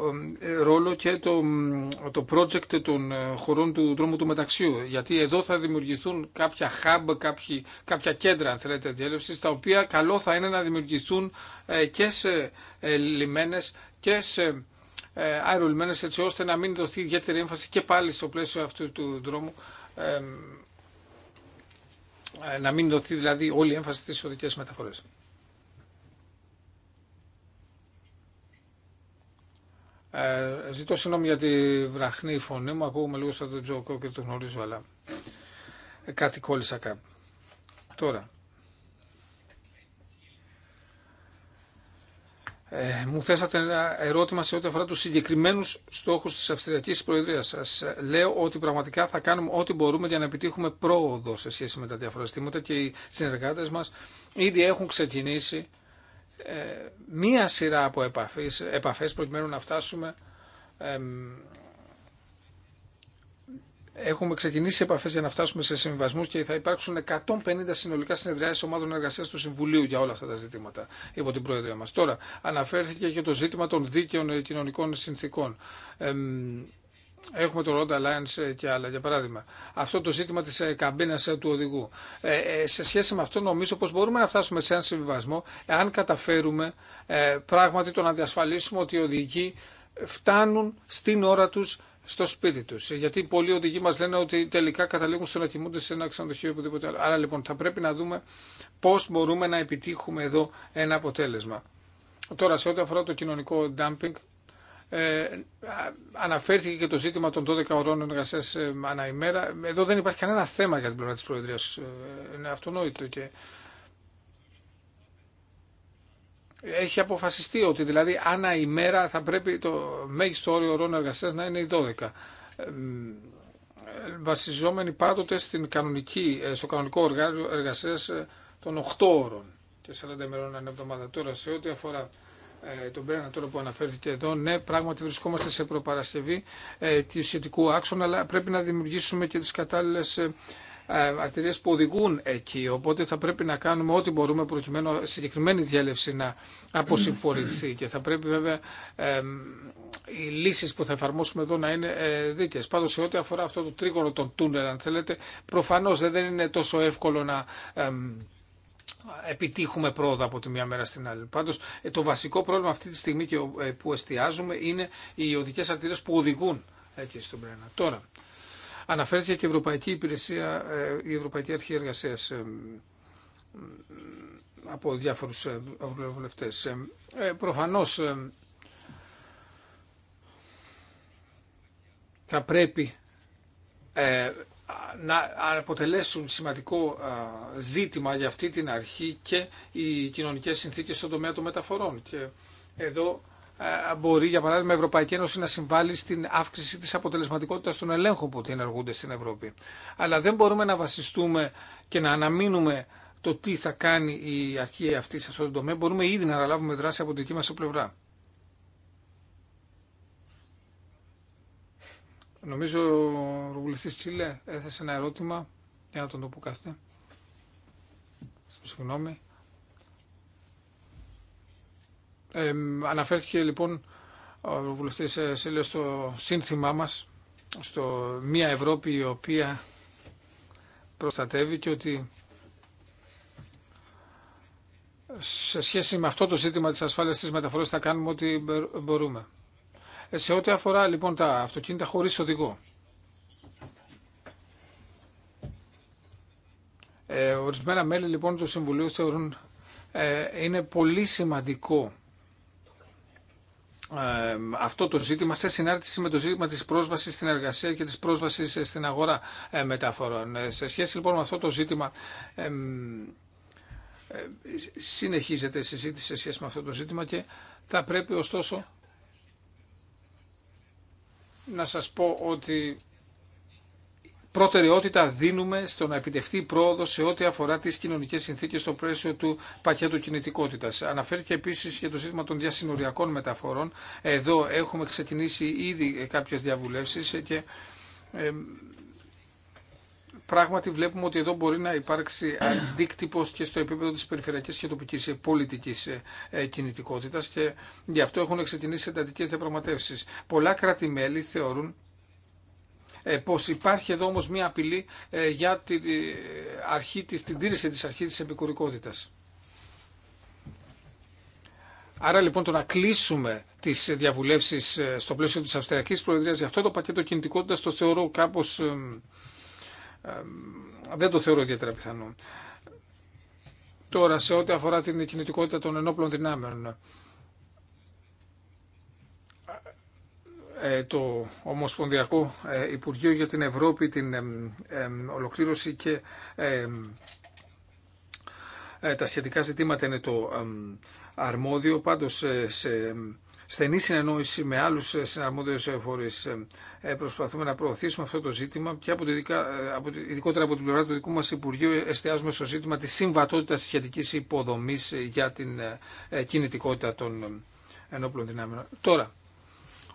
ρόλο και το, το project των ε, χωρών του δρόμου του μεταξιού γιατί εδώ θα δημιουργηθούν κάποια hub, κάποιοι, κάποια κέντρα αν θέλετε διέλευσης τα οποία καλό θα είναι να δημιουργηθούν ε, και σε λιμένες και σε αερολιμένες έτσι ώστε να μην δοθεί ιδιαίτερη έμφαση και πάλι στο πλαίσιο αυτού του δρόμου να μην δοθεί δηλαδή όλη η έμφαση στις οδικές μεταφορές. Ε, ζητώ συγγνώμη για τη βραχνή φωνή μου. Ακούγομαι λίγο σαν τον Τζο και το γνωρίζω, αλλά ε, κάτι κόλλησα κάπου. Τώρα. Ε, μου θέσατε ένα ερώτημα σε ό,τι αφορά τους συγκεκριμένους στόχους της Αυστριακής Προεδρίας. Σας ε, λέω ότι πραγματικά θα κάνουμε ό,τι μπορούμε για να επιτύχουμε πρόοδο σε σχέση με τα διαφορετικά και οι συνεργάτες μας ήδη έχουν ξεκινήσει ε, μία σειρά από επαφές, επαφές προκειμένου να φτάσουμε Έχουμε ξεκινήσει επαφές για να φτάσουμε σε συμβασμού και θα υπάρξουν 150 συνολικά συνεδριάσει ομάδων εργασία του Συμβουλίου για όλα αυτά τα ζητήματα υπό την Προεδρία μα. Τώρα, αναφέρθηκε και το ζήτημα των δίκαιων κοινωνικών συνθήκων. Έχουμε το Road Alliance ε, και άλλα, για παράδειγμα. Αυτό το ζήτημα τη ε, καμπίνας ε, του οδηγού. σε σχέση με αυτό νομίζω πω μπορούμε να φτάσουμε σε έναν συμβιβασμό εάν καταφέρουμε ε, πράγματι το να διασφαλίσουμε ότι οι οδηγοί φτάνουν στην ώρα του στο σπίτι του. Γιατί πολλοί οδηγοί μα λένε ότι τελικά καταλήγουν στο να κοιμούνται σε ένα ξενοδοχείο ή οπουδήποτε άλλο. Άρα λοιπόν θα πρέπει να δούμε πώ μπορούμε να επιτύχουμε εδώ ένα αποτέλεσμα. Τώρα, σε ό,τι αφορά το κοινωνικό dumping, ε, αναφέρθηκε και το ζήτημα των 12 ωρών εργασία ε, ανά ημέρα. Εδώ δεν υπάρχει κανένα θέμα για την πλευρά τη Προεδρία. Ε, είναι αυτονόητο έχει αποφασιστεί ότι δηλαδή ανά ημέρα θα πρέπει το μέγιστο όριο ωρών εργασία να είναι οι 12 βασιζόμενοι πάντοτε στην κανονική, στο κανονικό οργάνιο εργασίας των 8 ώρων και 40 ημερών ανά εβδομάδα. Τώρα σε ό,τι αφορά ε, τον Μπρένα τώρα που αναφέρθηκε εδώ, ναι, πράγματι βρισκόμαστε σε προπαρασκευή ε, του σχετικού άξονα, αλλά πρέπει να δημιουργήσουμε και τις κατάλληλες ε, ε αρτηρίες που οδηγούν εκεί. Οπότε θα πρέπει να κάνουμε ό,τι μπορούμε προκειμένου συγκεκριμένη διέλευση να αποσυμφορηθεί και θα πρέπει βέβαια ε, οι λύσει που θα εφαρμόσουμε εδώ να είναι ε, δίκαιε. Πάντω, σε ό,τι αφορά αυτό το τρίγωνο των τούνελ, αν θέλετε, προφανώ δεν είναι τόσο εύκολο να. Ε, επιτύχουμε πρόοδο από τη μία μέρα στην άλλη. Πάντως ε, το βασικό πρόβλημα αυτή τη στιγμή ε, που εστιάζουμε είναι οι οδικές αρτηρίες που οδηγούν εκεί στον Πρένα. Τώρα, αναφέρθηκε και η Ευρωπαϊκή Υπηρεσία, ε, η Ευρωπαϊκή Αρχή Εργασίας από διάφορους βουλευτές. Προφανώς θα πρέπει να αποτελέσουν σημαντικό ζήτημα για αυτή την αρχή και οι κοινωνικές συνθήκες στον τομέα των μεταφορών. Και εδώ μπορεί, για παράδειγμα, η Ευρωπαϊκή Ένωση να συμβάλλει στην αύξηση της αποτελεσματικότητας των ελέγχων που ενεργούνται στην Ευρώπη. Αλλά δεν μπορούμε να βασιστούμε και να αναμείνουμε το τι θα κάνει η αρχή αυτή σε αυτό το τομέα. Μπορούμε ήδη να αναλάβουμε δράση από την δική μας πλευρά. Νομίζω ο Βουλευτής Τσίλε έθεσε ένα ερώτημα για να τον τοποκάστε. Συγγνώμη. Ε, αναφέρθηκε λοιπόν ο βουλευτής ε, Τσίλε στο σύνθημά μας, στο μια Ευρώπη η οποία προστατεύει και ότι σε σχέση με αυτό το ζήτημα της ασφάλειας της μεταφοράς θα κάνουμε ό,τι μπορούμε σε ό,τι αφορά λοιπόν τα αυτοκίνητα χωρίς οδηγό. Ε, ορισμένα μέλη λοιπόν του Συμβουλίου θεωρούν ε, είναι πολύ σημαντικό ε, αυτό το ζήτημα σε συνάρτηση με το ζήτημα της πρόσβασης στην εργασία και της πρόσβασης ε, στην αγορά ε, μεταφορών. Ε, σε σχέση λοιπόν με αυτό το ζήτημα συνεχίζεται η συζήτηση σε σχέση με αυτό το ζήτημα και θα πρέπει ωστόσο να σας πω ότι προτεραιότητα δίνουμε στο να επιτευχθεί πρόοδο σε ό,τι αφορά τι κοινωνικέ συνθήκε στο πλαίσιο του πακέτου κινητικότητα. Αναφέρθηκε επίση για το ζήτημα των διασυνοριακών μεταφορών. Εδώ έχουμε ξεκινήσει ήδη κάποιε διαβουλεύσει και ε, πράγματι βλέπουμε ότι εδώ μπορεί να υπάρξει αντίκτυπος και στο επίπεδο της περιφερειακής και τοπικής ε, πολιτικής ε, ε, κινητικότητας και γι' αυτό έχουν ξεκινήσει εντατικές διαπραγματεύσεις. Πολλά κράτη-μέλη θεωρούν πως υπάρχει εδώ όμως μία απειλή για την, αρχή της, την τήρηση της αρχής της επικουρικότητας. Άρα λοιπόν το να κλείσουμε τι διαβουλεύσει στο πλαίσιο τη Αυστριακή Προεδρία για αυτό το πακέτο κινητικότητα το θεωρώ κάπω δεν το θεωρώ ιδιαίτερα πιθανό. Τώρα, σε ό,τι αφορά την κινητικότητα των ενόπλων δυνάμεων, ε, το Ομοσπονδιακό ε, Υπουργείο για την Ευρώπη, την ολοκλήρωση και ε, τα σχετικά ζητήματα είναι το αρμόδιο. Πάντως, σε στενή συνεννόηση με άλλους ε, συναρμόδιους ε, φορείς ε, προσπαθούμε να προωθήσουμε αυτό το ζήτημα και από, από ειδικότερα από την πλευρά του δικού μας Υπουργείου εστιάζουμε στο ζήτημα της συμβατότητας της σχετικής υποδομής για την κινητικότητα των ενόπλων δυνάμεων. Τώρα,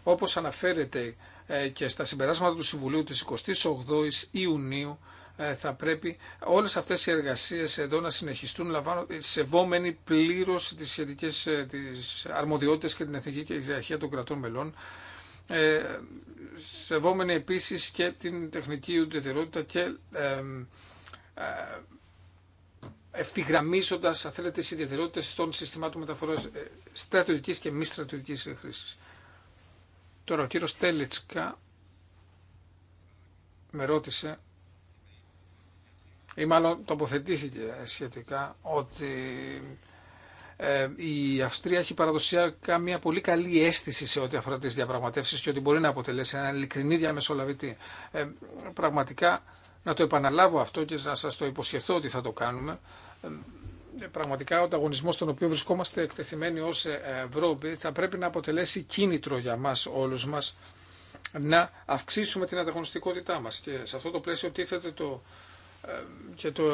όπως αναφέρεται και στα συμπεράσματα του Συμβουλίου της 28ης Ιουνίου ε, θα πρέπει όλες αυτές οι εργασίες εδώ να συνεχιστούν λαμβάνω, σεβόμενοι πλήρως τις σχετικές ε, τις αρμοδιότητες και την εθνική κυριαρχία των κρατών μελών ε, σεβόμενοι επίσης και την τεχνική ουδετερότητα και ε, ε ευθυγραμμίζοντας αν θέλετε τις ιδιαιτερότητες των συστημάτων μεταφορά στρατιωτικής και μη στρατιωτικής χρήσης. Τώρα ο κύριος Τέλετσκα με ρώτησε ή μάλλον τοποθετήθηκε σχετικά ότι ε, η Αυστρία έχει παραδοσιακά μια πολύ καλή αίσθηση σε ό,τι αφορά τις διαπραγματεύσεις και ότι μπορεί να αποτελέσει ένα ειλικρινή διαμεσολαβητή. Ε, πραγματικά να το επαναλάβω αυτό και να σας το υποσχεθώ ότι θα το κάνουμε. Ε, πραγματικά ο ανταγωνισμός στον οποίο βρισκόμαστε εκτεθειμένοι ως Ευρώπη θα πρέπει να αποτελέσει κίνητρο για μας όλους μας να αυξήσουμε την ανταγωνιστικότητά μας. Και σε αυτό το πλαίσιο τίθεται το και το,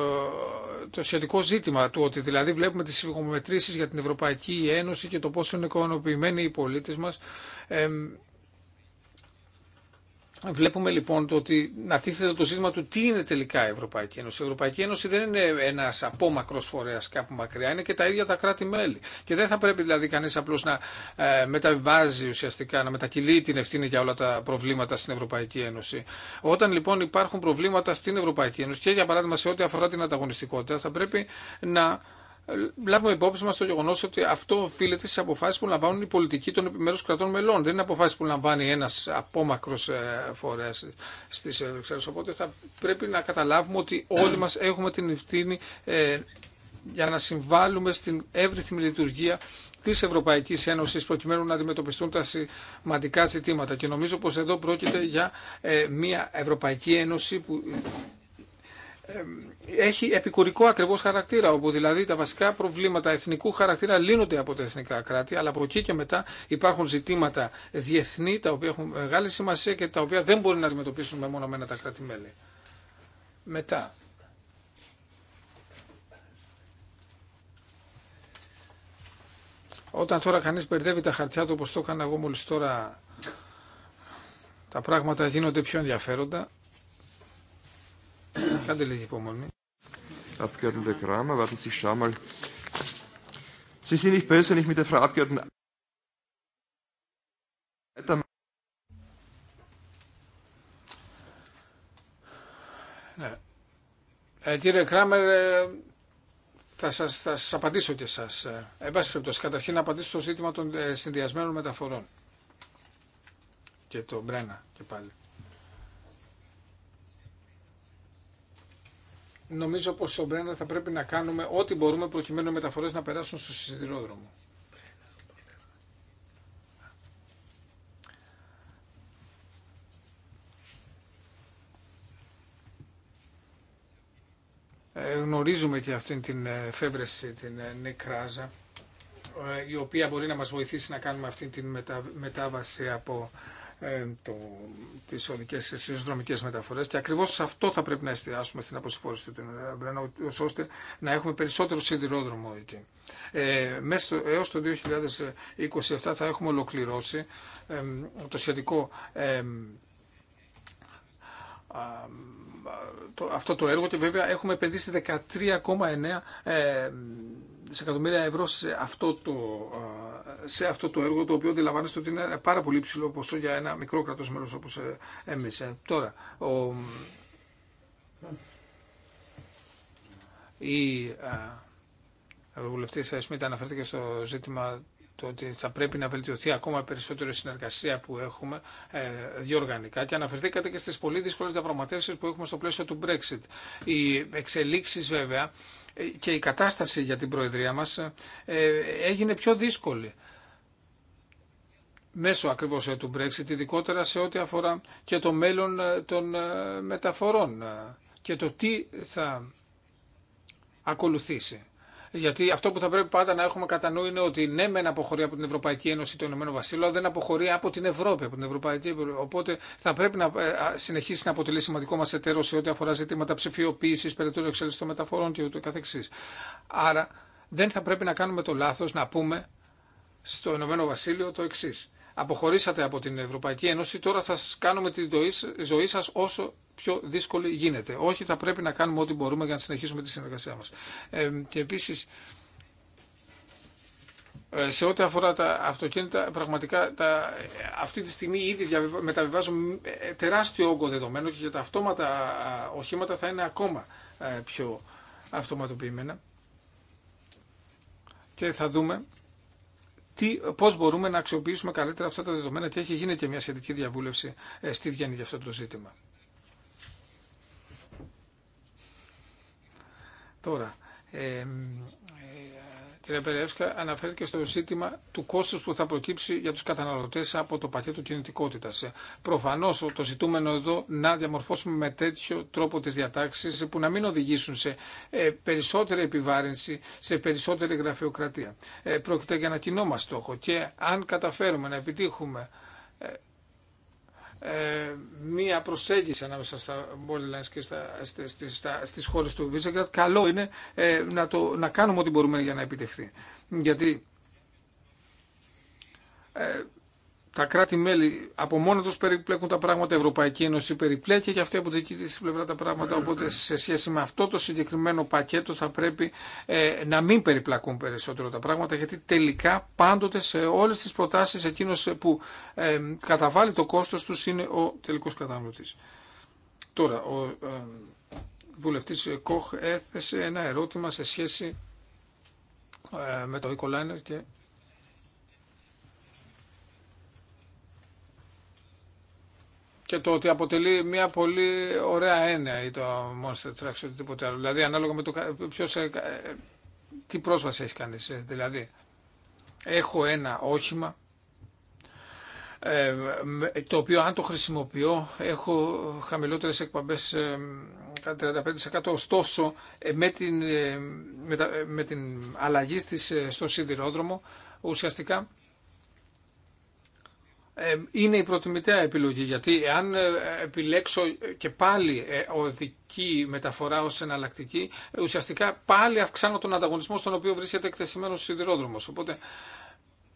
το σχετικό ζήτημα του ότι δηλαδή βλέπουμε τις υπομετρήσεις για την Ευρωπαϊκή Ένωση και το πόσο είναι οικονοποιημένοι οι πολίτες μας Βλέπουμε λοιπόν το ότι να τίθεται το ζήτημα του τι είναι τελικά η Ευρωπαϊκή Ένωση. Η Ευρωπαϊκή Ένωση δεν είναι ένα απόμακρο φορέα κάπου μακριά, είναι και τα ίδια τα κράτη-μέλη. Και δεν θα πρέπει δηλαδή κανεί απλώ να ε, μεταβάζει ουσιαστικά, να μετακυλεί την ευθύνη για όλα τα προβλήματα στην Ευρωπαϊκή Ένωση. Όταν λοιπόν υπάρχουν προβλήματα στην Ευρωπαϊκή Ένωση και για παράδειγμα σε ό,τι αφορά την ανταγωνιστικότητα, θα πρέπει να λάβουμε υπόψη μα το γεγονό ότι αυτό οφείλεται στι αποφάσει που λαμβάνουν οι πολιτικοί των επιμέρου κρατών μελών. Δεν είναι αποφάσει που λαμβάνει ένα απόμακρο ε, φορέα στι Βρυξέλλε. Οπότε θα πρέπει να καταλάβουμε ότι όλοι μα έχουμε την ευθύνη ε, για να συμβάλλουμε στην εύρυθμη λειτουργία τη Ευρωπαϊκής Ένωσης προκειμένου να αντιμετωπιστούν τα σημαντικά ζητήματα. Και νομίζω πω εδώ πρόκειται για ε, μια Ευρωπαϊκή Ένωση που ε, έχει επικουρικό ακριβώς χαρακτήρα, όπου δηλαδή τα βασικά προβλήματα εθνικού χαρακτήρα λύνονται από τα εθνικά κράτη, αλλά από εκεί και μετά υπάρχουν ζητήματα διεθνή, τα οποία έχουν μεγάλη σημασία και τα οποία δεν μπορεί να αντιμετωπίσουν με μόνο μένα τα κράτη-μέλη. Μετά. Όταν τώρα κανείς μπερδεύει τα χαρτιά του, όπως το έκανα εγώ μόλις τώρα, τα πράγματα γίνονται πιο ενδιαφέροντα. Κάντε λίγη υπομονή. Abgeordneter Kramer, warten Sie, ich schau mal. Sie sind nicht böse, wenn ich mit der Frau Abgeordneten Ναι. Ε, κύριε Κράμερ, ε, θα σα θα σας απαντήσω και εσά. Εν πάση περιπτώσει, καταρχήν να απαντήσω στο ζήτημα των ε, συνδυασμένων μεταφορών. Και το Μπρένα και πάλι. νομίζω πω ο Μπρένα θα πρέπει να κάνουμε ό,τι μπορούμε προκειμένου οι μεταφορές να περάσουν στο σιδηρόδρομο. Ε, γνωρίζουμε και αυτήν την ε, φέβρεση, την νεκράζα, ε, η οποία μπορεί να μας βοηθήσει να κάνουμε αυτή την μετάβαση από το, τις οδικές συνδρομικές μεταφορές και ακριβώς σε αυτό θα πρέπει να εστιάσουμε στην αποσυμφόρηση του Τενεραμπρένα ώστε να έχουμε περισσότερο σιδηρόδρομο εκεί. Ε, έως το 2027 θα έχουμε ολοκληρώσει το σχετικό ε, αυτό το έργο και βέβαια έχουμε επενδύσει 13,9 ε, δισεκατομμύρια ευρώ σε αυτό το σε αυτό το έργο το οποίο αντιλαμβάνεστε ότι είναι πάρα πολύ ψηλό ποσό για ένα μικρό κρατός μέρος όπως ε, εμείς. Ε. Τώρα, ο... η ε, Ευρωβουλευτή Σμίτα αναφέρθηκε στο ζήτημα το ότι θα πρέπει να βελτιωθεί ακόμα περισσότερο η συνεργασία που έχουμε διοργανικά και αναφερθήκατε και στις πολύ δύσκολες διαπραγματεύσεις που έχουμε στο πλαίσιο του Brexit. Οι εξελίξεις βέβαια και η κατάσταση για την Προεδρία μας έγινε πιο δύσκολη μέσω ακριβώς ε, του Brexit, ειδικότερα σε ό,τι αφορά και το μέλλον ε, των ε, μεταφορών και το τι θα ακολουθήσει. Γιατί αυτό που θα πρέπει πάντα να έχουμε κατά νου είναι ότι ναι, μεν αποχωρεί από την Ευρωπαϊκή Ένωση το Ηνωμένο Βασίλειο, αλλά δεν αποχωρεί από την Ευρώπη, από την Ευρωπαϊκή Ένωση. Οπότε θα πρέπει να συνεχίσει να αποτελεί σημαντικό μα εταίρο σε ό,τι αφορά ζητήματα ψηφιοποίηση, περαιτέρω εξέλιξη των μεταφορών και ούτω καθεξή. Άρα δεν θα πρέπει να κάνουμε το λάθο να πούμε στο Ηνωμένο το εξή αποχωρήσατε από την Ευρωπαϊκή Ένωση, τώρα θα κάνουμε τη ζωή σας όσο πιο δύσκολη γίνεται. Όχι, θα πρέπει να κάνουμε ό,τι μπορούμε για να συνεχίσουμε τη συνεργασία μας. Ε, και επίσης, ε, σε ό,τι αφορά τα αυτοκίνητα, πραγματικά τα, αυτή τη στιγμή ήδη μεταβιβάζουμε τεράστιο όγκο δεδομένο και για τα αυτόματα οχήματα θα είναι ακόμα ε, πιο αυτοματοποιημένα. Και θα δούμε τι, πώς μπορούμε να αξιοποιήσουμε καλύτερα αυτά τα δεδομένα και έχει γίνει και μια σχετική διαβούλευση ε, στη Βιέννη για αυτό το ζήτημα. Τώρα, ε, κυρία Περεύσκα, αναφέρθηκε στο ζήτημα του κόστου που θα προκύψει για του καταναλωτέ από το πακέτο κινητικότητα. Προφανώ το ζητούμενο εδώ να διαμορφώσουμε με τέτοιο τρόπο τι διατάξει που να μην οδηγήσουν σε ε, περισσότερη επιβάρυνση, σε περισσότερη γραφειοκρατία. Ε, πρόκειται για ένα κοινό μα στόχο και αν καταφέρουμε να επιτύχουμε ε, ε, μία προσέγγιση ανάμεσα στα Borderlands και στα, στις, στα, στις χώρες του Βίζεγκρατ. Καλό είναι ε, να, το, να κάνουμε ό,τι μπορούμε για να επιτευχθεί. Γιατί ε, τα κράτη-μέλη από μόνο τους περιπλέκουν τα πράγματα, η Ευρωπαϊκή Ένωση περιπλέκει και αυτή από δική τη πλευρά τα πράγματα, οπότε σε σχέση με αυτό το συγκεκριμένο πακέτο θα πρέπει ε, να μην περιπλακούν περισσότερο τα πράγματα, γιατί τελικά πάντοτε σε όλες τις προτάσει εκείνος που ε, καταβάλει το κόστος του είναι ο τελικό καταναλωτής. Τώρα, ο ε, βουλευτής Κοχ έθεσε ένα ερώτημα σε σχέση ε, με το Ecoliner και και το ότι αποτελεί μια πολύ ωραία έννοια ή το Monster Trucks ή οτιδήποτε άλλο. Δηλαδή ανάλογα με το ποιος, ε, ε, τι πρόσβαση έχει κανείς. Ε, δηλαδή έχω ένα όχημα το οποίο αν το χρησιμοποιώ έχω χαμηλότερες εκπαμπές κατά 35% ωστόσο με την, με την αλλαγή στο σιδηρόδρομο ουσιαστικά ε, είναι η προτιμητέα επιλογή γιατί αν ε, επιλέξω και πάλι ε, οδική μεταφορά ως εναλλακτική ουσιαστικά πάλι αυξάνω τον ανταγωνισμό στον οποίο βρίσκεται εκτεθειμένος ο σιδηρόδρομος. Οπότε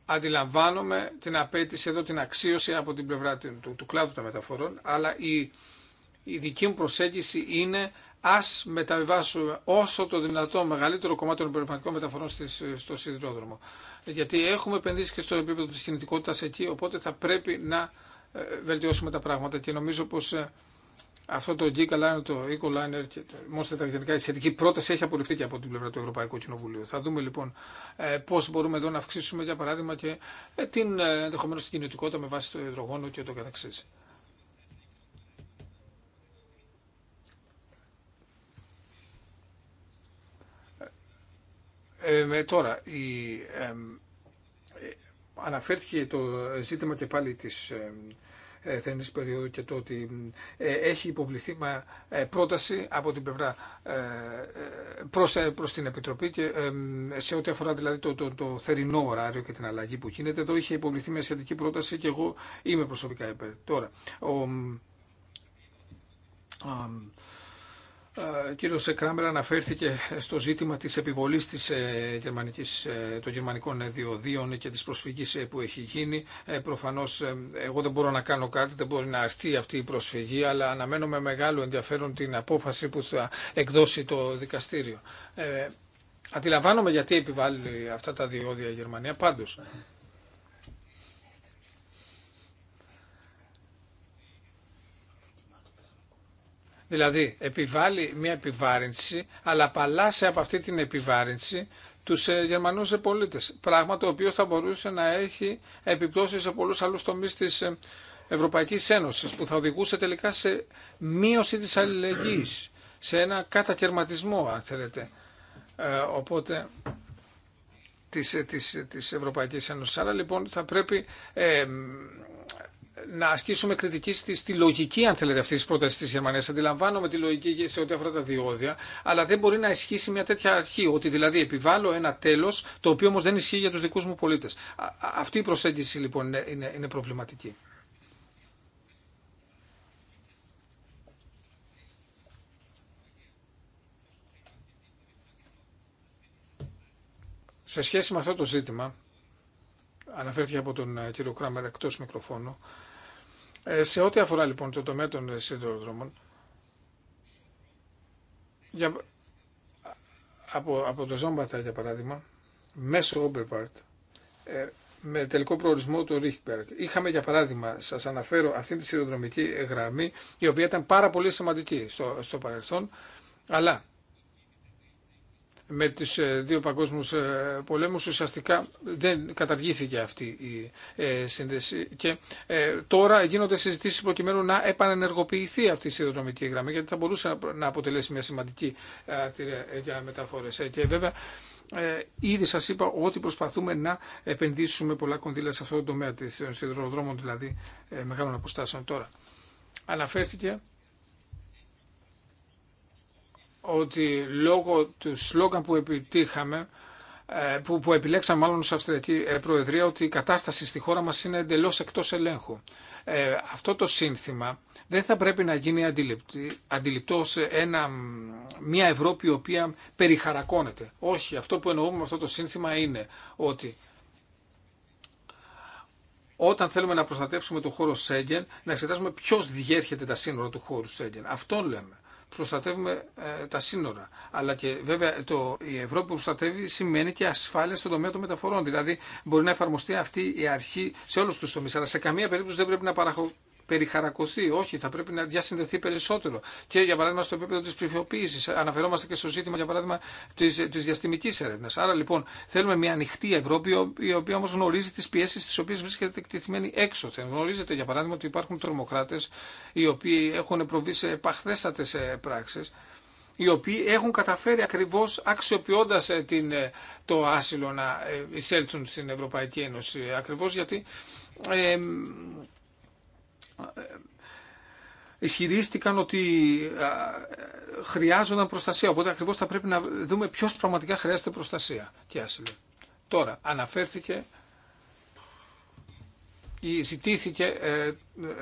αντιλαμβάνομαι την απέτηση εδώ, την αξίωση από την πλευρά του, του, κλάδου των μεταφορών αλλά η, η δική μου προσέγγιση είναι Α μεταβιβάσουμε όσο το δυνατόν μεγαλύτερο κομμάτι των περιβαλλοντικών μεταφορών στο σιδηρόδρομο. Γιατί έχουμε επενδύσει και στο επίπεδο τη κινητικότητας εκεί, οπότε θα πρέπει να ε, βελτιώσουμε τα πράγματα και νομίζω πω ε, αυτό το Giga το Ecoliner και το τα γενικά η σχετική πρόταση έχει απορριφθεί και από την πλευρά του Ευρωπαϊκού Κοινοβουλίου. Θα δούμε λοιπόν ε, πώ μπορούμε εδώ να αυξήσουμε για παράδειγμα και την ενδεχομένω την κινητικότητα με βάση το υδρογόνο και το καθεξή. Ε, τώρα, η, ε, αναφέρθηκε το ζήτημα και πάλι της ε, θερινής περίοδου και το ότι ε, έχει υποβληθεί με πρόταση από την πλευρά ε, προς, προς την Επιτροπή και σε ό,τι αφορά δηλαδή το, το, το θερινό ωράριο και την αλλαγή που γίνεται εδώ είχε υποβληθεί μια σχετική πρόταση και εγώ είμαι προσωπικά υπέρ. Τώρα, ο, ε, κύριος Κράμερ αναφέρθηκε στο ζήτημα της επιβολής της ε, γερμανικής, ε, των γερμανικών διοδίων και της προσφυγής που έχει γίνει. Προφανώς εγώ δεν μπορώ να κάνω κάτι, δεν μπορεί να αρθεί αυτή η προσφυγή, αλλά αναμένω με μεγάλο ενδιαφέρον την απόφαση που θα εκδώσει το δικαστήριο. Ε, αντιλαμβάνομαι γιατί επιβάλλει αυτά τα διόδια η Γερμανία. Πάντως, Δηλαδή επιβάλλει μια επιβάρυνση αλλά απαλλάσσει από αυτή την επιβάρυνση τους ε, Γερμανούς πολίτες. Πράγμα το οποίο θα μπορούσε να έχει επιπτώσεις σε πολλούς άλλους τομείς της ε, Ευρωπαϊκής Ένωσης που θα οδηγούσε τελικά σε μείωση της αλληλεγγύης, σε ένα κατακαιρματισμό αν θέλετε. Ε, οπότε της, της, της Ευρωπαϊκής Ένωσης. Άρα λοιπόν θα πρέπει να ασκήσουμε κριτική στη, λογική, αν θέλετε, αυτή τη πρόταση τη Γερμανία. Αντιλαμβάνομαι τη λογική σε ό,τι αφορά τα διόδια, αλλά δεν μπορεί να ισχύσει μια τέτοια αρχή, ότι δηλαδή επιβάλλω ένα τέλο, το οποίο όμω δεν ισχύει για του δικού μου πολίτε. Αυτή η προσέγγιση λοιπόν είναι, είναι προβληματική. Σε σχέση με αυτό το ζήτημα, αναφέρθηκε από τον ε, κύριο Κράμερ εκτό μικροφώνου. Ε, σε ό,τι αφορά λοιπόν το τομέα των ε, σιδηροδρόμων, για... από, από το Ζόμπατα για παράδειγμα, μέσω Όμπερβαρτ, με τελικό προορισμό το Ρίχτμπεργκ. Είχαμε για παράδειγμα, σας αναφέρω αυτή τη σιδηροδρομική γραμμή, η οποία ήταν πάρα πολύ σημαντική στο, στο παρελθόν, αλλά με τις ε, δύο παγκόσμιους ε, πολέμους ουσιαστικά δεν καταργήθηκε αυτή η ε, σύνδεση και τώρα γίνονται συζητήσεις προκειμένου να επανενεργοποιηθεί αυτή η σιδηροδρομική γραμμή γιατί θα μπορούσε να αποτελέσει μια σημαντική αρτηρία για μεταφορές και βέβαια ήδη σας είπα ότι προσπαθούμε να επενδύσουμε πολλά κονδύλια σε αυτό το τομέα της σιδηροδρόμων δηλαδή μεγάλων αποστάσεων τώρα. Αναφέρθηκε ότι λόγω του σλόγγαν που επιτύχαμε, ε, που, που επιλέξαμε μάλλον ως Αυστριακή ε, Προεδρία, ότι η κατάσταση στη χώρα μας είναι εντελώς εκτός ελέγχου. Ε, αυτό το σύνθημα δεν θα πρέπει να γίνει αντιληπτό σε ένα, μια Ευρώπη η οποία περιχαρακώνεται. Όχι, αυτό που εννοούμε με αυτό το σύνθημα είναι ότι όταν θέλουμε να προστατεύσουμε το χώρο Σέγγεν, να εξετάσουμε ποιο διέρχεται τα σύνορα του χώρου Σέγγεν. Αυτό λέμε προστατεύουμε ε, τα σύνορα. Αλλά και βέβαια το, η Ευρώπη που προστατεύει σημαίνει και ασφάλεια στον τομέα των μεταφορών. Δηλαδή μπορεί να εφαρμοστεί αυτή η αρχή σε όλου του τομεί. Αλλά σε καμία περίπτωση δεν πρέπει να περιχαρακωθεί. Όχι, θα πρέπει να διασυνδεθεί περισσότερο. Και για παράδειγμα στο επίπεδο τη ψηφιοποίηση. Αναφερόμαστε και στο ζήτημα για παράδειγμα τη διαστημική έρευνα. Άρα λοιπόν θέλουμε μια ανοιχτή Ευρώπη η οποία όμω γνωρίζει τι πιέσει τι οποίε βρίσκεται εκτεθειμένη έξω. Γνωρίζετε για παράδειγμα ότι υπάρχουν τρομοκράτε οι οποίοι έχουν προβεί σε παχθέστατε ε, πράξει οι οποίοι έχουν καταφέρει ακριβώς αξιοποιώντας ε, την, ε, το άσυλο να εισέλθουν στην Ευρωπαϊκή Ένωση. Ακριβώς γιατί ε, ισχυρίστηκαν ότι χρειάζονταν προστασία. Οπότε ακριβώ θα πρέπει να δούμε ποιο πραγματικά χρειάζεται προστασία και άσυλο. Τώρα, αναφέρθηκε ή ζητήθηκε ε,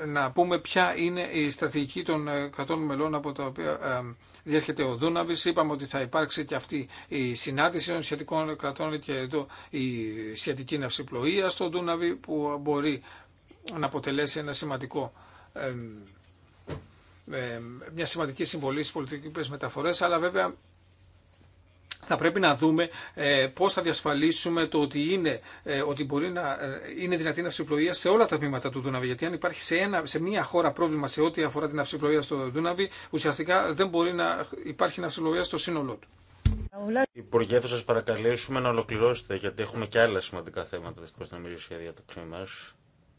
να πούμε ποια είναι η στρατηγική των ε, κρατών μελών από τα οποία ε, διέρχεται ο Δούναβης. Είπαμε ότι θα υπάρξει και αυτή η συνάντηση των σχετικών κρατών και εδώ η σχετική ναυσιπλοεία στο Δούναβη που μπορεί να αποτελέσει ένα σημαντικό μια σημαντική συμβολή στις πολιτικές μεταφορές, αλλά βέβαια θα πρέπει να δούμε ε, πώς θα διασφαλίσουμε το ότι, είναι, ε, ότι μπορεί να, ε, είναι δυνατή η ναυσιπλοεία σε όλα τα τμήματα του Δούναβη. Γιατί αν υπάρχει σε, ένα, σε μια χώρα πρόβλημα σε ό,τι αφορά την ναυσιπλοεία στο Δούναβη, ουσιαστικά δεν μπορεί να υπάρχει ναυσιπλοεία στο σύνολό του. Υπουργέ, θα σα παρακαλέσουμε να ολοκληρώσετε, γιατί έχουμε και άλλα σημαντικά θέματα δυστυχώ μιλήσει για διαταξή μα.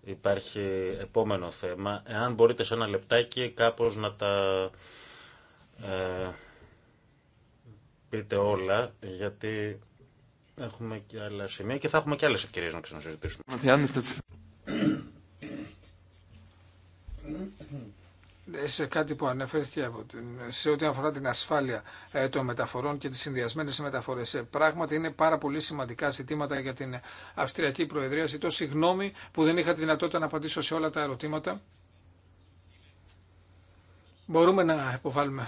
Υπάρχει επόμενο θέμα. Εάν μπορείτε σε ένα λεπτάκι κάπως να τα ε, πείτε όλα, γιατί έχουμε και άλλα σημεία και θα έχουμε και άλλες ευκαιρίες να ξανασυζητήσουμε σε κάτι που ανέφερθηκε από σε ό,τι αφορά την ασφάλεια ε, των μεταφορών και τις συνδυασμένες μεταφορές. Ε, πράγματι είναι πάρα πολύ σημαντικά ζητήματα για την Αυστριακή Προεδρία. Ζητώ συγγνώμη που δεν είχα τη δυνατότητα να απαντήσω σε όλα τα ερωτήματα. Μπορούμε να υποβάλουμε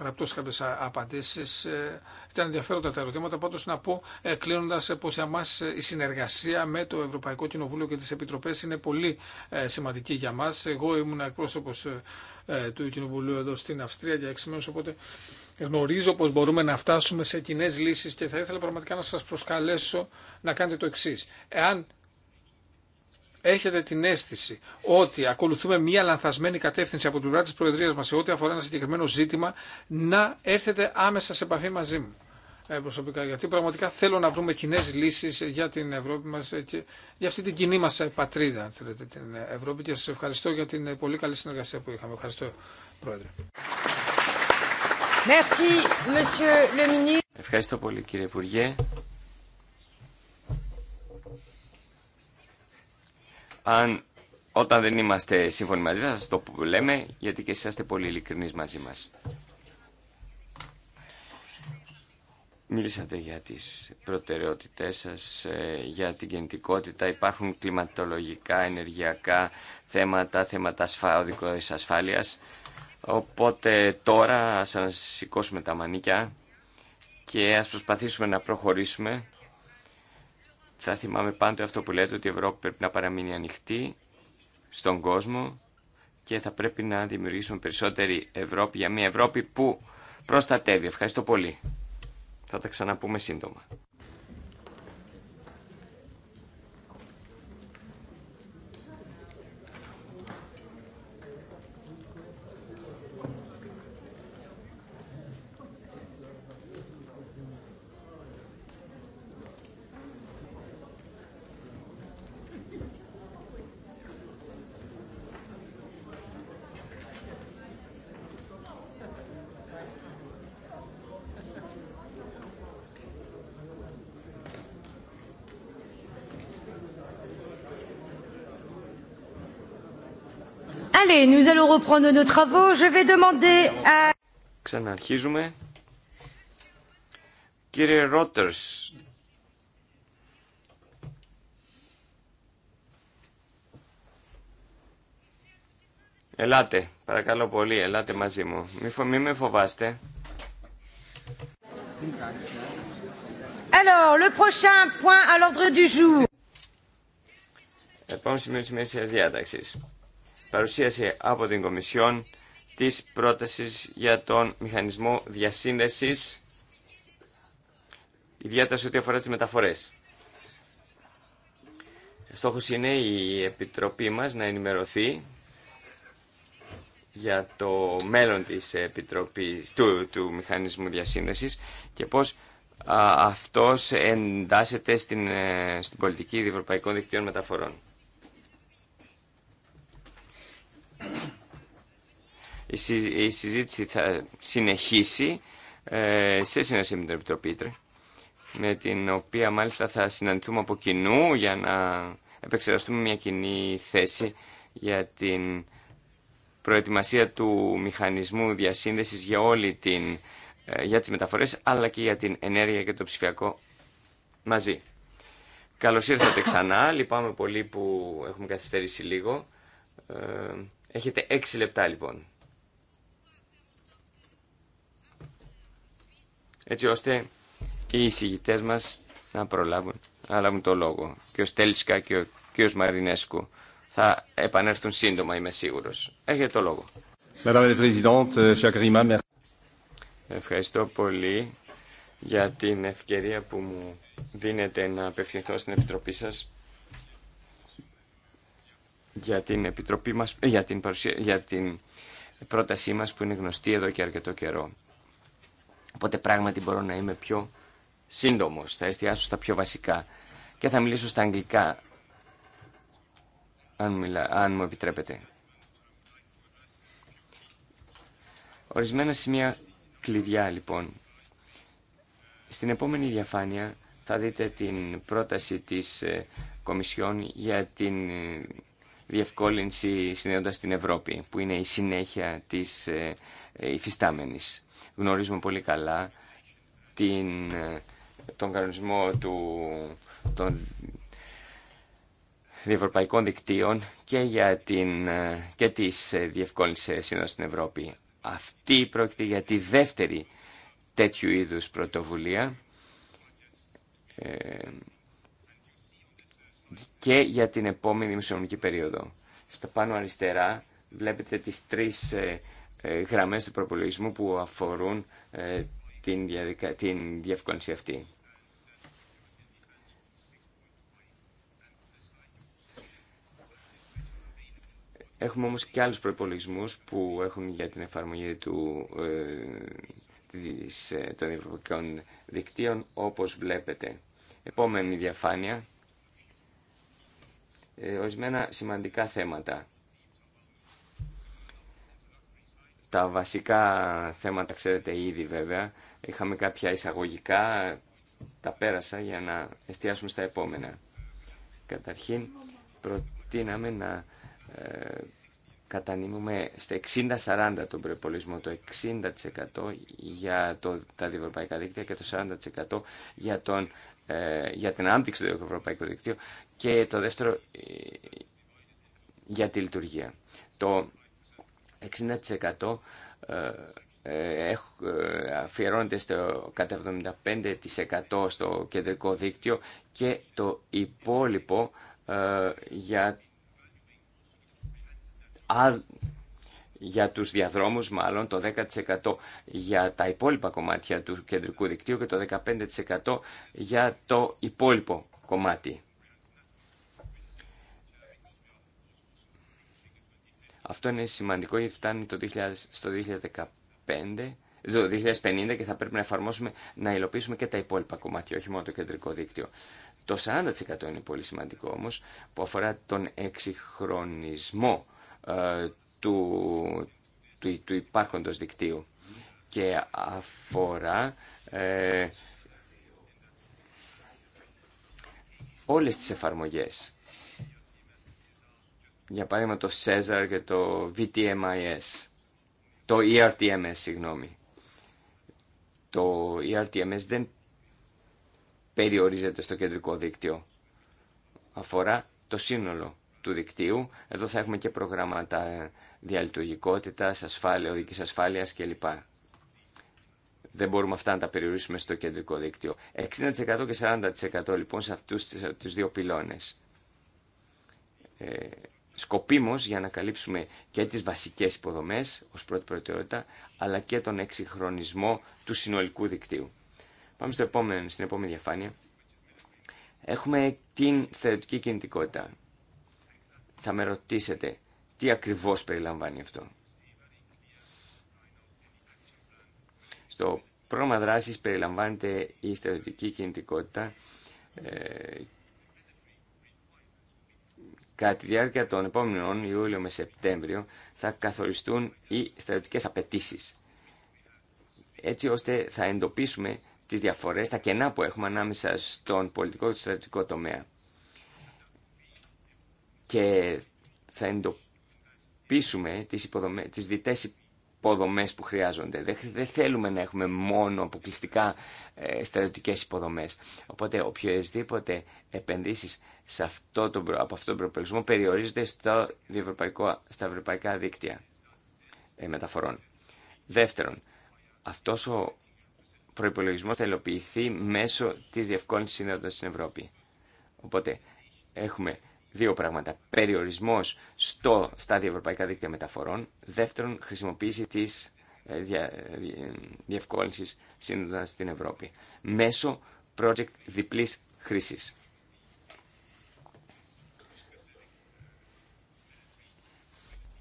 γραπτώ κάποιε απαντήσει. Ε, ήταν ενδιαφέροντα τα ερωτήματα. Πάντω, να πω ε, κλείνοντα ε, πω για μα η συνεργασία με το Ευρωπαϊκό Κοινοβούλιο και τι επιτροπέ είναι πολύ σημαντική για μα. Εγώ ήμουν εκπρόσωπο του Κοινοβουλίου εδώ στην Αυστρία για 6 μήνε, οπότε γνωρίζω πω μπορούμε να φτάσουμε σε κοινέ λύσει και θα ήθελα πραγματικά να σα προσκαλέσω να κάνετε το εξή. Εάν έχετε την αίσθηση ότι ακολουθούμε μία λανθασμένη κατεύθυνση από την πλευρά τη Προεδρία μα σε ό,τι αφορά ένα συγκεκριμένο ζήτημα, να έρθετε άμεσα σε επαφή μαζί μου ε, προσωπικά. Γιατί πραγματικά θέλω να βρούμε κοινέ λύσει για την Ευρώπη μα και για αυτή την κοινή μα ε, πατρίδα, αν θέλετε, την Ευρώπη. Και σα ευχαριστώ για την ε, πολύ καλή συνεργασία που είχαμε. Ευχαριστώ, Πρόεδρε. Ευχαριστώ πολύ, κύριε Υπουργέ. Αν όταν δεν είμαστε σύμφωνοι μαζί σας, το που λέμε, γιατί και εσείς είστε πολύ ειλικρινείς μαζί μας. Μίλησατε για τις προτεραιότητές σας, ε, για την κινητικότητα. Υπάρχουν κλιματολογικά, ενεργειακά θέματα, θέματα οδικής ασφάλειας. Οπότε τώρα ας σηκώσουμε τα μανίκια και ας προσπαθήσουμε να προχωρήσουμε θα θυμάμαι πάντα αυτό που λέτε ότι η Ευρώπη πρέπει να παραμείνει ανοιχτή στον κόσμο και θα πρέπει να δημιουργήσουμε περισσότερη Ευρώπη για μια Ευρώπη που προστατεύει. Ευχαριστώ πολύ. Θα τα ξαναπούμε σύντομα. Ξαναρχίζουμε. Κύριε Ρότερς, Ελάτε, παρακαλώ πολύ, ελάτε μαζί μου. Μη, φο... μη με φοβάστε. Alors, le prochain point à l'ordre du jour. Επόμενο σημείο της μέσης διάταξης παρουσίαση από την Κομισιόν της πρότασης για τον μηχανισμό διασύνδεσης, ιδιαίτερα σε ό,τι αφορά τις μεταφορές. Στόχος είναι η Επιτροπή μας να ενημερωθεί για το μέλλον της Επιτροπής, του, του Μηχανισμού Διασύνδεσης και πώς αυτός εντάσσεται στην, ε, στην πολιτική διευρωπαϊκών δικτύων μεταφορών. η συζήτηση θα συνεχίσει ε, σε συνεργασία με την Επιτροπή με την οποία μάλιστα θα συναντηθούμε από κοινού για να επεξεργαστούμε μια κοινή θέση για την προετοιμασία του μηχανισμού διασύνδεσης για όλη την ε, για τις μεταφορές αλλά και για την ενέργεια και το ψηφιακό μαζί. Καλώς ήρθατε ξανά, λυπάμαι πολύ που έχουμε καθυστερήσει λίγο. Ε, έχετε έξι λεπτά λοιπόν. έτσι ώστε οι εισηγητέ μα να προλάβουν να λάβουν το λόγο. Και ο Στέλσκα και ο κ. Μαρινέσκου θα επανέλθουν σύντομα, είμαι σίγουρο. Έχετε το λόγο. Euh, Ευχαριστώ πολύ για την ευκαιρία που μου δίνετε να απευθυνθώ στην Επιτροπή σας για την, επιτροπή μας, ε, για την, για την πρότασή μας που είναι γνωστή εδώ και αρκετό καιρό. Οπότε πράγματι μπορώ να είμαι πιο σύντομο, θα εστιάσω στα πιο βασικά και θα μιλήσω στα αγγλικά, αν, μου επιτρέπετε. Ορισμένα σημεία κλειδιά λοιπόν. Στην επόμενη διαφάνεια θα δείτε την πρόταση της ε, Κομισιόν για την ε, διευκόλυνση συνδέοντας στην Ευρώπη, που είναι η συνέχεια της ε, υφιστάμενης γνωρίζουμε πολύ καλά την, τον κανονισμό του, των διευρωπαϊκών δικτύων και για την, και τις διευκόλυνσης στην Ευρώπη. Αυτή πρόκειται για τη δεύτερη τέτοιου είδους πρωτοβουλία ε, και για την επόμενη δημοσιονομική περίοδο. Στα πάνω αριστερά βλέπετε τις τρεις ε, ε, γραμμές του προπολογισμού που αφορούν ε, την, διαδικα... την αυτή. Έχουμε όμως και άλλους προπολογισμούς που έχουν για την εφαρμογή του, ε, των ευρωπαϊκών δικτύων, όπως βλέπετε. Επόμενη διαφάνεια. ορισμένα σημαντικά θέματα Τα βασικά θέματα ξέρετε ήδη βέβαια. Είχαμε κάποια εισαγωγικά, τα πέρασα για να εστιάσουμε στα επόμενα. Καταρχήν προτείναμε να ε, κατανείμουμε στα 60-40 τον προπολισμό, το 60% για το, τα διευρωπαϊκά δίκτυα και το 40% για, τον, ε, για την ανάπτυξη του ευρωπαϊκού δικτύου και το δεύτερο ε, για τη λειτουργία. Το 60% ε, ε, ε, αφιερώνεται στο, κατά 75% στο κεντρικό δίκτυο και το υπόλοιπο για, για τους διαδρόμους μάλλον το 10% για τα υπόλοιπα κομμάτια του κεντρικού δικτύου και το 15% για το υπόλοιπο κομμάτι. Αυτό είναι σημαντικό γιατί φτάνει το 2000, στο 2015 το 2050 και θα πρέπει να εφαρμόσουμε, να υλοποιήσουμε και τα υπόλοιπα κομμάτια, όχι μόνο το κεντρικό δίκτυο. Το 40% είναι πολύ σημαντικό όμως, που αφορά τον εξυγχρονισμό ε, του, του, του υπάρχοντος δικτύου και αφορά ε, όλες τις εφαρμογές για παράδειγμα το Cesar και το VTMIS, το ERTMS, συγγνώμη. Το ERTMS δεν περιορίζεται στο κεντρικό δίκτυο. Αφορά το σύνολο του δικτύου. Εδώ θα έχουμε και προγράμματα διαλειτουργικότητας, ασφάλεια, οδικής ασφάλειας κλπ. Δεν μπορούμε αυτά να τα περιορίσουμε στο κεντρικό δίκτυο. 60% και 40% λοιπόν σε αυτούς τους δύο πυλώνες. Ε, σκοπίμως για να καλύψουμε και τις βασικές υποδομές ως πρώτη προτεραιότητα, αλλά και τον εξυγχρονισμό του συνολικού δικτύου. Πάμε στο επόμενο, στην επόμενη διαφάνεια. Έχουμε την στερεωτική κινητικότητα. Θα με ρωτήσετε τι ακριβώς περιλαμβάνει αυτό. Στο πρόγραμμα δράσης περιλαμβάνεται η στερεωτική κινητικότητα ε, Κατά τη διάρκεια των επόμενων Ιούλιο με Σεπτέμβριο θα καθοριστούν οι στρατιωτικές απαιτήσει. Έτσι ώστε θα εντοπίσουμε τις διαφορές, τα κενά που έχουμε ανάμεσα στον πολιτικό και στρατιωτικό τομέα. Και θα εντοπίσουμε τις, υποδομές, τις διτές υποδομές που χρειάζονται. Δεν θέλουμε να έχουμε μόνο αποκλειστικά ε, στρατιωτικές υποδομές. Οπότε οποιοδήποτε επενδύσεις σε αυτό το, από αυτόν τον προπολογισμό περιορίζεται στο στα ευρωπαϊκά δίκτυα ε, μεταφορών. Δεύτερον, αυτό ο προπολογισμό θα υλοποιηθεί μέσω της διευκόλυνση σύνδεδος στην Ευρώπη. Οπότε έχουμε δύο πράγματα. Περιορισμός στο, στα διευρωπαϊκά δίκτυα μεταφορών. Δεύτερον, χρησιμοποίηση της ε, δια, ε, στην Ευρώπη. Μέσω project διπλή χρήση.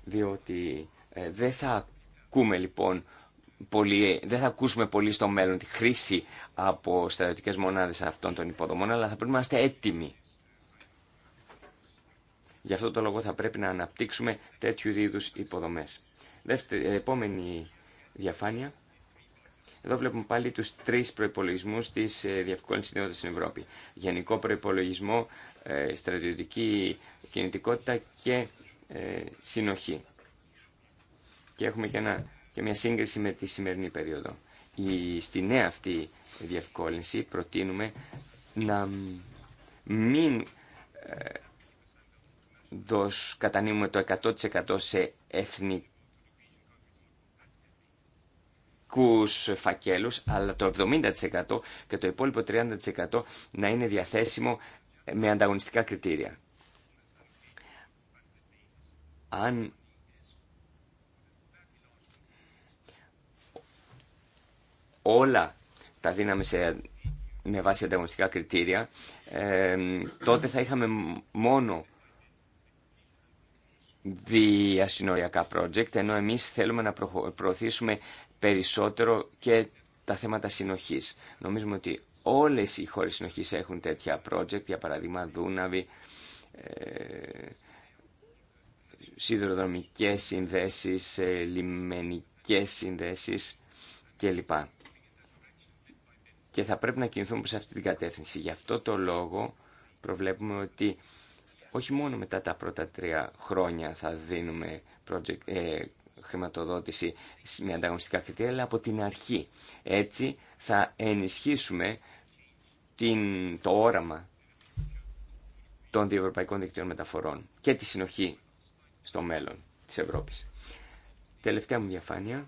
διότι ε, δεν θα λοιπόν πολύ, δεν θα ακούσουμε πολύ στο μέλλον τη χρήση από στρατιωτικές μονάδες αυτών των υποδομών, αλλά θα πρέπει να είμαστε έτοιμοι. Γι' αυτό το λόγο θα πρέπει να αναπτύξουμε τέτοιου είδους υποδομές. Δεύτερη, ε, επόμενη διαφάνεια. Εδώ βλέπουμε πάλι τους τρεις προϋπολογισμούς της ε, διευκόλυνσης στην Ευρώπη. Γενικό προϋπολογισμό, ε, στρατιωτική κινητικότητα και ε, συνοχή. Και έχουμε και, και μια σύγκριση με τη σημερινή περίοδο. Η, στη νέα αυτή διευκόλυνση προτείνουμε να μην ε, το 100% σε εθνικούς φακέλους, αλλά το 70% και το υπόλοιπο 30% να είναι διαθέσιμο με ανταγωνιστικά κριτήρια αν όλα τα δίναμε σε, με βάση ανταγωνιστικά κριτήρια, τότε θα είχαμε μόνο διασυνοριακά project, ενώ εμείς θέλουμε να προωθήσουμε περισσότερο και τα θέματα συνοχής. Νομίζουμε ότι όλες οι χώρες συνοχής έχουν τέτοια project, για παράδειγμα Δούναβη, ε, σιδηροδρομικές συνδέσεις, λιμενικές συνδέσεις κλπ. Και θα πρέπει να κινηθούμε προς αυτή την κατεύθυνση. Γι' αυτό το λόγο προβλέπουμε ότι όχι μόνο μετά τα πρώτα τρία χρόνια θα δίνουμε project, ε, χρηματοδότηση με ανταγωνιστικά κριτήρια, αλλά από την αρχή. Έτσι θα ενισχύσουμε την, το όραμα των διευρωπαϊκών δικτύων μεταφορών και τη συνοχή στο μέλλον της Ευρώπης. Τελευταία μου διαφάνεια.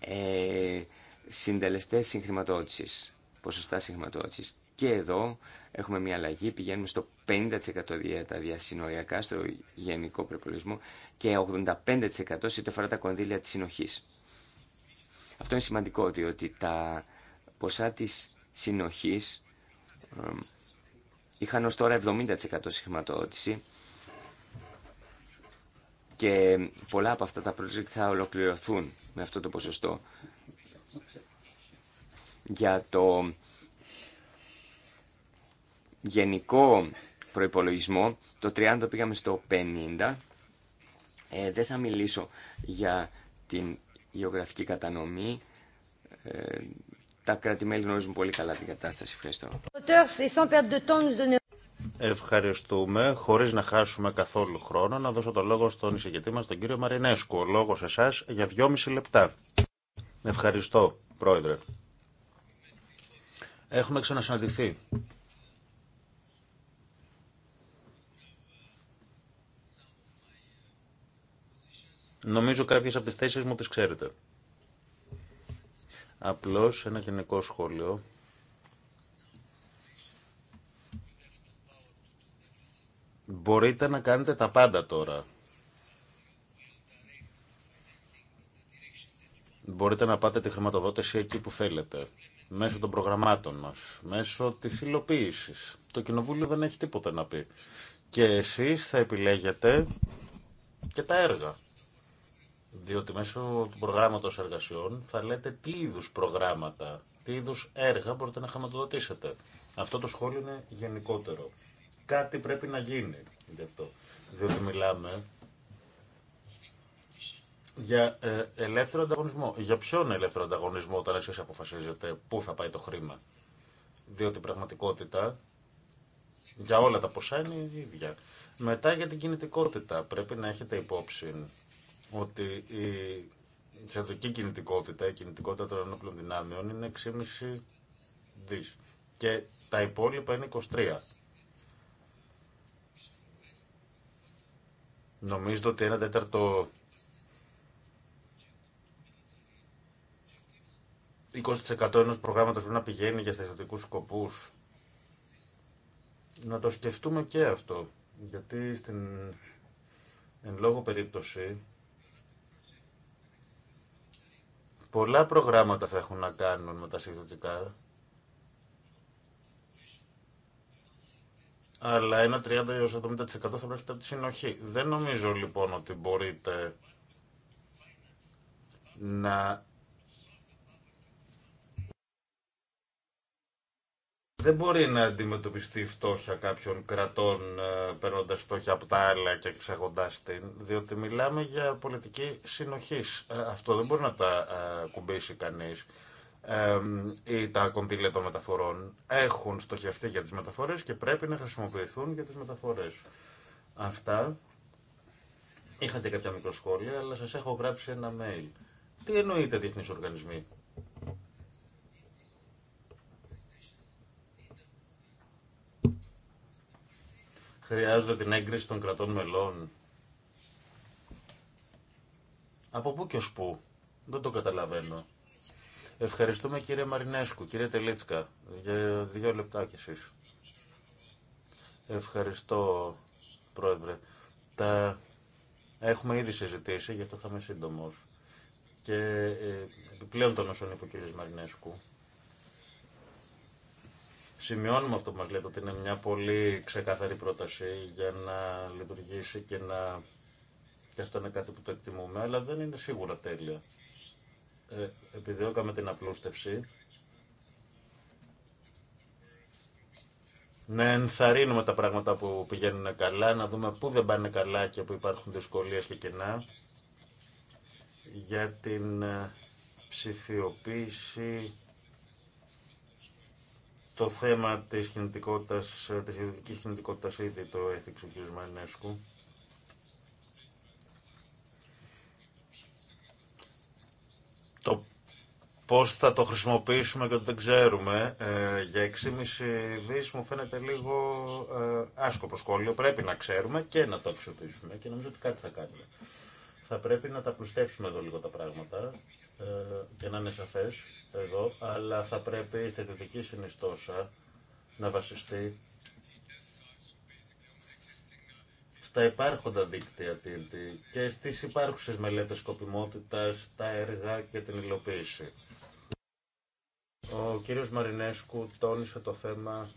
Ε, συντελεστές συγχρηματοδότησης, ποσοστά συγχρηματοδότησης. Και εδώ έχουμε μια αλλαγή, πηγαίνουμε στο 50% τα διασυνοριακά στο γενικό προπολογισμό και 85% σε ό,τι τα κονδύλια της συνοχής. Αυτό είναι σημαντικό διότι τα ποσά της συνοχής είχαν ως τώρα 70% συγχρηματοδότηση και πολλά από αυτά τα project θα ολοκληρωθούν με αυτό το ποσοστό. Για το γενικό προϋπολογισμό, το 30 το πήγαμε στο 50. Ε, δεν θα μιλήσω για την γεωγραφική κατανομή. Ε, τα κράτη-μέλη γνωρίζουν πολύ καλά την κατάσταση. Ευχαριστώ. Ευχαριστούμε. Χωρίς να χάσουμε καθόλου χρόνο, να δώσω το λόγο στον εισηγητή μας, τον κύριο Μαρινέσκου. Ο λόγος εσάς για δυόμιση λεπτά. Ευχαριστώ, Πρόεδρε. Έχουμε ξανασυναντηθεί. Νομίζω κάποιες από τις θέσεις μου τις ξέρετε. Απλώς ένα γενικό σχόλιο Μπορείτε να κάνετε τα πάντα τώρα. Μπορείτε να πάτε τη χρηματοδότηση εκεί που θέλετε. Μέσω των προγραμμάτων μας. Μέσω της υλοποίηση. Το κοινοβούλιο δεν έχει τίποτα να πει. Και εσείς θα επιλέγετε και τα έργα. Διότι μέσω του προγράμματος εργασιών θα λέτε τι είδους προγράμματα, τι είδους έργα μπορείτε να χρηματοδοτήσετε. Αυτό το σχόλιο είναι γενικότερο. Κάτι πρέπει να γίνει γι' αυτό. Διότι μιλάμε για ε, ελεύθερο ανταγωνισμό. Για ποιον ελεύθερο ανταγωνισμό όταν εσείς αποφασίζετε πού θα πάει το χρήμα. Διότι η πραγματικότητα για όλα τα ποσά είναι η ίδια. Μετά για την κινητικότητα. Πρέπει να έχετε υπόψη ότι η θεατρική κινητικότητα, η κινητικότητα των ενόπλων δυνάμεων είναι 6,5 δις. Και τα υπόλοιπα είναι 23 Νομίζω ότι ένα τέταρτο 20% ενός προγράμματος πρέπει να πηγαίνει για στρατιωτικούς σκοπούς. Να το σκεφτούμε και αυτό, γιατί στην εν λόγω περίπτωση πολλά προγράμματα θα έχουν να κάνουν με τα στρατιωτικά αλλά ένα 30 70% θα πρέπει από τη συνοχή. Δεν νομίζω λοιπόν ότι μπορείτε να... Δεν μπορεί να αντιμετωπιστεί η φτώχεια κάποιων κρατών ε, παίρνοντα φτώχεια από τα άλλα και εξαγοντά την, διότι μιλάμε για πολιτική συνοχή. Ε, αυτό δεν μπορεί να τα ε, κουμπίσει κανείς ή τα κονδύλια των μεταφορών έχουν στοχευτεί για τις μεταφορές και πρέπει να χρησιμοποιηθούν για τις μεταφορές. Αυτά. Είχατε κάποια μικροσχόλια, αλλά σας έχω γράψει ένα mail. Τι εννοείται διεθνείς οργανισμοί. Χρειάζονται την έγκριση των κρατών μελών. Από πού και ως πού. Δεν το καταλαβαίνω. Ευχαριστούμε κύριε Μαρινέσκου, κύριε Τελίτσκα, για δύο λεπτά κι εσείς. Ευχαριστώ, Πρόεδρε. Τα έχουμε ήδη συζητήσει, γι' αυτό θα είμαι σύντομο. Και ε, επιπλέον τον όσον είπε ο κύριος Μαρινέσκου. Σημειώνουμε αυτό που μας λέτε, ότι είναι μια πολύ ξεκάθαρη πρόταση για να λειτουργήσει και να... Και αυτό είναι κάτι που το εκτιμούμε, αλλά δεν είναι σίγουρα τέλεια. Ε, επιδιώκαμε την απλούστευση, να ενθαρρύνουμε τα πράγματα που πηγαίνουν καλά, να δούμε πού δεν πάνε καλά και που υπάρχουν δυσκολίες και κενά για την ε, ψηφιοποίηση το θέμα της κινητικότητας, ε, της ιδιωτικής κινητικότητας ήδη το έθιξε ο κ. Μανέσκου. Πώς θα το χρησιμοποιήσουμε και ότι δεν ξέρουμε. Ε, για 6,5 δις μου φαίνεται λίγο ε, άσκοπο σχόλιο. Πρέπει να ξέρουμε και να το αξιοποιήσουμε και νομίζω ότι κάτι θα κάνουμε. Θα πρέπει να τα πλουστεύσουμε εδώ λίγο τα πράγματα ε, και να είναι σαφές εδώ, αλλά θα πρέπει η αισθητική συνιστόσα να βασιστεί στα υπάρχοντα δίκτυα TNT και στις υπάρχουσες μελέτες σκοπιμότητας, τα έργα και την υλοποίηση. Ο κύριος Μαρινέσκου τόνισε το θέμα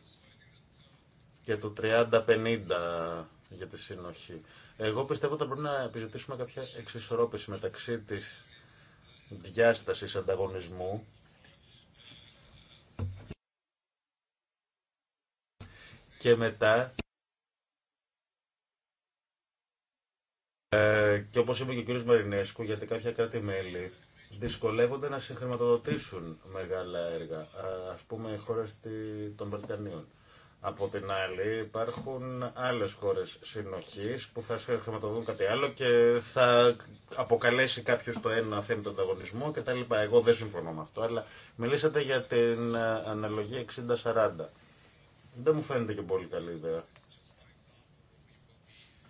και το 30-50 για τη συνοχή. Εγώ πιστεύω ότι θα πρέπει να επιζητήσουμε κάποια εξισορρόπηση μεταξύ της διάστασης ανταγωνισμού και μετά Ε, και όπως είπε και ο κ. Μαρινέσκου, γιατί κάποια κράτη-μέλη δυσκολεύονται να συγχρηματοδοτήσουν μεγάλα έργα, ας πούμε οι χώρες των Βαλκανίων. Από την άλλη υπάρχουν άλλες χώρες συνοχής που θα χρηματοδοτούν κάτι άλλο και θα αποκαλέσει κάποιο το ένα θέμα του ανταγωνισμού κτλ. Εγώ δεν συμφωνώ με αυτό, αλλά μιλήσατε για την ε, αναλογία 60-40. Δεν μου φαίνεται και πολύ καλή ιδέα.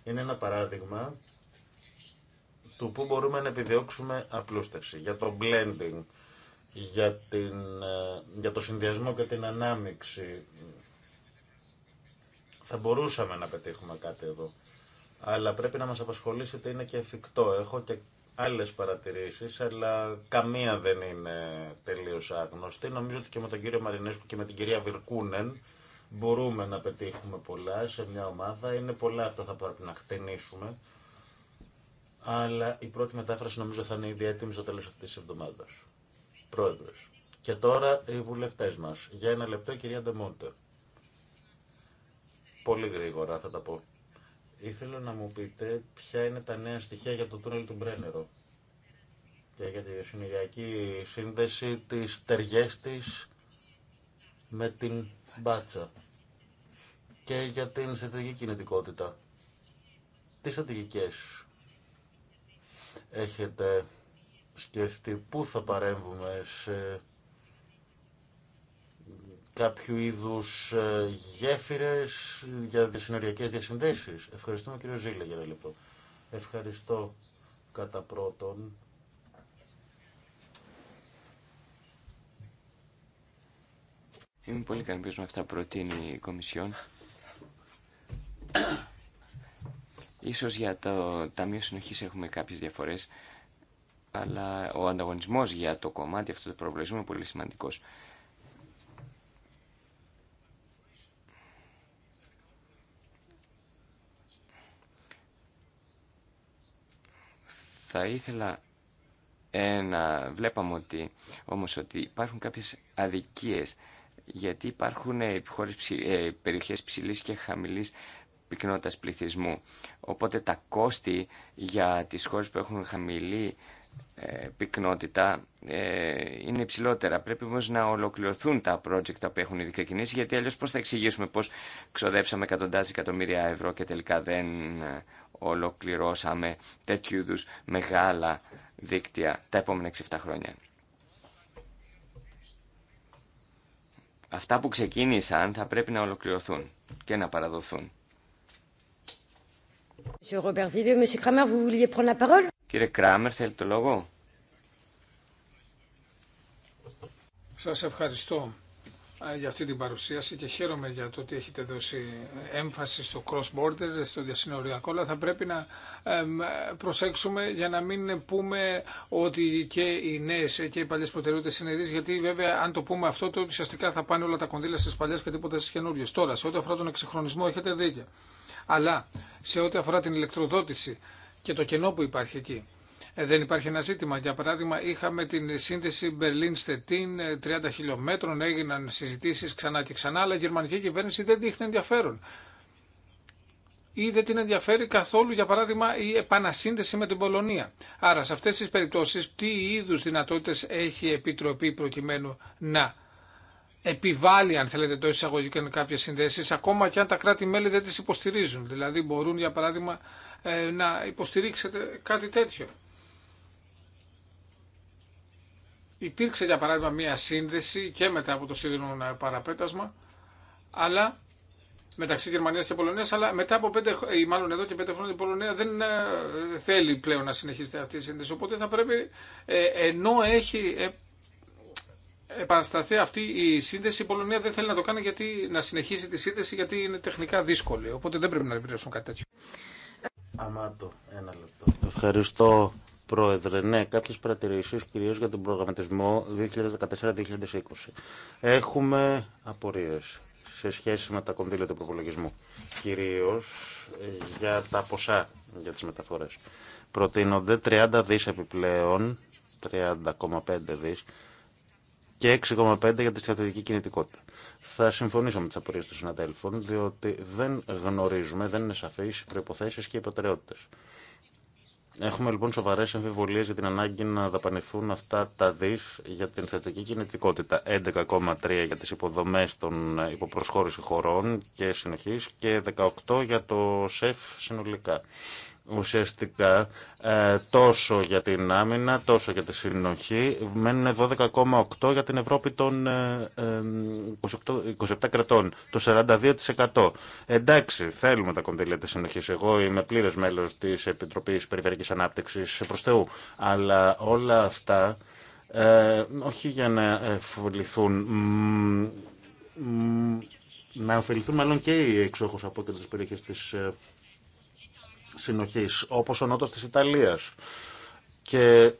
Είναι ένα παράδειγμα του που μπορούμε να επιδιώξουμε απλούστευση, για το blending, για, την, ε, για το συνδυασμό και την ανάμειξη. Θα μπορούσαμε να πετύχουμε κάτι εδώ. Αλλά πρέπει να μας απασχολήσει ότι είναι και εφικτό. Έχω και άλλες παρατηρήσεις, αλλά καμία δεν είναι τελείως άγνωστη. Νομίζω ότι και με τον κύριο Μαρινέσκου και με την κυρία Βιρκούνεν μπορούμε να πετύχουμε πολλά σε μια ομάδα. Είναι πολλά αυτά θα πρέπει να χτενίσουμε αλλά η πρώτη μετάφραση νομίζω θα είναι ήδη έτοιμη στο τέλος αυτής της εβδομάδας. Πρόεδρο. Και τώρα οι βουλευτέ μας. Για ένα λεπτό, κυρία Ντεμόντε. Πολύ γρήγορα θα τα πω. Ήθελα να μου πείτε ποια είναι τα νέα στοιχεία για το τούνελ του Μπρένερο και για τη συνεργειακή σύνδεση της ταιριέ της με την μπάτσα και για την στρατηγική κινητικότητα. Τι στρατηγικές έχετε σκεφτεί πού θα παρέμβουμε σε κάποιο είδους ε, γέφυρες για δυσυνοριακές διασυνδέσεις. Ευχαριστούμε κύριο Ζήλε για ένα λεπτό. Ευχαριστώ κατά πρώτον. Είμαι πολύ ικανοποιημένος με αυτά που θα παρεμβουμε σε καποιο ειδους γεφυρες για συνοριακές διασυνδεσεις ευχαριστουμε κυριο ζηλε για ευχαριστω κατα πρωτον ειμαι πολυ ικανοποιημενο με αυτα που προτεινει η Κομισιόν. Ίσως για το Ταμείο συνοχή έχουμε κάποιες διαφορές, αλλά ο ανταγωνισμός για το κομμάτι αυτό το προβλησμό είναι πολύ σημαντικός. Θα ήθελα να βλέπαμε ότι, όμως ότι υπάρχουν κάποιες αδικίες γιατί υπάρχουν ε, χώρες, ε, περιοχές ψηλής και χαμηλής πυκνότητας πληθυσμού. Οπότε τα κόστη για τις χώρες που έχουν χαμηλή ε, πυκνότητα ε, είναι υψηλότερα. Πρέπει όμως να ολοκληρωθούν τα project που έχουν ήδη ξεκινήσει γιατί αλλιώς πώς θα εξηγήσουμε πώς ξοδέψαμε εκατοντάδες εκατομμύρια ευρώ και τελικά δεν ε, ολοκληρώσαμε τέτοιου είδου μεγάλα δίκτυα τα επόμενα 6-7 χρόνια. Αυτά που ξεκίνησαν θα πρέπει να ολοκληρωθούν και να παραδοθούν. Κύριε Κράμερ, θέλετε το λόγο. Σας ευχαριστώ ε, για αυτή την παρουσίαση και χαίρομαι για το ότι έχετε δώσει ε, έμφαση στο cross-border, στο διασυνοριακό, αλλά θα πρέπει να προσέξουμε για να μην πούμε ότι και οι νέες και οι παλιές προτεραιότητες είναι ειδήσεις γιατί βέβαια αν το πούμε αυτό, το ουσιαστικά θα πάνε όλα τα κονδύλια στις παλιές και τίποτα στις καινούριες. Τώρα, σε ό,τι αφορά τον εξυγχρονισμό έχετε δίκιο αλλά σε ό,τι αφορά την ηλεκτροδότηση και το κενό που υπάρχει εκεί. Ε, δεν υπάρχει ένα ζήτημα. Για παράδειγμα, είχαμε την σύνδεση Μπερλίν-Στετίν, 30 χιλιόμετρων, έγιναν συζητήσει ξανά και ξανά, αλλά η γερμανική κυβέρνηση δεν δείχνει ενδιαφέρον. Ή δεν την ενδιαφέρει καθόλου, για παράδειγμα, η επανασύνδεση με την Πολωνία. Άρα, σε αυτέ τι περιπτώσει, τι είδου δυνατότητε έχει η Επιτροπή προκειμένου να επιβάλλει, αν θέλετε, το εισαγωγικό κάποιε συνδέσει ακόμα και αν τα κράτη-μέλη δεν τις υποστηρίζουν. Δηλαδή μπορούν, για παράδειγμα, ε, να υποστηρίξετε κάτι τέτοιο. Υπήρξε, για παράδειγμα, μία σύνδεση και μετά από το σύγχρονο παραπέτασμα, αλλά μεταξύ Γερμανία και Πολωνία, αλλά μετά από πέντε, ή μάλλον εδώ και πέντε χρόνια Πολωνία δεν ε, θέλει πλέον συνεχίσετε αυτή η σύνδεση. Οπότε θα πρέπει, ε, ενώ έχει επανασταθεί αυτή η σύνδεση, η Πολωνία δεν θέλει να το κάνει γιατί να συνεχίσει τη σύνδεση γιατί είναι τεχνικά δύσκολη. Οπότε δεν πρέπει να επιτρέψουν κάτι τέτοιο. Αμάτο, ένα λεπτό. Ευχαριστώ. Πρόεδρε, ναι, κάποιε παρατηρήσει κυρίω για τον προγραμματισμό 2014-2020. Έχουμε απορίε σε σχέση με τα κονδύλια του προπολογισμού. Κυρίω για τα ποσά για τι μεταφορέ. Προτείνονται 30 δι επιπλέον, 30,5 δι, και 6,5 για τη στρατηγική κινητικότητα. Θα συμφωνήσω με τι απορίε των συναδέλφων, διότι δεν γνωρίζουμε, δεν είναι σαφεί οι προποθέσει και οι προτεραιότητε. Έχουμε λοιπόν σοβαρέ αμφιβολίε για την ανάγκη να δαπανηθούν αυτά τα δι για την θεατρική κινητικότητα. 11,3 για τι υποδομέ των υποπροσχώρηση χωρών και συνοχή και 18 για το ΣΕΦ συνολικά ουσιαστικά ε, τόσο για την άμυνα, τόσο για τη συνοχή. Μένουν 12,8 για την Ευρώπη των 27 ε, ε, κρατών, το 42%. Εντάξει, θέλουμε τα κονδύλια της συνοχής. Εγώ είμαι πλήρες μέλος της Επιτροπής Περιφερειακής Ανάπτυξης προς Θεού. Αλλά όλα αυτά, όχι για να ευβληθούν... Να ωφεληθούν μάλλον και οι εξόχους από και τις περιοχές της συνοχής, όπως ο νότος της Ιταλίας. Και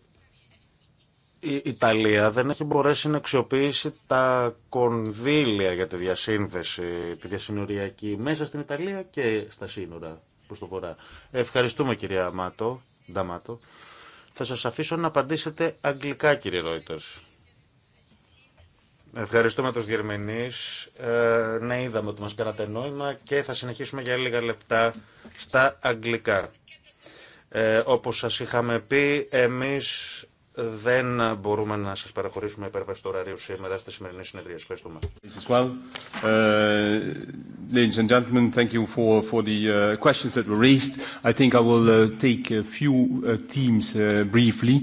η Ιταλία δεν έχει μπορέσει να αξιοποιήσει τα κονδύλια για τη διασύνδεση, τη διασυνοριακή, μέσα στην Ιταλία και στα σύνορα προ το βορρά. Ευχαριστούμε κυρία Μάτο, Νταμάτο. Θα σας αφήσω να απαντήσετε αγγλικά κύριε Ρόιτερς. Ευχαριστούμε τους Γερμενείς. Ε, ναι, είδαμε ότι μας κάνατε νόημα και θα συνεχίσουμε για λίγα λεπτά στα αγγλικά. Ε, όπως σας είχαμε πει, εμείς δεν μπορούμε να σας παραχωρήσουμε υπέρβαση του ωραρίου σήμερα στη σημερινή συνεδρία. Ευχαριστούμε. Well. Uh, ladies and gentlemen, thank you for, for the uh, questions that were raised. I think I will uh, take a few uh, themes uh, briefly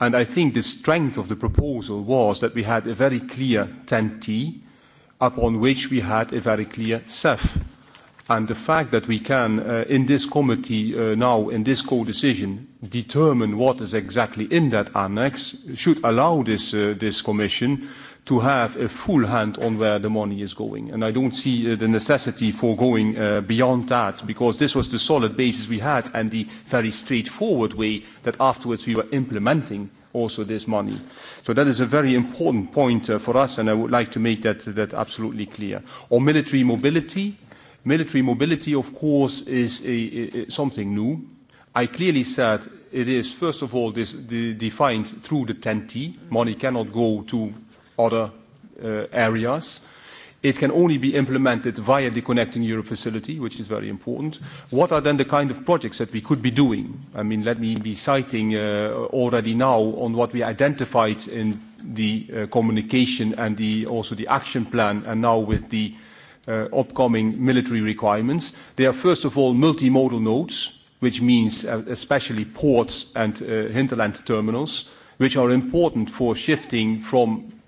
And I think the strength of the proposal was that we had a very clear 10T, upon which we had a very clear CEF. And the fact that we can, in this committee now, in this co-decision, determine what is exactly in that annex should allow this Commission to have a full hand on where the money is going. And I don't see the necessity for going beyond that, because this was the solid basis we had and the very straightforward way that afterwards we were implementing also this money. So that is a very important point for us, and I would like to make that absolutely clear. On military mobility, military mobility, of course, is something new. I clearly said it is, first of all, defined through the ten t Money cannot go to other areas. It can only be implemented via the Connecting Europe facility, which is very important. What are then the kind of projects that we could be doing? I mean, let me be citing already now on what we identified in the communication and the also the action plan, and now with the upcoming military requirements. They are, first of all, multimodal nodes, which means especially ports and hinterland terminals, which are important for shifting from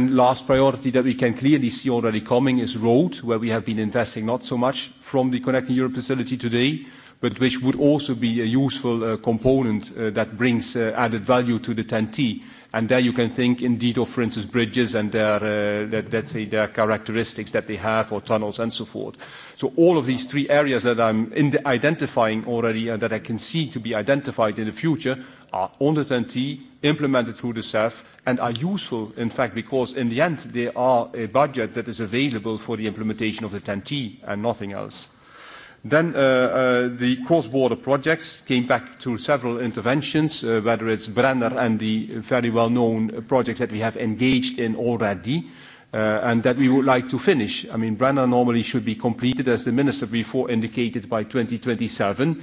last priority that we can clearly see already coming is road, where we have been investing not so much from the Connecting Europe facility today, but which would also be a useful component that brings added value to the TEN-T. And there you can think indeed of, for instance, bridges and their, let's say, their characteristics that they have, or tunnels and so forth. So all of these three areas that I'm identifying already and that I can see to be identified in the future are on the TEN-T implemented through the CEF and are useful, in fact, because in the end they are a budget that is available for the implementation of the ten t and nothing else. Then the cross-border projects came back to several interventions, whether it's Brenner and the very well-known projects that we have engaged in already and that we would like to finish. I mean, Brenner normally should be completed, as the Minister before indicated, by 2027.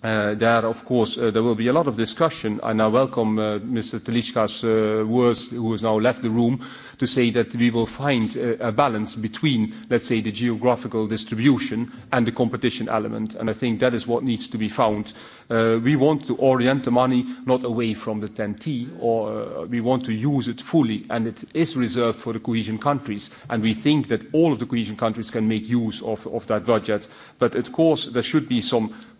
There, of course, there will be a lot of discussion, and I welcome Mr. Telichka's words, who has now left the room, to say that we will find a balance between, let's say, the geographical distribution and the competition element, and I think that is what needs to be found. We want to orient the money not away from the TEN-T, or we want to use it fully, and it is reserved for the cohesion countries, and we think that all of the cohesion countries can make use of that budget, but of course there should be some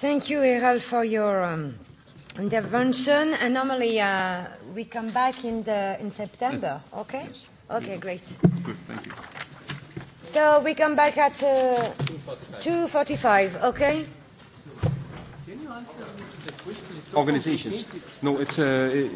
Thank you, Errol, for your um, intervention. And normally uh, we come back in, the, in September, okay? Yes. Okay, great. Good, thank you. So we come back at uh, 2.45, okay? Can you answer the question? Organizations. No, it's... Uh,